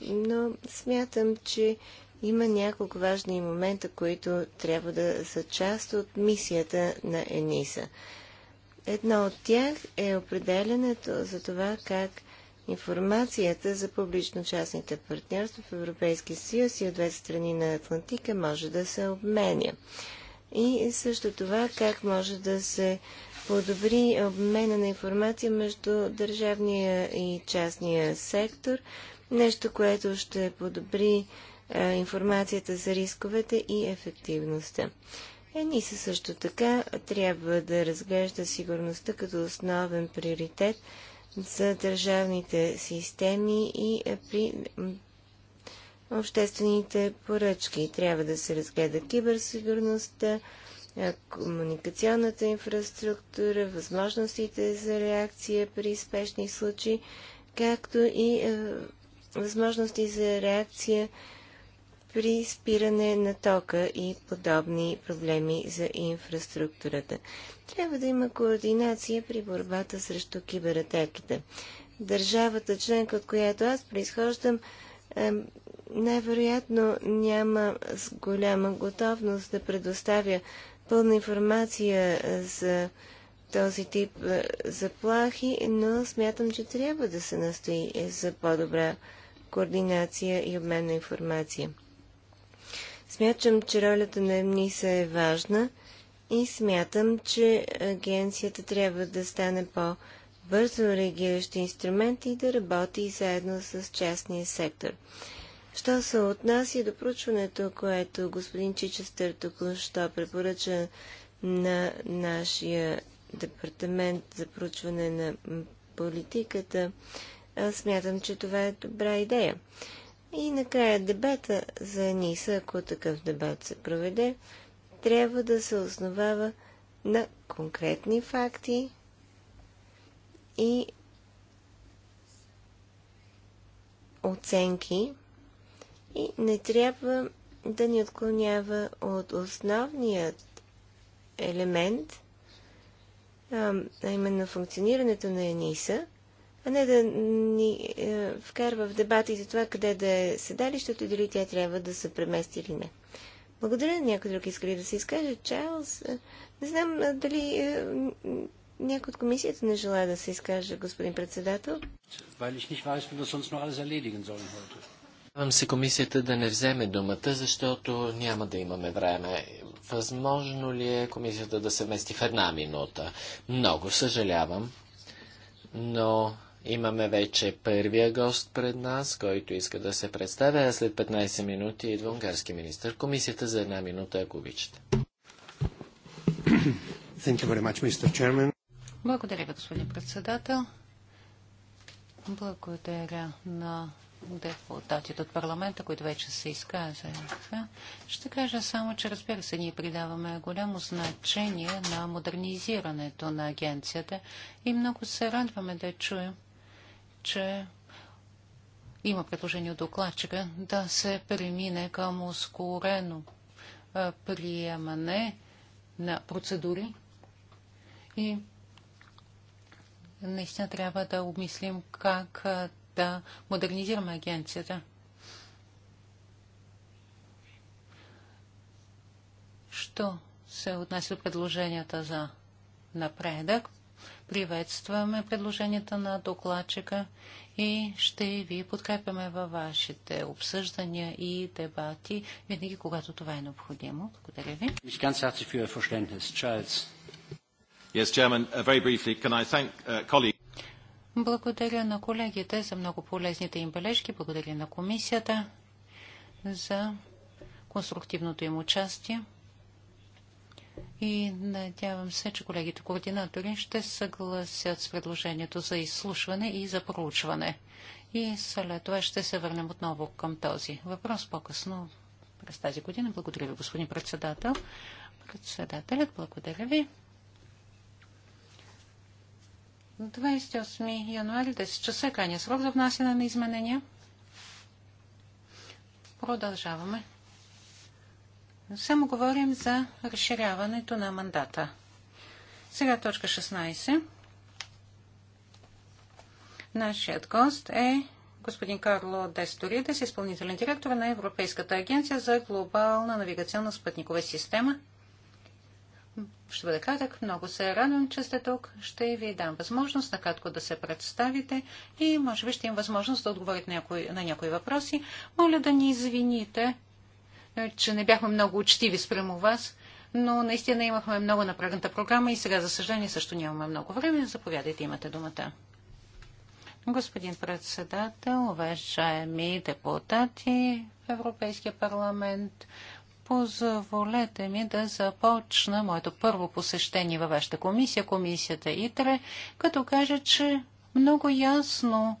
но смятам, че има няколко важни момента, които трябва да са част от мисията на ЕНИСА. Едно от тях е определенето за това как информацията за публично-частните партньорства в Европейския съюз и от двете страни на Атлантика може да се обменя. И също това как може да се подобри обмена на информация между държавния и частния сектор, нещо, което ще подобри информацията за рисковете и ефективността. ЕНИСА също така трябва да разглежда сигурността като основен приоритет за държавните системи и е, при обществените поръчки. Трябва да се разгледа киберсигурността, е, комуникационната инфраструктура, възможностите за реакция при спешни случаи, както и е, възможности за реакция при спиране на тока и подобни проблеми за инфраструктурата. Трябва да има координация при борбата срещу кибератаките. Държавата, членка от която аз произхождам, най-вероятно няма с голяма готовност да предоставя пълна информация е, за този тип е, заплахи, но смятам, че трябва да се настои е, за по-добра координация и обмен на информация. Смятам, че ролята на МНИСА е важна и смятам, че агенцията трябва да стане по-бързо реагиращ инструмент и да работи заедно с частния сектор. Що се отнася до проучването, което господин Чичестър току-що препоръча на нашия департамент за проучване на политиката, аз смятам, че това е добра идея. И накрая дебата за НИСА, ако такъв дебат се проведе, трябва да се основава на конкретни факти и оценки и не трябва да ни отклонява от основният елемент, а именно функционирането на ЕНИСА а не да ни е, вкарва в дебати за това къде да е седалището и дали тя трябва да се премести или не. Благодаря. Някой друг искали да се изкаже? Чарлз? Е, не знам е, дали е, някой от комисията не желая да се изкаже, господин председател.
Надявам се комисията да не вземе думата, защото няма да имаме време. Възможно ли е комисията да се вмести в една минута? Много съжалявам, но Имаме вече първия гост пред нас, който иска да се представя, а след 15 минути идва унгарски министр. Комисията за една минута, ако обичате.
Благодаря ви, господин председател. Благодаря на депутатите от парламента, които вече се изказаха. Ще кажа само, че разбира се, ние придаваме голямо значение на модернизирането на агенцията и много се радваме да чуем, че има предложение от докладчика да се премине към ускорено приемане на процедури и наистина трябва да обмислим как да модернизираме агенцията. Що се отнася до предложенията за напредък, Приветстваме предложенията на докладчика и ще ви подкрепяме във вашите обсъждания и дебати, винаги когато това е необходимо. Благодаря ви.
Uh, uh,
Благодаря на колегите за много полезните им бележки. Благодаря на комисията за конструктивното им участие и надявам се, че колегите координатори ще съгласят с предложението за изслушване и за проучване. И след това ще се върнем отново към този въпрос по-късно през тази година. Благодаря ви, господин председател. Председателят, благодаря ви. 28 януари, 10 часа е крайния срок за внасяне на изменения. Продължаваме само говорим за разширяването на мандата. Сега точка 16. Нашият гост е господин Карло Десторидес, изпълнителен директор на Европейската агенция за глобална навигационна спътникова система. Ще бъде кратък. Много се радвам, че сте тук. Ще ви дам възможност накратко да се представите и може би ще имам възможност да отговорите на някои въпроси. Моля да ни извините, че не бяхме много учтиви спрямо вас, но наистина имахме много напрегната програма и сега, за съжаление, също нямаме много време. Заповядайте, имате думата. Господин председател, уважаеми депутати в Европейския парламент, позволете ми да започна моето първо посещение във вашата комисия, комисията ИТРЕ, като кажа, че много ясно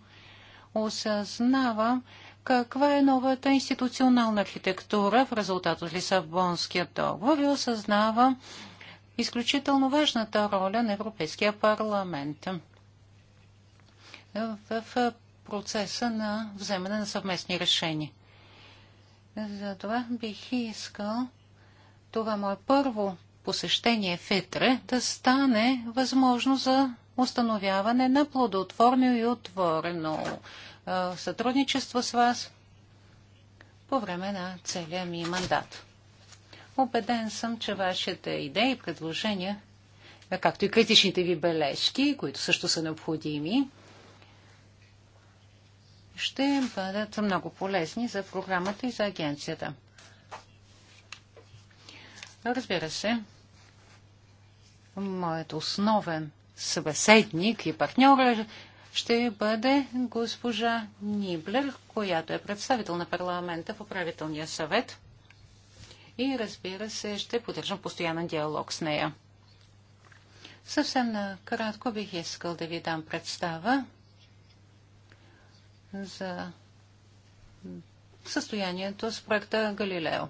осъзнавам, каква е новата институционална архитектура в резултат от Лисабонския договор и осъзнава изключително важната роля на Европейския парламент в процеса на вземане на съвместни решения. Затова бих искал това мое първо посещение в Итре да стане възможно за установяване на плодотворно и отворено сътрудничество с вас по време на целия ми мандат. Обеден съм, че вашите идеи и предложения, както и критичните ви бележки, които също са необходими, ще бъдат много полезни за програмата и за агенцията. Разбира се, моят основен събеседник и партньор е ще бъде госпожа Ниблер, която е представител на парламента в управителния съвет. И разбира се, ще поддържам постоянен диалог с нея. Съвсем накратко бих искал да ви дам представа за състоянието с проекта Галилео.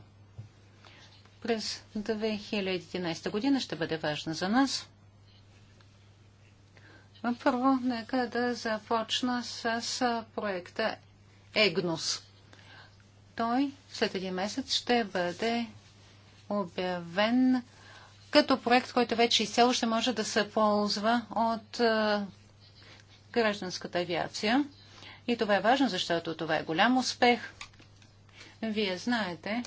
През 2011 година ще бъде важна за нас – първо, нека да започна с проекта Егнос. Той след един месец ще бъде обявен като проект, който вече изцяло ще може да се ползва от е, гражданската авиация. И това е важно, защото това е голям успех. Вие знаете,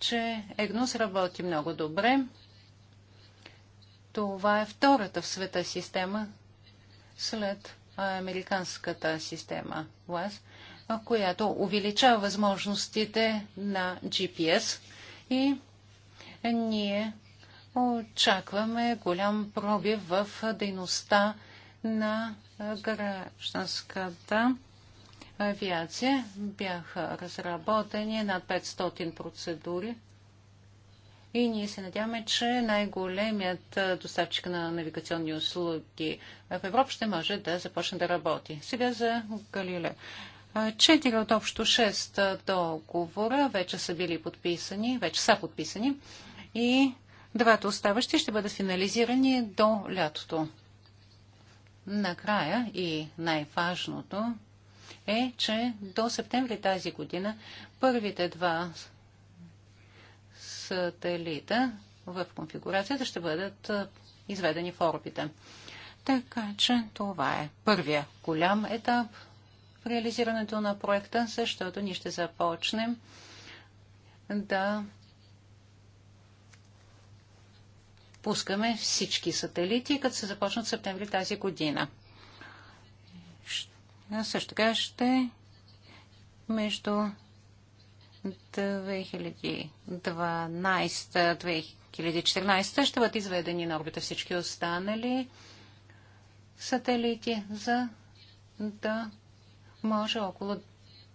че Егнос работи много добре. Това е втората в света система, след американската система ВАЗ, която увеличава възможностите на GPS и ние очакваме голям пробив в дейността на гражданската авиация. Бяха разработени над 500 процедури и ние се надяваме, че най-големият доставчик на навигационни услуги в Европа ще може да започне да работи. Сега за Галиле. Четири от общо шест договора вече са били подписани, вече са подписани и двата оставащи ще бъдат финализирани до лятото. Накрая и най-важното е, че до септември тази година първите два сателита в конфигурацията ще бъдат изведени в орбита. Така че това е първия голям етап в реализирането на проекта, защото ние ще започнем да пускаме всички сателити, като се започнат в септември тази година. Също така ще между 2012-2014 ще бъдат изведени на орбита всички останали сателити, за да може около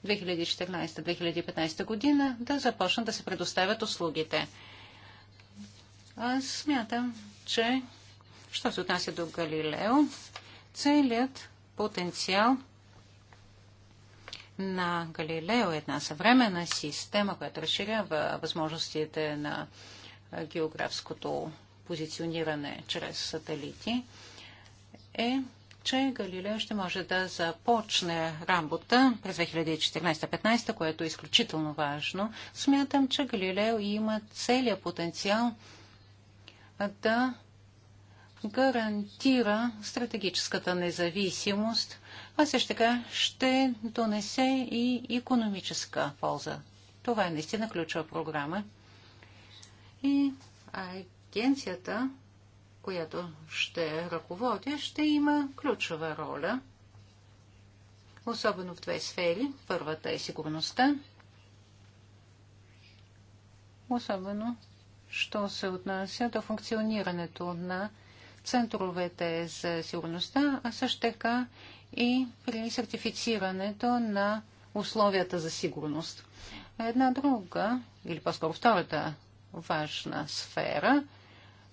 2014-2015 година да започнат да се предоставят услугите. Аз смятам, че, що се отнася до Галилео, целият потенциал – на Галилео, една съвременна система, която разширява възможностите на географското позициониране чрез сателити, е, че Галилео ще може да започне работа през 2014-15, което е изключително важно. Смятам, че Галилео има целият потенциал да гарантира стратегическата независимост а също така ще донесе и економическа полза. Това е наистина ключова програма. И агенцията, която ще ръководя, ще има ключова роля, особено в две сфери. Първата е сигурността, особено що се отнася до функционирането на центровете за сигурността, а също така и при сертифицирането на условията за сигурност. Една друга, или по-скоро втората важна сфера,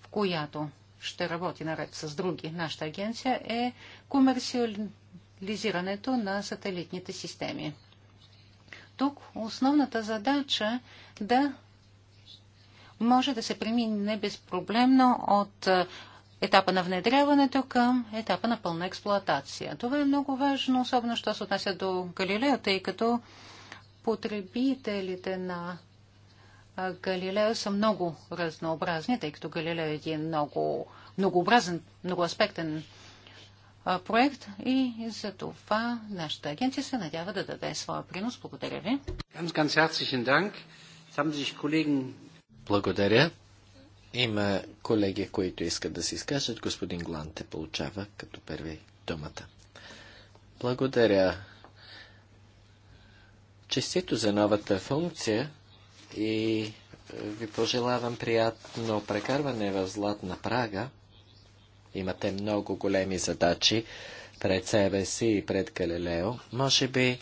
в която ще работи наред с други нашата агенция, е комерциализирането на сателитните системи. Тук основната задача да може да се премине безпроблемно от етапа на внедряването към етапа на пълна експлоатация. Това е много важно, особено що се отнася до Галилео, тъй като потребителите на Галилео са много разнообразни, тъй като Галилео е един много многообразен, многоаспектен проект и за това нашата агенция се надява да даде своя принос. Благодаря ви.
Благодаря. Има колеги, които искат да се изкажат. Господин Гланте получава като първи думата. Благодаря. Честито за новата функция и ви пожелавам приятно прекарване в Златна Прага. Имате много големи задачи пред себе си и пред Калилео. Може би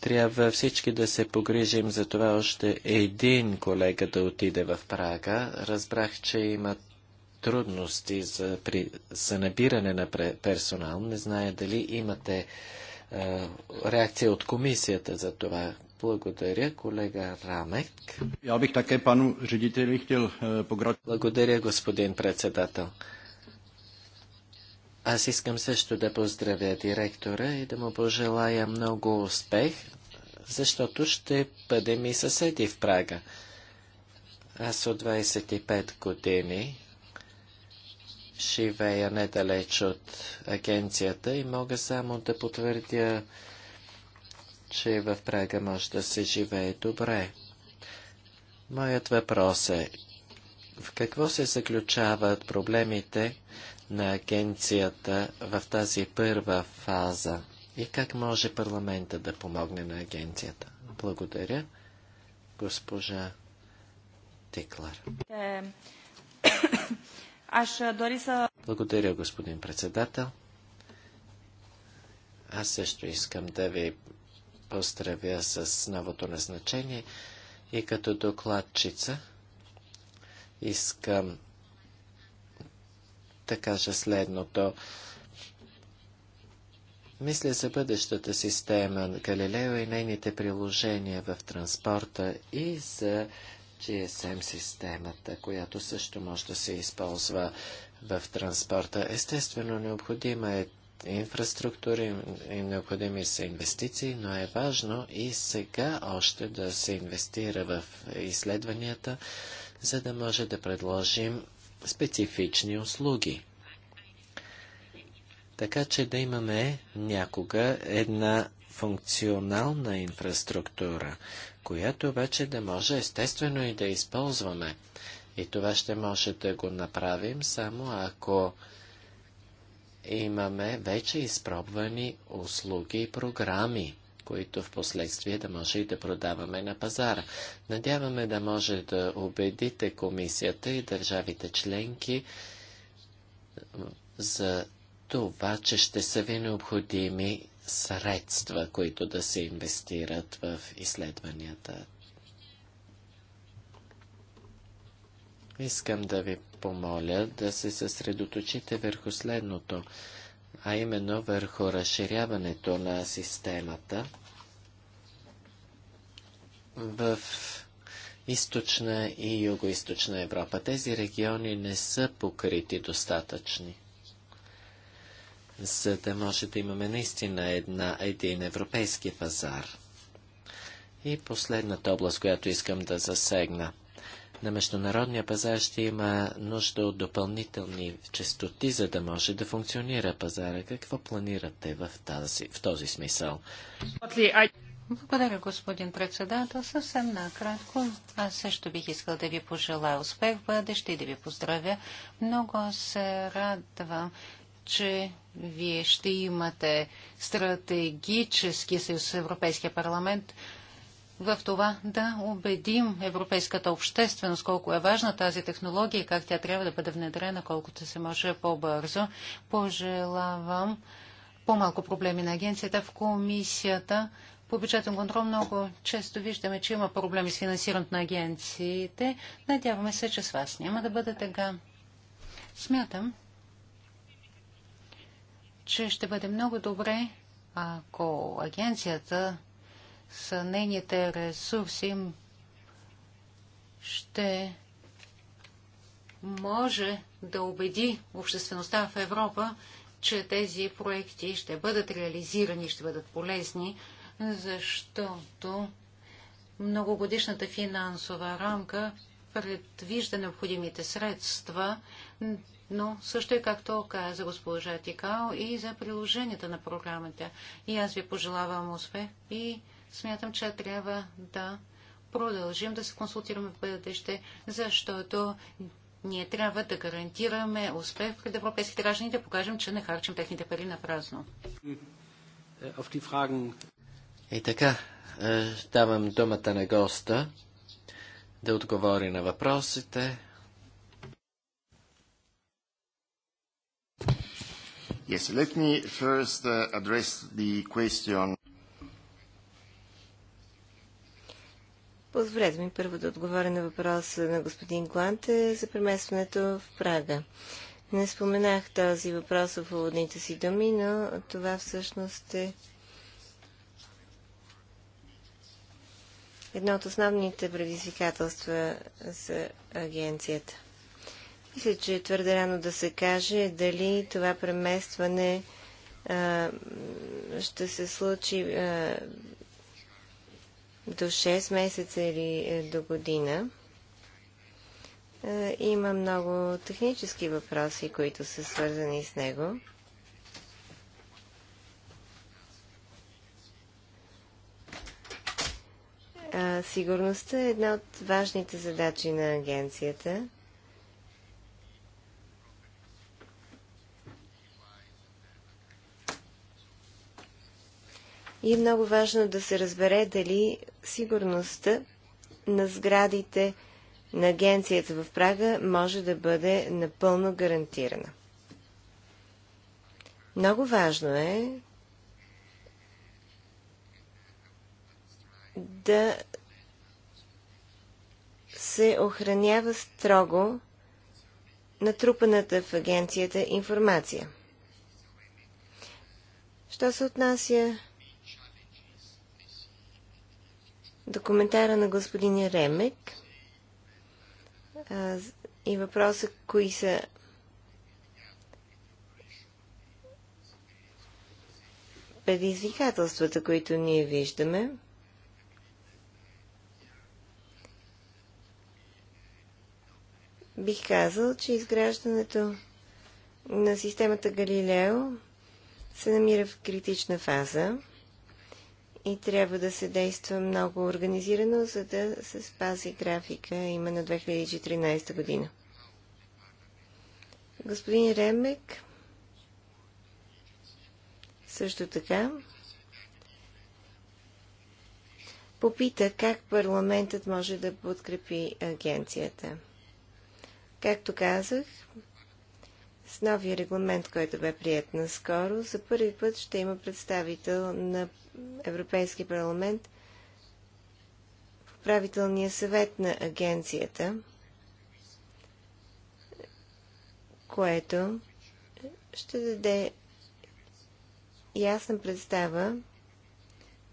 трябва всички да се погрижим за това още един колега да отиде в Прага. Разбрах, че има трудности за, при, за набиране на персонал. Не зная дали имате е, реакция от комисията за това. Благодаря, колега Рамек. Я бих така пану редители хотел поград... Благодаря, господин председател. Аз искам също да поздравя директора и да му пожелая много успех, защото ще бъдем и съседи в Прага. Аз от 25 години живея недалеч от агенцията и мога само да потвърдя, че в Прага може да се живее добре. Моят въпрос е, в какво се заключават проблемите на агенцията в тази първа фаза и как може парламента да помогне на агенцията? Благодаря, госпожа Теклар. Е, Благодаря, господин председател. Аз също искам да ви поздравя с новото назначение и като докладчица искам да кажа следното. Мисля за бъдещата система Галилео и нейните приложения в транспорта и за GSM системата, която също може да се използва в транспорта. Естествено, необходима е инфраструктура и необходими са инвестиции, но е важно и сега още да се инвестира в изследванията, за да може да предложим специфични услуги. Така че да имаме някога една функционална инфраструктура, която обаче да може естествено и да използваме. И това ще може да го направим само ако имаме вече изпробвани услуги и програми които в последствие да може и да продаваме на пазара. Надяваме да може да убедите комисията и държавите членки за това, че ще са ви необходими средства, които да се инвестират в изследванията. Искам да ви помоля да се съсредоточите върху следното – а именно върху разширяването на системата в източна и югоизточна Европа. Тези региони не са покрити достатъчни, за да може да имаме наистина една, един европейски пазар. И последната област, която искам да засегна – на международния пазар ще има нужда от допълнителни частоти, за да може да функционира пазара. Какво планирате в, тази, в този смисъл?
Благодаря, господин председател. Съвсем накратко. Аз също бих искал да ви пожелая успех в бъдеще и да ви поздравя. Много се радвам, че вие ще имате стратегически съюз с Европейския парламент в това да убедим европейската общественост колко е важна тази технология и как тя трябва да бъде внедрена колкото се може по-бързо. Пожелавам по-малко проблеми на агенцията в комисията. По бюджетен контрол много често виждаме, че има проблеми с финансирането на агенциите. Надяваме се, че с вас няма да бъде така. Смятам, че ще бъде много добре, ако агенцията с нейните ресурси ще може да убеди обществеността в Европа, че тези проекти ще бъдат реализирани, ще бъдат полезни, защото многогодишната финансова рамка предвижда необходимите средства, но също и както каза госпожа Тикао и за приложенията на програмата. И аз ви пожелавам успех и смятам, че трябва да продължим да се консултираме в бъдеще, защото ние трябва да гарантираме успех пред европейските граждани, да покажем, че не харчим техните пари на празно.
И така, е, давам думата на госта да отговори на въпросите. Yes, let me first uh, address the question
Позволете ми първо да отговоря на въпроса на господин Гланте за преместването в Прага. Не споменах този въпрос в уводните си думи, но това всъщност е едно от основните предизвикателства за агенцията. Мисля, че е твърде рано да се каже дали това преместване а, ще се случи а, до 6 месеца или е, до година. Е, има много технически въпроси, които са свързани с него. Сигурността е една от важните задачи на агенцията. И е много важно да се разбере дали сигурността на сградите на агенцията в Прага може да бъде напълно гарантирана. Много важно е да се охранява строго натрупаната в агенцията информация. Що се отнася до коментара на господин Ремек и въпроса кои са предизвикателствата, които ние виждаме. Бих казал, че изграждането на системата Галилео се намира в критична фаза и трябва да се действа много организирано, за да се спази графика именно 2014 година. Господин Ремек, също така, попита как парламентът може да подкрепи агенцията. Както казах, с новия регламент, който бе прият наскоро, за първи път ще има представител на Европейския парламент в правителния съвет на агенцията, което ще даде ясна представа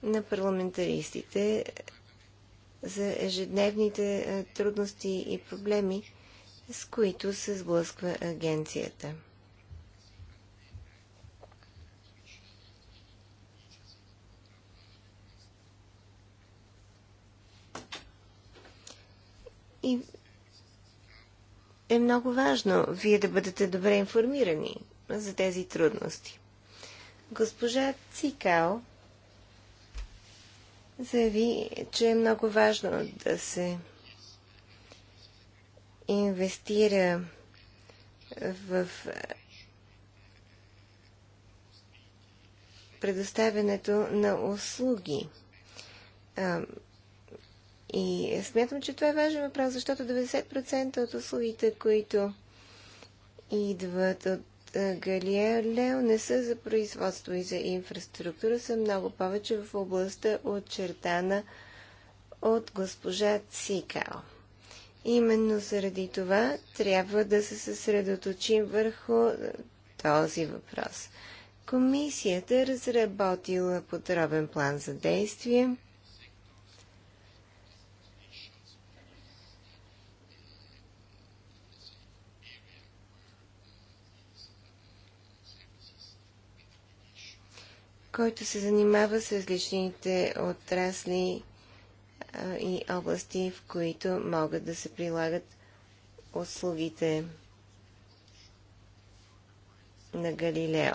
на парламентаристите за ежедневните трудности и проблеми, с които се сблъсква агенцията. И е много важно вие да бъдете добре информирани за тези трудности. Госпожа Цикао заяви, че е много важно да се инвестира в предоставянето на услуги и смятам, че това е важен въпрос, защото 90% от услугите, които идват от Галилео, не са за производство и за инфраструктура, са много повече в областта чертана от госпожа Цикао. Именно заради това трябва да се съсредоточим върху този въпрос. Комисията е разработила подробен план за действие който се занимава с различните отрасли а, и области, в които могат да се прилагат услугите на Галилео.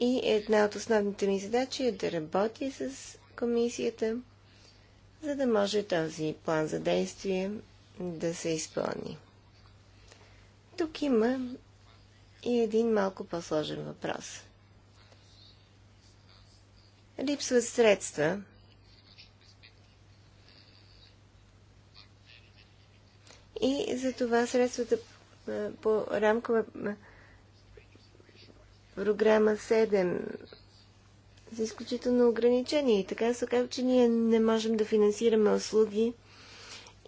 И една от основните ми задачи е да работя с комисията, за да може този план за действие да се изпълни. Тук има и един малко по-сложен въпрос – Липсват средства. И за това средствата по рамкова програма 7 са изключително ограничени. И така се казва, че ние не можем да финансираме услуги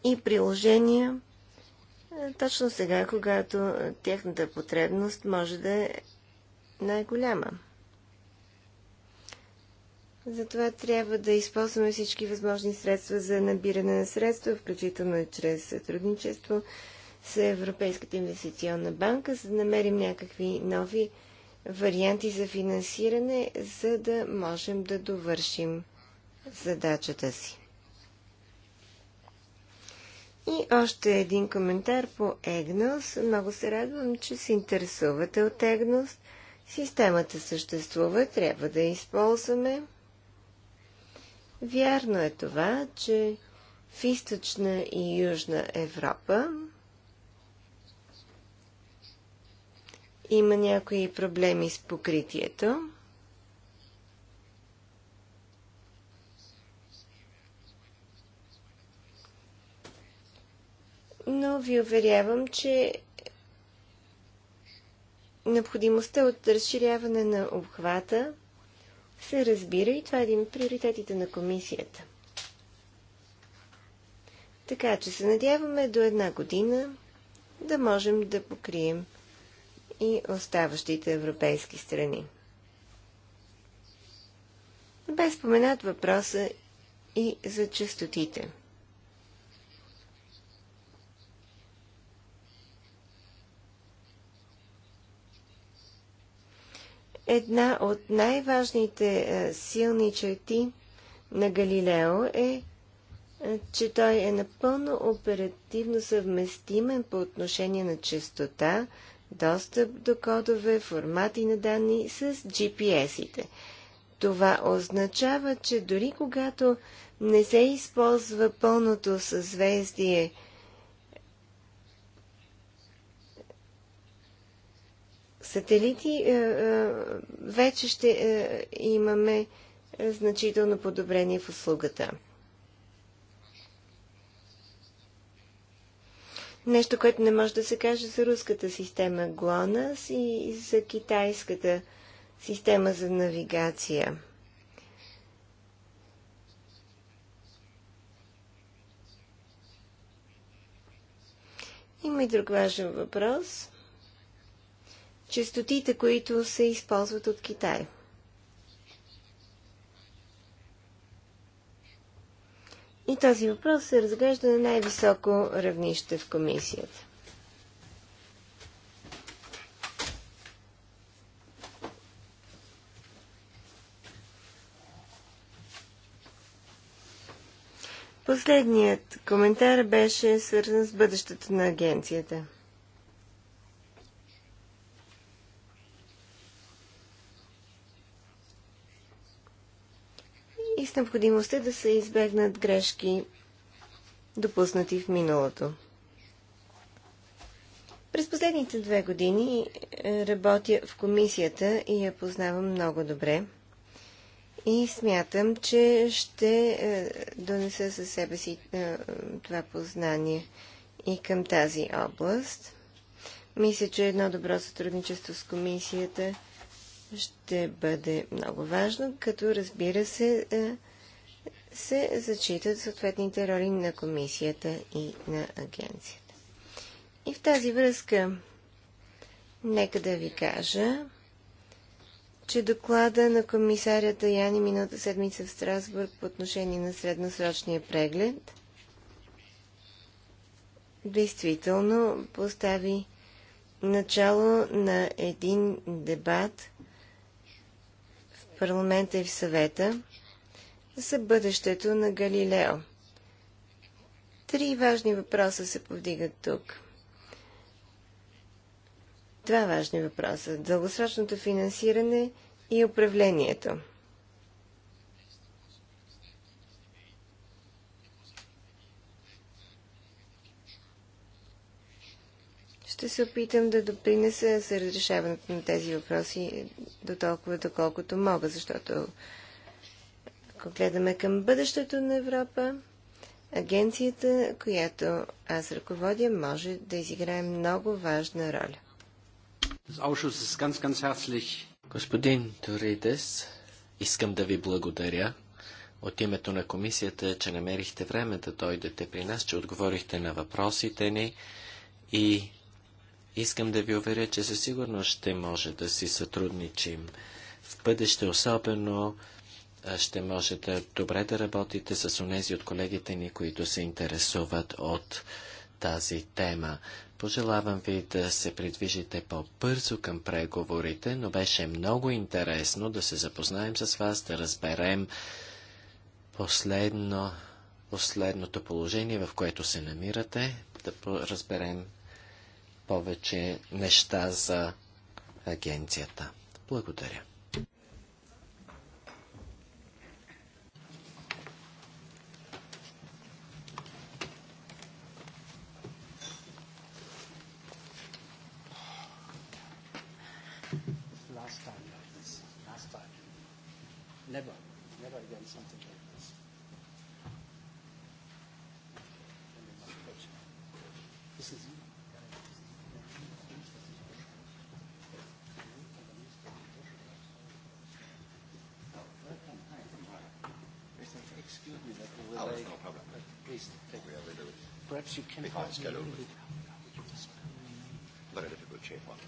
и приложения точно сега, когато тяхната потребност може да е най-голяма. Затова трябва да използваме всички възможни средства за набиране на средства, включително и чрез сътрудничество с Европейската инвестиционна банка, за да намерим някакви нови варианти за финансиране, за да можем да довършим задачата си. И още един коментар по EGNOS. Много се радвам, че се интересувате от EGNOS. Системата съществува, трябва да я използваме. Вярно е това, че в източна и южна Европа има някои проблеми с покритието. Но ви уверявам, че необходимостта от разширяване на обхвата – се разбира и това е един от приоритетите на комисията. Така че се надяваме до една година да можем да покрием и оставащите европейски страни. Бе споменат въпроса и за частотите – Една от най-важните е, силни черти на Галилео е, е, че той е напълно оперативно съвместимен по отношение на частота, достъп до кодове, формати на данни с GPS-ите. Това означава, че дори когато не се използва пълното съзвездие сателити, е, е, вече ще е, имаме значително подобрение в услугата. Нещо, което не може да се каже за руската система ГЛОНАС и за китайската система за навигация. Има и друг важен въпрос – Честотите, които се използват от Китай. И този въпрос се разглежда на най-високо равнище в комисията. Последният коментар беше свързан с бъдещето на агенцията. необходимостта да се избегнат грешки, допуснати в миналото. През последните две години е, работя в комисията и я познавам много добре. И смятам, че ще е, донеса със себе си е, това познание и към тази област. Мисля, че едно добро сътрудничество с комисията ще бъде много важно, като разбира се е, се зачитат съответните роли на комисията и на агенцията. И в тази връзка нека да ви кажа, че доклада на комисарята Яни миналата седмица в Страсбург по отношение на средносрочния преглед действително постави начало на един дебат – парламента и в съвета за бъдещето на Галилео. Три важни въпроса се повдигат тук. Два важни въпроса – дългосрочното финансиране и управлението. Ще се опитам да допринеса за разрешаването на тези въпроси до толкова, доколкото мога, защото ако гледаме към бъдещето на Европа, агенцията, която аз ръководя, може да изиграе много важна роля.
Господин Торидес, искам да ви благодаря от името на комисията, че намерихте време да дойдете при нас, че отговорихте на въпросите ни и Искам да ви уверя, че със сигурност ще може да си сътрудничим в бъдеще, особено ще може да добре да работите с онези от колегите ни, които се интересуват от тази тема. Пожелавам ви да се придвижите по-бързо към преговорите, но беше много интересно да се запознаем с вас, да разберем последно, последното положение, в което се намирате, да разберем повече неща за агенцията. Благодаря. dialogului. Vă rădăficul ce e foarte.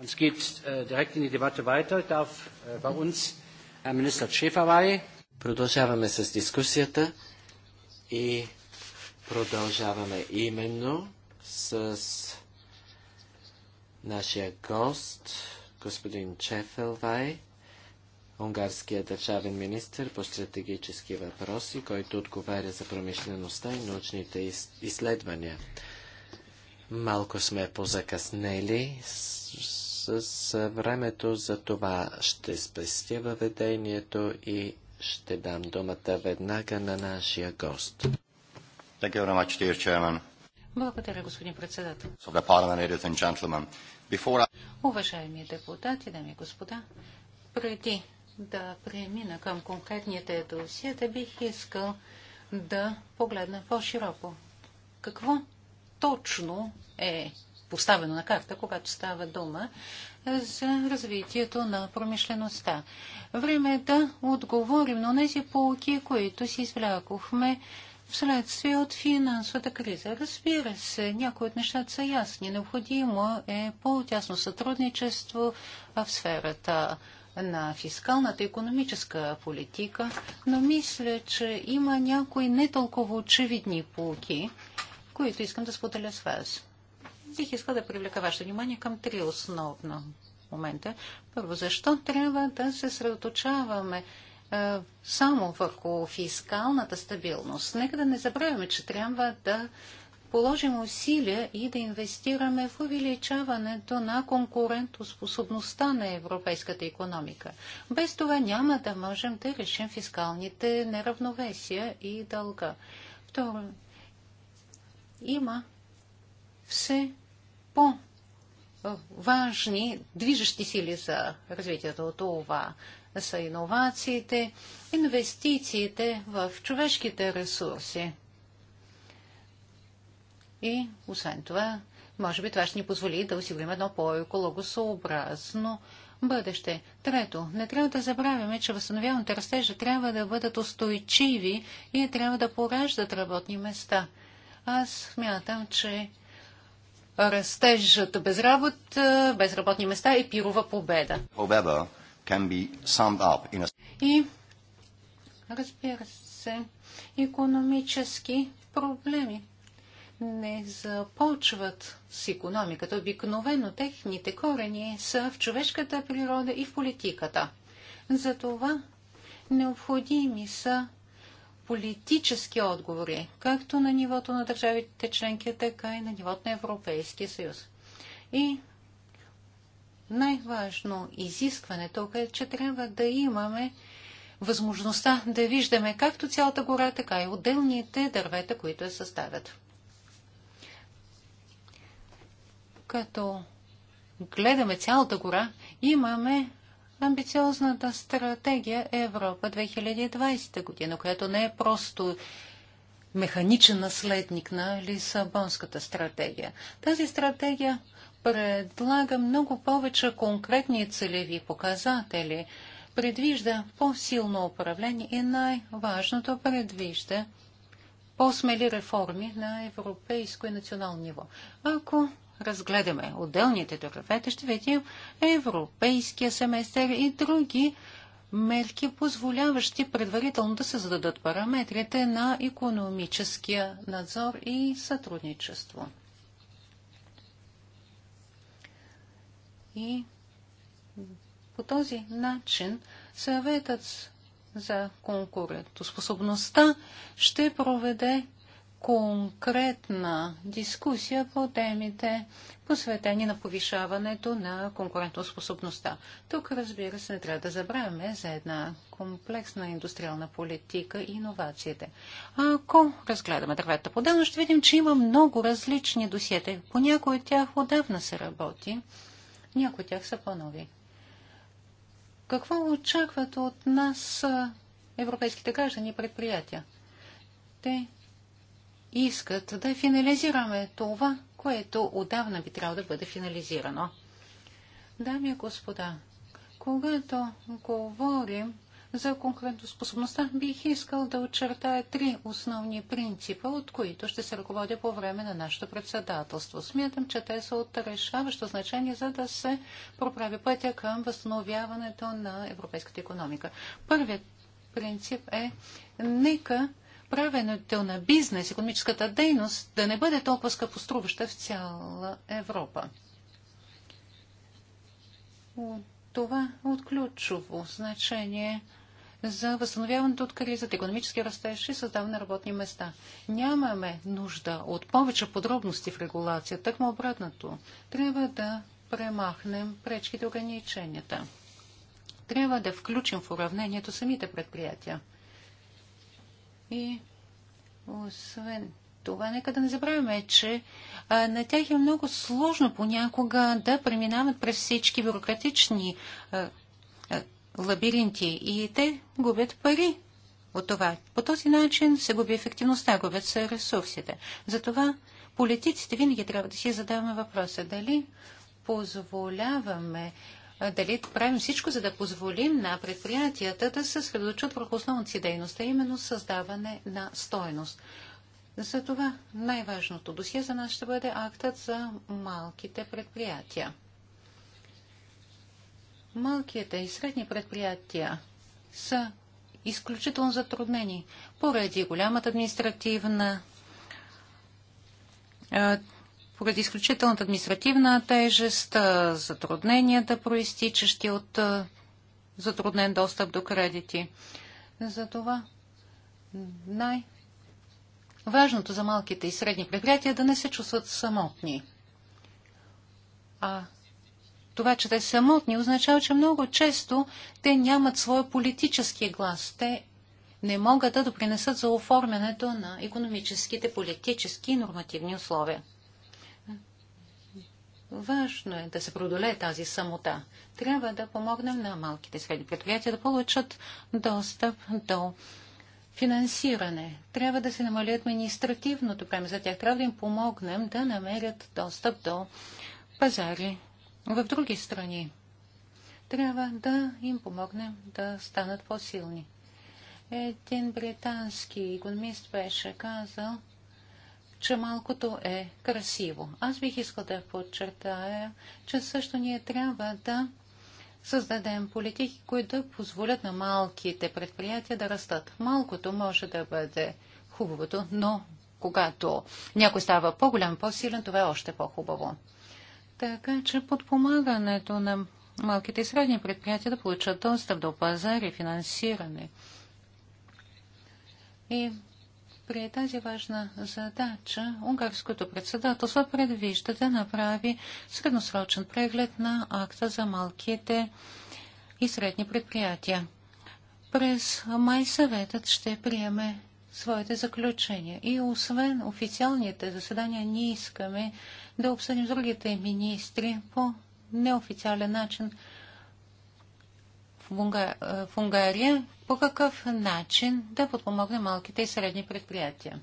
Es geht äh, direkt in die Debatte weiter. darf äh, bei uns Herrn Minister Schäferwey. Продължаваме с дискусията и продължаваме именно с нашия гост, господин Чефелвай унгарския държавен министр по стратегически въпроси, който отговаря за промишлеността и научните из изследвания. Малко сме позакъснели. С, с времето за това ще спестя въведението и ще дам думата веднага на нашия гост.
Благодаря, господин председател. Уважаеми депутати, дами и господа, преди да премина към конкретните досиета, бих искал да погледна по-широко. Какво точно е поставено на карта, когато става дума за развитието на промишлеността. Време е да отговорим на тези полки, които си извлякохме вследствие от финансовата криза. Разбира се, някои от нещата са ясни. Необходимо е по-тясно сътрудничество в сферата на фискалната и економическа политика, но мисля, че има някои не толкова очевидни полки, които искам да споделя с вас. Бих искал да привлека вашето внимание към три основно момента. Първо, защо трябва да се средоточаваме е, само върху фискалната стабилност? Нека да не забравяме, че трябва да положим усилия и да инвестираме в увеличаването на конкурентоспособността на европейската економика. Без това няма да можем да решим фискалните неравновесия и дълга. Второ, има все по- важни движещи сили за развитието. от Това са иновациите, инвестициите в човешките ресурси. И освен това, може би това ще ни позволи да осигурим едно по-екологосообразно бъдеще. Трето, не трябва да забравяме, че възстановяваните растежа трябва да бъдат устойчиви и трябва да пораждат работни места. Аз смятам, че растежът без работа, без работни места е пирова победа. И, разбира се, економически проблеми не започват с економиката. Обикновено техните корени са в човешката природа и в политиката. Затова необходими са политически отговори, както на нивото на държавите членки, така и на нивото на Европейския съюз. И най-важно изискване тук е, че трябва да имаме възможността да виждаме както цялата гора, така и отделните дървета, които я съставят. като гледаме цялата гора, имаме амбициозната стратегия Европа 2020 година, която не е просто механичен наследник на Лисабонската стратегия. Тази стратегия предлага много повече конкретни целеви показатели, предвижда по-силно управление и най-важното предвижда по-смели реформи на европейско и национално ниво. Ако разгледаме отделните дървета, ще видим европейския семестър и други мерки, позволяващи предварително да се зададат параметрите на економическия надзор и сътрудничество. И по този начин съветът за конкурентоспособността ще проведе конкретна дискусия по темите, посветени на повишаването на конкурентоспособността. Тук, разбира се, не трябва да забравяме за една комплексна индустриална политика и иновациите. Ако разгледаме дървета по дълно ще видим, че има много различни досиета. По някои от тях отдавна се работи, някои от тях са по-нови. Какво очакват от нас европейските граждани и предприятия? Те искат да финализираме това, което отдавна би трябвало да бъде финализирано. Дами и господа, когато говорим за конкурентоспособността, бих искал да очертая три основни принципа, от които ще се ръководя по време на нашето председателство. Смятам, че те са от решаващо значение, за да се проправи пътя към възстановяването на европейската економика. Първият принцип е нека правенето на бизнес, економическата дейност да не бъде толкова скъпоструваща в цяла Европа. Това от ключово значение за възстановяването от кризата, економически растеж и създаване на работни места. Нямаме нужда от повече подробности в регулация, му обратното. Трябва да премахнем пречките ограниченията. Трябва да включим в уравнението самите предприятия. И освен това, нека да не забравяме, че а, на тях е много сложно понякога да преминават през всички бюрократични а, а, лабиринти и те губят пари от това. По този начин се губи ефективността, губят се ресурсите. Затова политиците винаги трябва да си задаваме въпроса дали позволяваме дали правим всичко, за да позволим на предприятията да се средочат върху основната си дейност, а именно създаване на стоеност. Затова най-важното досие за нас ще бъде актът за малките предприятия. Малките и средни предприятия са изключително затруднени поради голямата административна поради изключителната административна тежест, затрудненията, проистичащи от затруднен достъп до кредити. Затова най-важното за малките и средни предприятия е да не се чувстват самотни. А това, че те са самотни, означава, че много често те нямат своя политически глас. Те не могат да допринесат за оформянето на економическите, политически и нормативни условия. Важно е да се продолее тази самота. Трябва да помогнем на малките среди средни предприятия да получат достъп до финансиране. Трябва да се намали административното време за тях. Трябва да им помогнем да намерят достъп до пазари в други страни. Трябва да им помогнем да станат по-силни. Един британски економист беше казал, че малкото е красиво. Аз бих искал да подчертая, че също ние трябва да създадем политики, които да позволят на малките предприятия да растат. Малкото може да бъде хубавото, но когато някой става по-голям, по-силен, това е още по-хубаво. Така че подпомагането на малките и средни предприятия да получат достъп до пазари, финансиране. И при тази важна задача унгарското председателство предвижда да направи средносрочен преглед на акта за малките и средни предприятия. През май съветът ще приеме своите заключения. И освен официалните заседания, ние искаме да обсъдим другите министри по неофициален начин – в Унгария, по какъв начин да подпомогне малките и средни предприятия.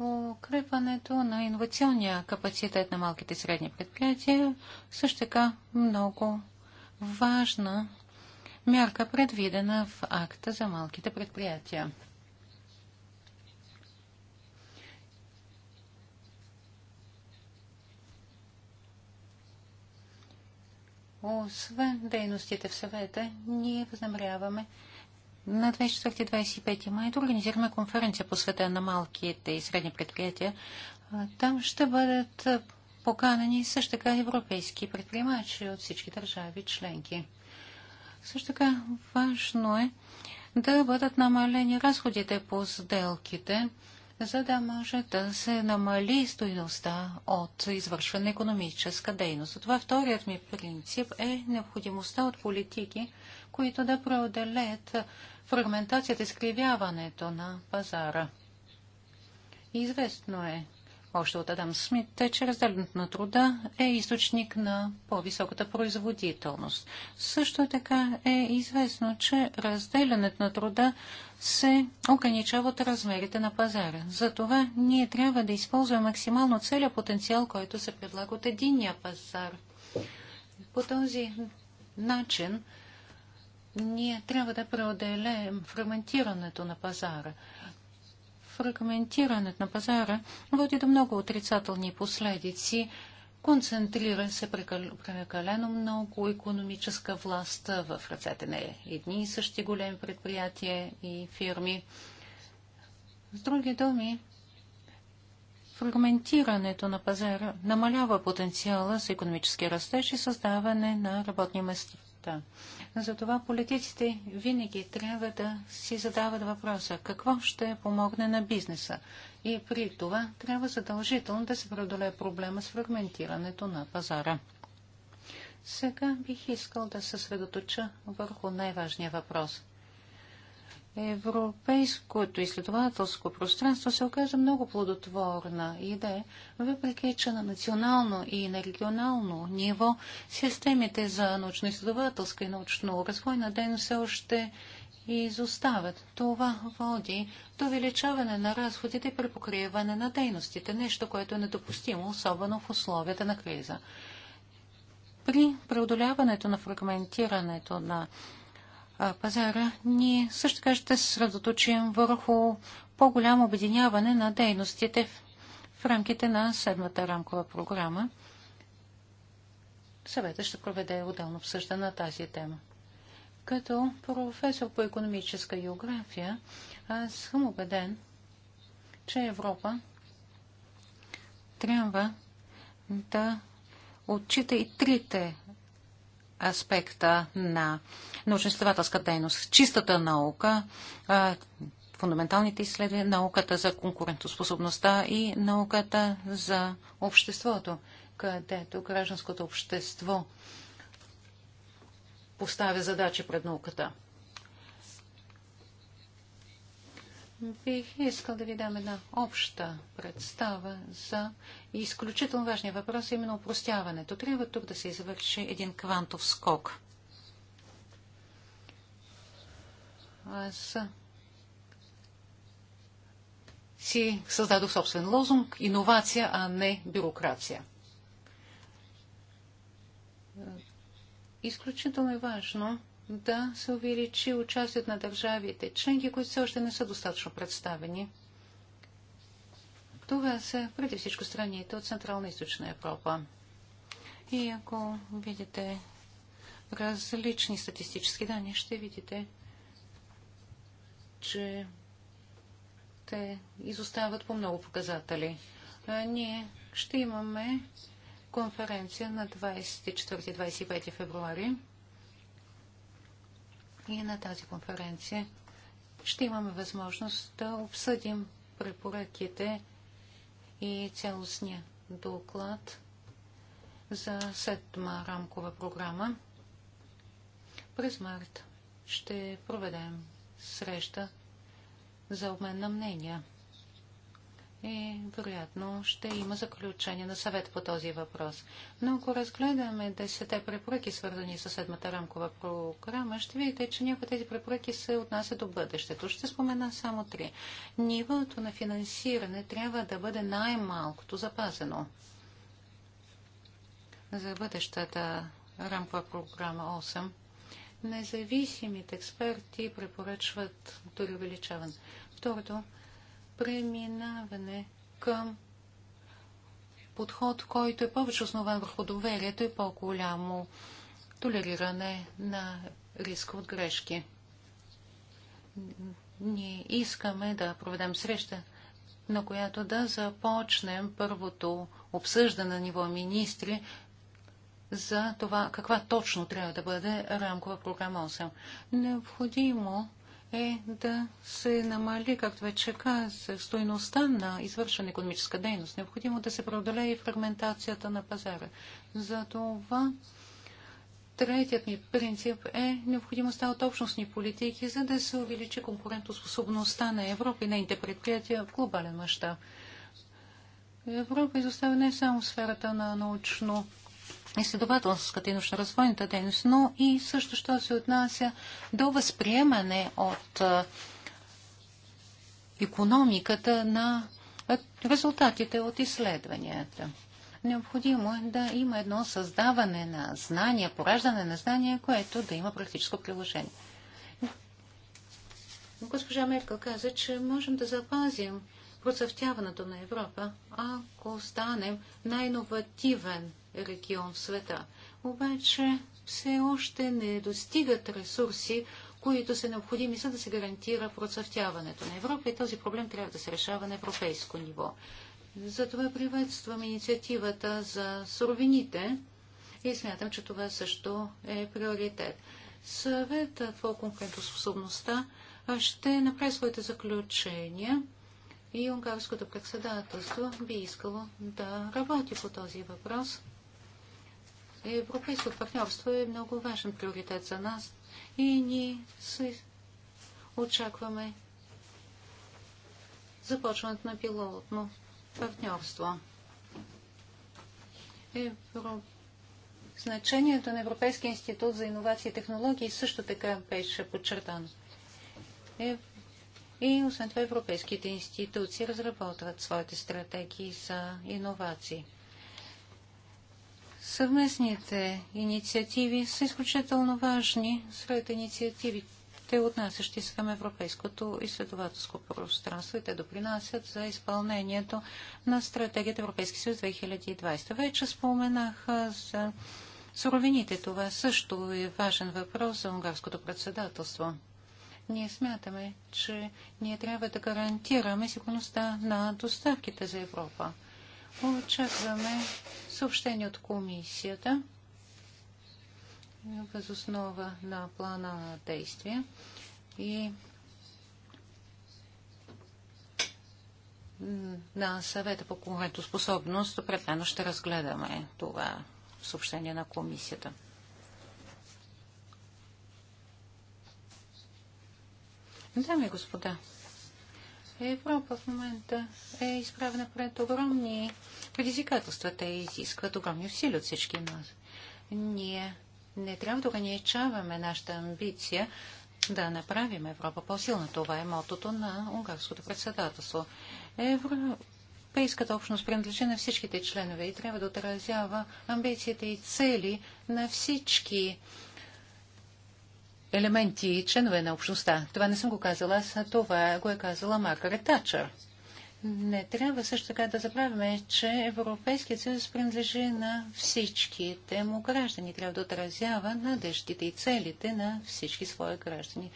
Укрепването на инновационния капацитет на малките и средни предприятия също така много важна мярка, предвидена в акта за малките предприятия. Освен дейностите в съвета, ние възнамеряваме на 24-25 май да организираме конференция по света на малките и средни предприятия. Там ще бъдат поканени също така европейски предприемачи от всички държави членки. Също така важно е да бъдат намалени разходите по сделките за да може да се намали стоиността от извършване на економическа дейност. Това е вторият ми принцип е необходимостта от политики, които да преоделят фрагментацията, изкривяването на пазара. Известно е, още от Адам Смит, е, че разделенето на труда е източник на по-високата производителност. Също така е известно, че разделянето на труда се ограничава от размерите на пазара. Затова ние трябва да използваме максимално целият потенциал, който се предлага от единния пазар. По този начин ние трябва да преоделяем фрагментирането на пазара – фрагментирането на пазара води до много отрицателни последици. Концентрира се прекалено много економическа власт в ръцете на едни и същи големи предприятия и фирми. С други думи, фрагментирането на пазара намалява потенциала за економически растеж и създаване на работни места света. Затова политиците винаги трябва да си задават въпроса какво ще помогне на бизнеса. И при това трябва задължително да се преодолее проблема с фрагментирането на пазара. Сега бих искал да се съсредоточа върху най-важния въпрос. Европейското изследователско пространство се оказа много плодотворна идея, въпреки че на национално и на регионално ниво системите за научно-изследователска и научно-развойна дейност все още изостават. Това води до увеличаване на разходите при покриване на дейностите, нещо, което е недопустимо, особено в условията на криза. При преодоляването на фрагментирането на пазара, ние също така ще се средоточим върху по-голямо обединяване на дейностите в рамките на седмата рамкова програма. Съвета ще проведе отделно обсъждане на тази тема. Като професор по економическа география, аз съм убеден, че Европа трябва да отчита и трите аспекта на научно-изследователска дейност. Чистата наука, фундаменталните изследвания, науката за конкурентоспособността и науката за обществото, където гражданското общество поставя задачи пред науката. Бих искал да ви дам една обща представа за изключително важния въпрос, именно упростяването. Трябва тук да се извърши един квантов скок. Аз си създадох собствен лозунг – иновация, а не бюрокрация. Изключително е важно да се увеличи участие на държавите членки, които все още не са достатъчно представени. Това са преди всичко страните от Централна и Източна Европа. И ако видите различни статистически данни, ще видите, че те изостават по много показатели. А ние ще имаме конференция на 24-25 февруари и на тази конференция ще имаме възможност да обсъдим препоръките и цялостния доклад за седма рамкова програма. През март ще проведем среща за обмен на мнения и вероятно ще има заключение на съвет по този въпрос. Но ако разгледаме 10 препоръки, свързани с седмата рамкова програма, ще видите, че някои тези препоръки се отнасят до бъдещето. Ще спомена само три. Нивото на финансиране трябва да бъде най-малкото запазено. За бъдещата рамкова програма 8 независимите експерти препоръчват дори увеличаване. Второто, преминаване към подход, който е повече основан върху доверието и по-голямо толериране на риска от грешки. Ние искаме да проведем среща, на която да започнем първото обсъждане на ниво министри за това каква точно трябва да бъде рамкова програма 8. Необходимо е да се намали, както вече казах, стойността на извършена економическа дейност. Необходимо да се преодолее и фрагментацията на пазара. Затова третият ми принцип е необходимостта от общностни политики, за да се увеличи конкурентоспособността на Европа и нейните предприятия в глобален мащаб. Европа изоставя не само сферата на научно изследователската и научно-развойната дейност, но и също, що се отнася до възприемане от економиката на резултатите от изследванията. Необходимо е да има едно създаване на знания, пораждане на знания, което да има практическо приложение. Госпожа Меркел каза, че можем да запазим процъфтяването на Европа, ако станем най-инновативен регион в света. Обаче все още не достигат ресурси, които са необходими, за да се гарантира процъфтяването на Европа и този проблем трябва да се решава на европейско ниво. Затова приветствам инициативата за суровините и смятам, че това също е приоритет. Съветът по конкурентоспособността ще направи своите заключения и унгарското председателство би искало да работи по този въпрос. Европейското партньорство е много важен приоритет за нас и ние се очакваме започването на пилотно партньорство. Евро... Значението на Европейския институт за иновации и технологии също така беше подчертано. И освен това европейските институции разработват своите стратегии за иновации. Съвместните инициативи са изключително важни сред инициативите, отнасящи се към европейското изследователско пространство и те допринасят за изпълнението на стратегията Европейски съюз 2020. Вече споменах за суровините. Това също е важен въпрос за унгарското председателство. Ние смятаме, че ние трябва да гарантираме сигурността на доставките за Европа. Очакваме съобщение от комисията основа на плана на действие и на съвета по конкурентоспособност определено ще разгледаме това съобщение на комисията. Дами и господа, Европа в момента е изправена пред огромни предизвикателства. Те изискват огромни усилия от всички нас. Ние не трябва да ограничаваме нашата амбиция да направим Европа по-силна. Това е мотото на унгарското председателство. Европейската общност принадлежи на всичките членове и трябва да отразява амбициите и цели на всички елементи и членове на общността. Това не съм го казала аз, а това го е казала Маргарет Тачър. Не трябва също така да забравяме, че Европейският съюз принадлежи на всичките му граждани. Трябва да отразява надеждите и целите на всички свои граждани.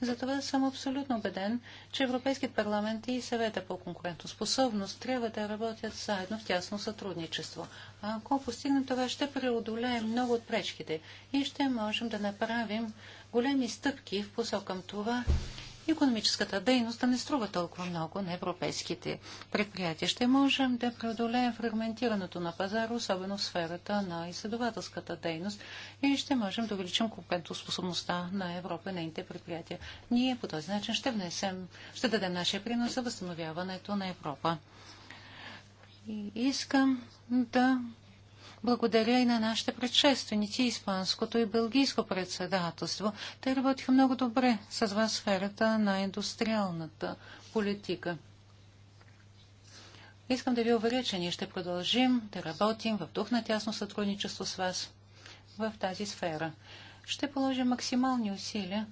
Затова съм абсолютно убеден, че Европейският парламент и съвета по конкурентоспособност трябва да работят заедно в тясно сътрудничество. А ако постигнем това, ще преодолеем много от пречките и ще можем да направим големи стъпки в посока към това економическата дейност да не струва толкова много на европейските предприятия. Ще можем да преодолеем фрагментирането на пазара, особено в сферата на изследователската дейност и ще можем да увеличим конкурентоспособността на Европа и нейните предприятия. Ние по този начин ще внесем, ще дадем нашия принос за възстановяването на Европа. И искам да благодаря и на нашите предшественици, испанското и бългийско председателство. Те работиха много добре с вас сферата на индустриалната политика. Искам да ви уверя, че ние ще продължим да работим в дух на тясно сътрудничество с вас в тази сфера. Ще положим максимални усилия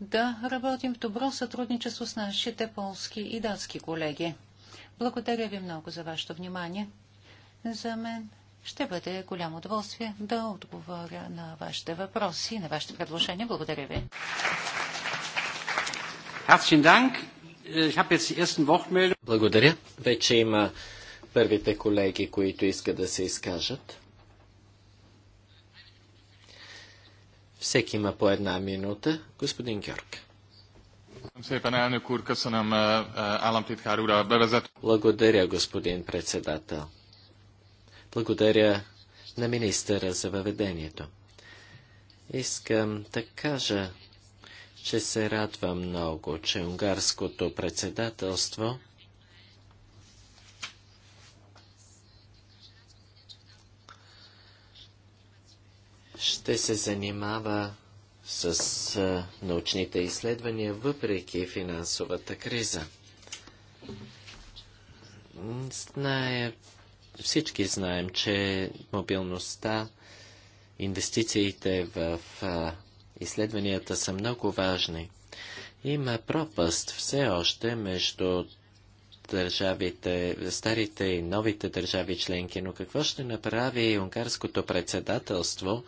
да работим в добро сътрудничество с нашите полски и датски колеги. Благодаря ви много за вашето внимание. За мен ще бъде голямо удоволствие да отговоря на вашите въпроси и на вашите предложения. Благодаря ви.
Благодаря. Вече има първите колеги, които искат да се изкажат. Всеки има по една минута. Господин Георг. Благодаря, господин председател. Благодаря на министъра за въведението. Искам да кажа, че се радвам много, че унгарското председателство ще се занимава с научните изследвания, въпреки финансовата криза. Знае, всички знаем, че мобилността, инвестициите в изследванията са много важни. Има пропаст все още между държавите, старите и новите държави членки, но какво ще направи унгарското председателство,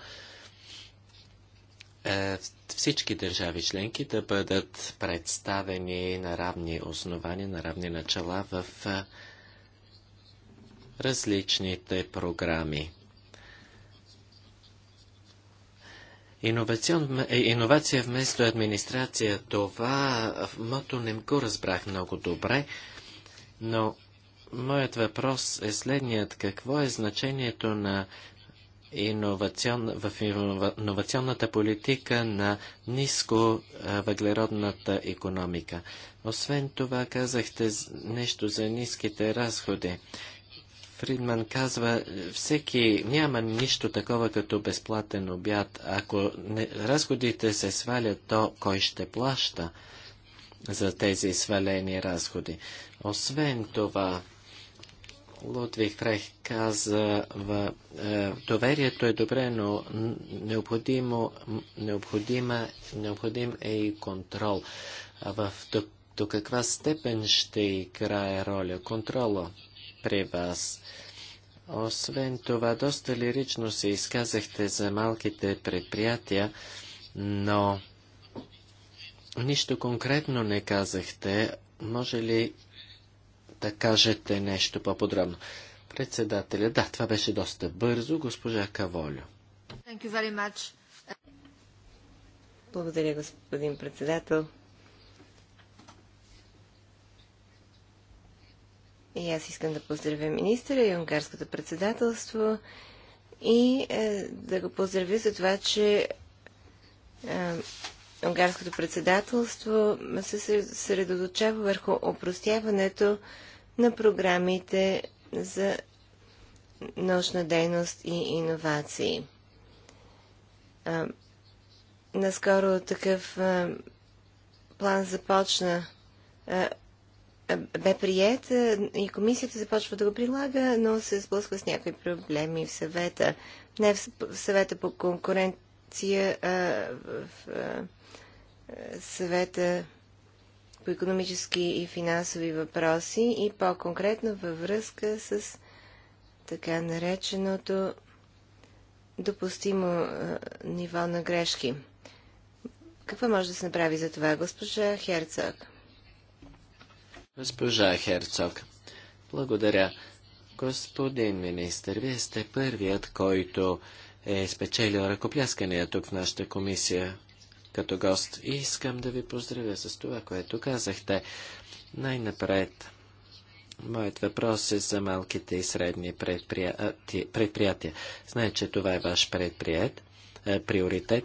е, всички държави членки да бъдат представени на равни основания, на равни начала в е, различните програми. Е, иновация вместо администрация, това мото не го разбрах много добре, но моят въпрос е следният. Какво е значението на в иновационната политика на ниско въглеродната економика. Освен това, казахте нещо за ниските разходи. Фридман казва, всеки няма нищо такова като безплатен обяд. Ако не, разходите се свалят, то кой ще плаща за тези свалени разходи? Освен това, Лудвих Фрех каза, в, е, доверието е добре, но необходимо, необходима, необходим е и контрол. А в до, до каква степен ще играе роля контрола при вас? Освен това, доста лирично се изказахте за малките предприятия, но нищо конкретно не казахте. Може ли да кажете нещо по-подробно. Председателя, да, това беше доста бързо. Госпожа Каволю.
Благодаря, господин председател. И аз искам да поздравя министъра и унгарското председателство и е, да го поздравя за това, че е, унгарското председателство се средоточава върху опростяването на програмите за научна дейност и иновации. Наскоро такъв план започна, бе прият и комисията започва да го прилага, но се сблъсква с някои проблеми в съвета. Не в, в съвета по конкуренция, а в съвета по економически и финансови въпроси и по-конкретно във връзка с така нареченото допустимо а, ниво на грешки. Какво може да се направи за това, госпожа Херцог?
Госпожа Херцог, благодаря. Господин министр, вие сте първият, който е спечелил ръкопляскания тук в нашата комисия като гост. И искам да ви поздравя с това, което казахте. Най-напред, моят въпрос е за малките и средни предприятия. предприятия. Знае, че това е ваш предприят, е, приоритет.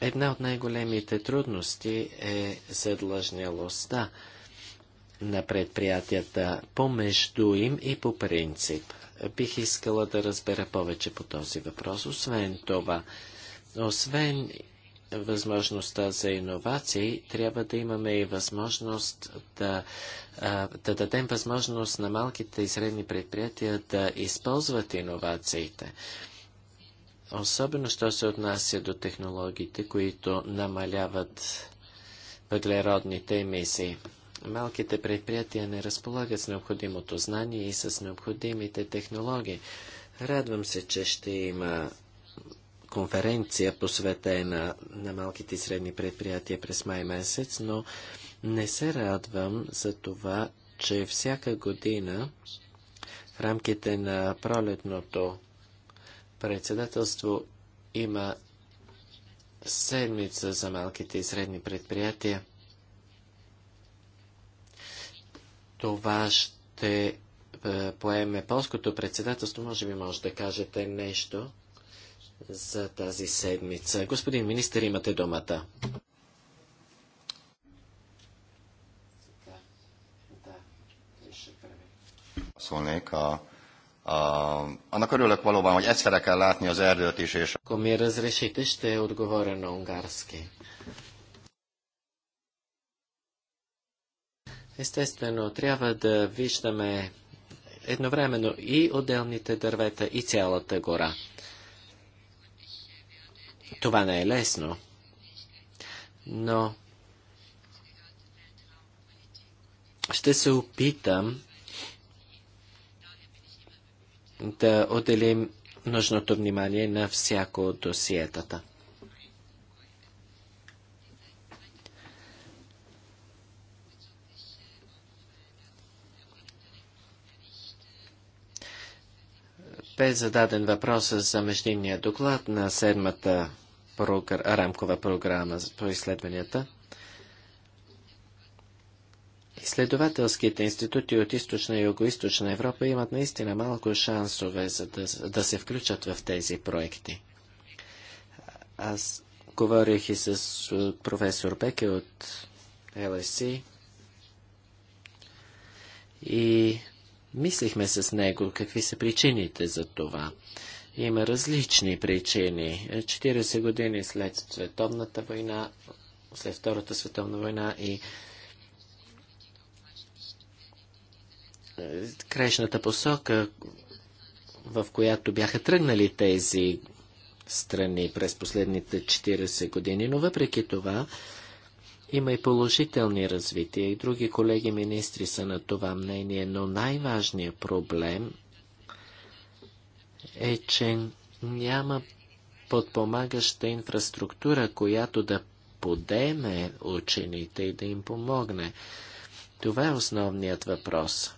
Една от най-големите трудности е задлъжнялостта на предприятията помежду им и по принцип. Бих искала да разбера повече по този въпрос. Освен това, освен възможността за иновации, трябва да имаме и възможност да, да дадем възможност на малките и средни предприятия да използват иновациите. Особено, що се отнася до технологиите, които намаляват въглеродните емисии. Малките предприятия не разполагат с необходимото знание и с необходимите технологии. Радвам се, че ще има конференция посветена на малките и средни предприятия през май месец, но не се радвам за това, че всяка година в рамките на пролетното председателство има седмица за малките и средни предприятия. Това ще е, поеме полското председателство. Може би може да кажете нещо за тази седмица. Господин министър, имате думата. Ако ми разрешите, ще отговоря на унгарски. Естествено, трябва да виждаме едновременно и отделните дървета, и цялата гора. Това не е лесно, но ще се опитам да отделим нужното внимание на всяко от досиетата. Бе зададен въпрос за междинния доклад на седмата програ... рамкова програма по изследванията. Изследователските институти от източна и юго-источна Европа имат наистина малко шансове за да, да се включат в тези проекти. Аз говорих и с професор Беке от LSC е. и мислихме с него какви са причините за това. Има различни причини. 40 години след Световната война, след Втората световна война и е, крайшната посока, в която бяха тръгнали тези страни през последните 40 години, но въпреки това има и положителни развития и други колеги министри са на това мнение, но най-важният проблем е, че няма подпомагаща инфраструктура, която да подеме учените и да им помогне. Това е основният въпрос.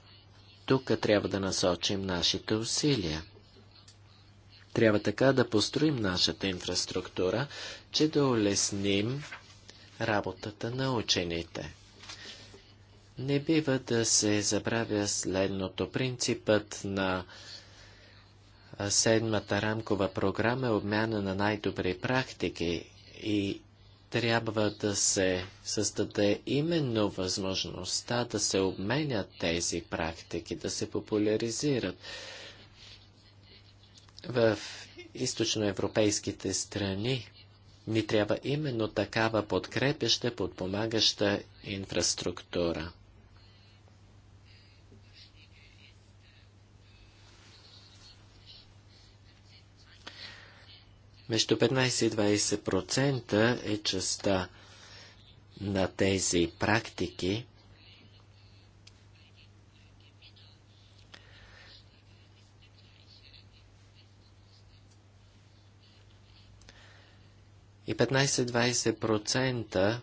Тук трябва да насочим нашите усилия. Трябва така да построим нашата инфраструктура, че да улесним работата на учените. Не бива да се забравя следното принципът на Седмата рамкова програма е обмяна на най-добри практики и трябва да се създаде именно възможността да се обменят тези практики, да се популяризират. В източноевропейските страни ни трябва именно такава подкрепеща, подпомагаща инфраструктура. Между 15 и 20% е частта на тези практики. И 15-20%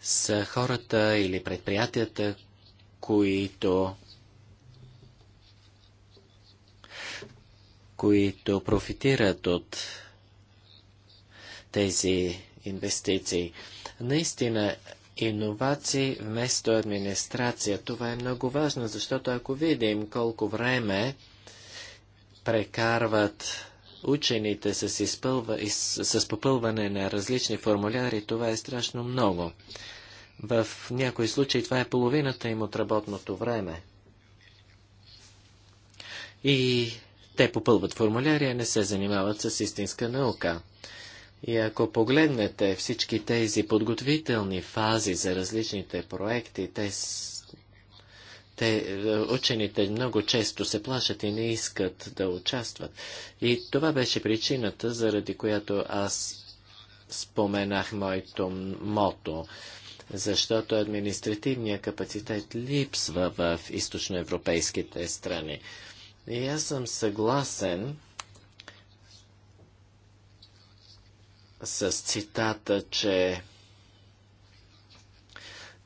са хората или предприятията, които които профитират от тези инвестиции. Наистина, иновации вместо администрация. Това е много важно, защото ако видим колко време прекарват учените с, изпълва, с попълване на различни формуляри, това е страшно много. В някои случаи това е половината им от работното време. И те попълват формуляри, а не се занимават с истинска наука. И ако погледнете всички тези подготвителни фази за различните проекти, те, те е, учените много често се плашат и не искат да участват. И това беше причината, заради която аз споменах моето мото защото административният капацитет липсва в източноевропейските страни. И аз съм съгласен с цитата, че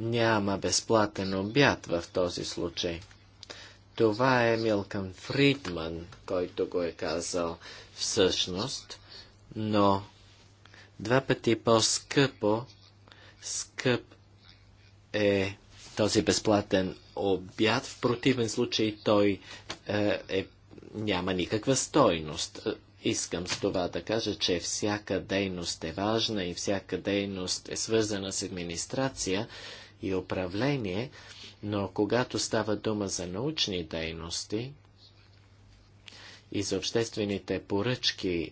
няма безплатен обяд в този случай. Това е Милкън Фридман, който го е казал всъщност, но два пъти по-скъпо, скъп е този безплатен обяд, в противен случай той е, е, няма никаква стойност. Е, искам с това да кажа, че всяка дейност е важна и всяка дейност е свързана с администрация и управление, но когато става дума за научни дейности и за обществените поръчки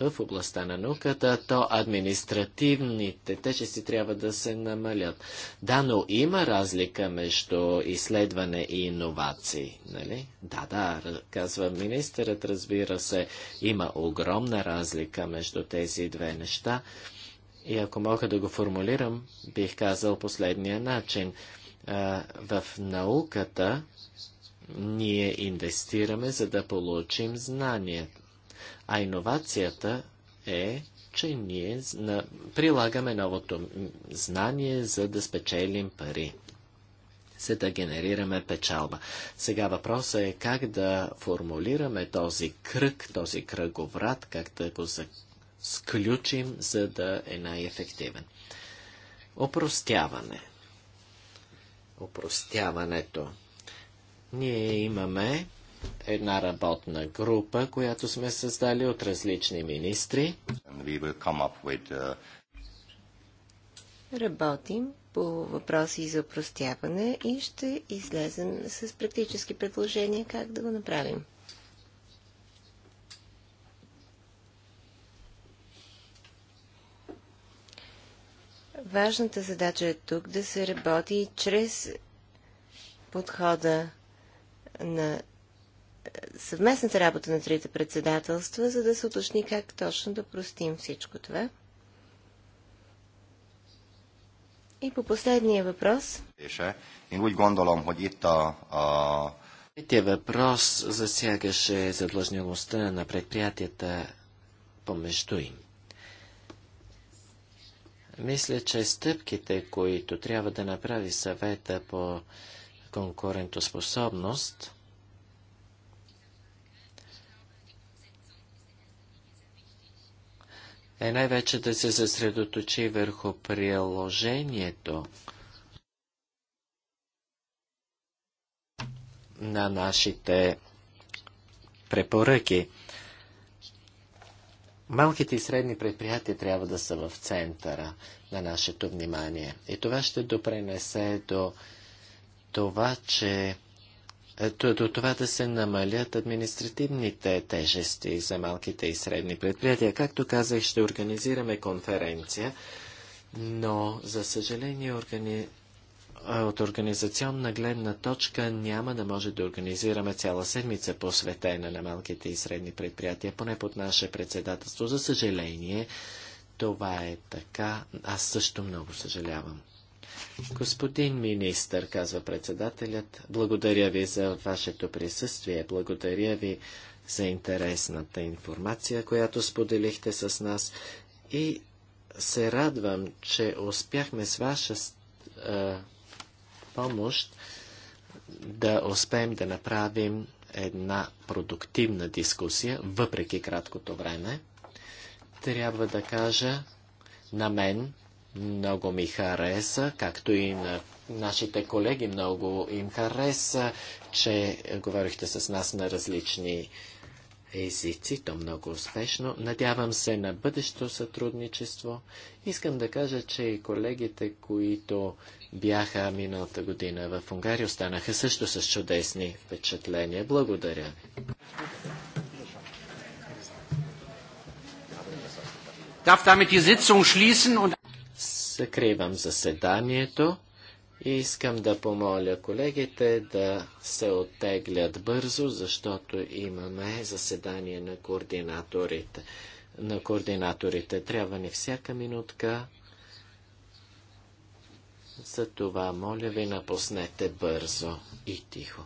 в областта на науката, то административните тежести трябва да се намалят. Да, но има разлика между изследване и иновации, нали? Да, да, казва министърът, разбира се, има огромна разлика между тези две неща. И ако мога да го формулирам, бих казал последния начин. в науката ние инвестираме, за да получим знанието а иновацията е, че ние прилагаме новото знание, за да спечелим пари За да генерираме печалба. Сега въпросът е как да формулираме този кръг, този кръговрат, как да го сключим, за да е най-ефективен. Опростяване. Опростяването. Ние имаме една работна група, която сме създали от различни министри. Uh,
Работим по въпроси за простяване и ще излезем с практически предложения как да го направим. Важната задача е тук да се работи чрез подхода на съвместната работа на трите председателства, за да се уточни как точно да простим всичко това. И по последния въпрос.
Е, Третия въпрос засягаше задлъжнялостта на предприятията помежду им. Мисля, че стъпките, които трябва да направи съвета по конкурентоспособност, е най-вече да се съсредоточи върху приложението на нашите препоръки. Малките и средни предприятия трябва да са в центъра на нашето внимание. И това ще допренесе до това, че е, до това да се намалят административните тежести за малките и средни предприятия. Както казах, ще организираме конференция, но за съжаление органи... от организационна гледна точка няма да може да организираме цяла седмица посветена на малките и средни предприятия, поне под наше председателство. За съжаление, това е така. Аз също много съжалявам. Господин министър, казва председателят, благодаря ви за вашето присъствие, благодаря ви за интересната информация, която споделихте с нас и се радвам, че успяхме с ваша а, е, помощ да успеем да направим една продуктивна дискусия, въпреки краткото време. Трябва да кажа на мен, много ми хареса, както и на нашите колеги много им хареса, че говорихте с нас на различни езици, то много успешно. Надявам се на бъдещо сътрудничество. Искам да кажа, че и колегите, които бяха миналата година в Унгария, останаха също с чудесни впечатления. Благодаря ви. Darf damit die Sitzung schließen und Закривам заседанието и искам да помоля колегите да се оттеглят бързо, защото имаме заседание на координаторите. На координаторите трябва ни всяка минутка. За това моля ви напуснете бързо и тихо.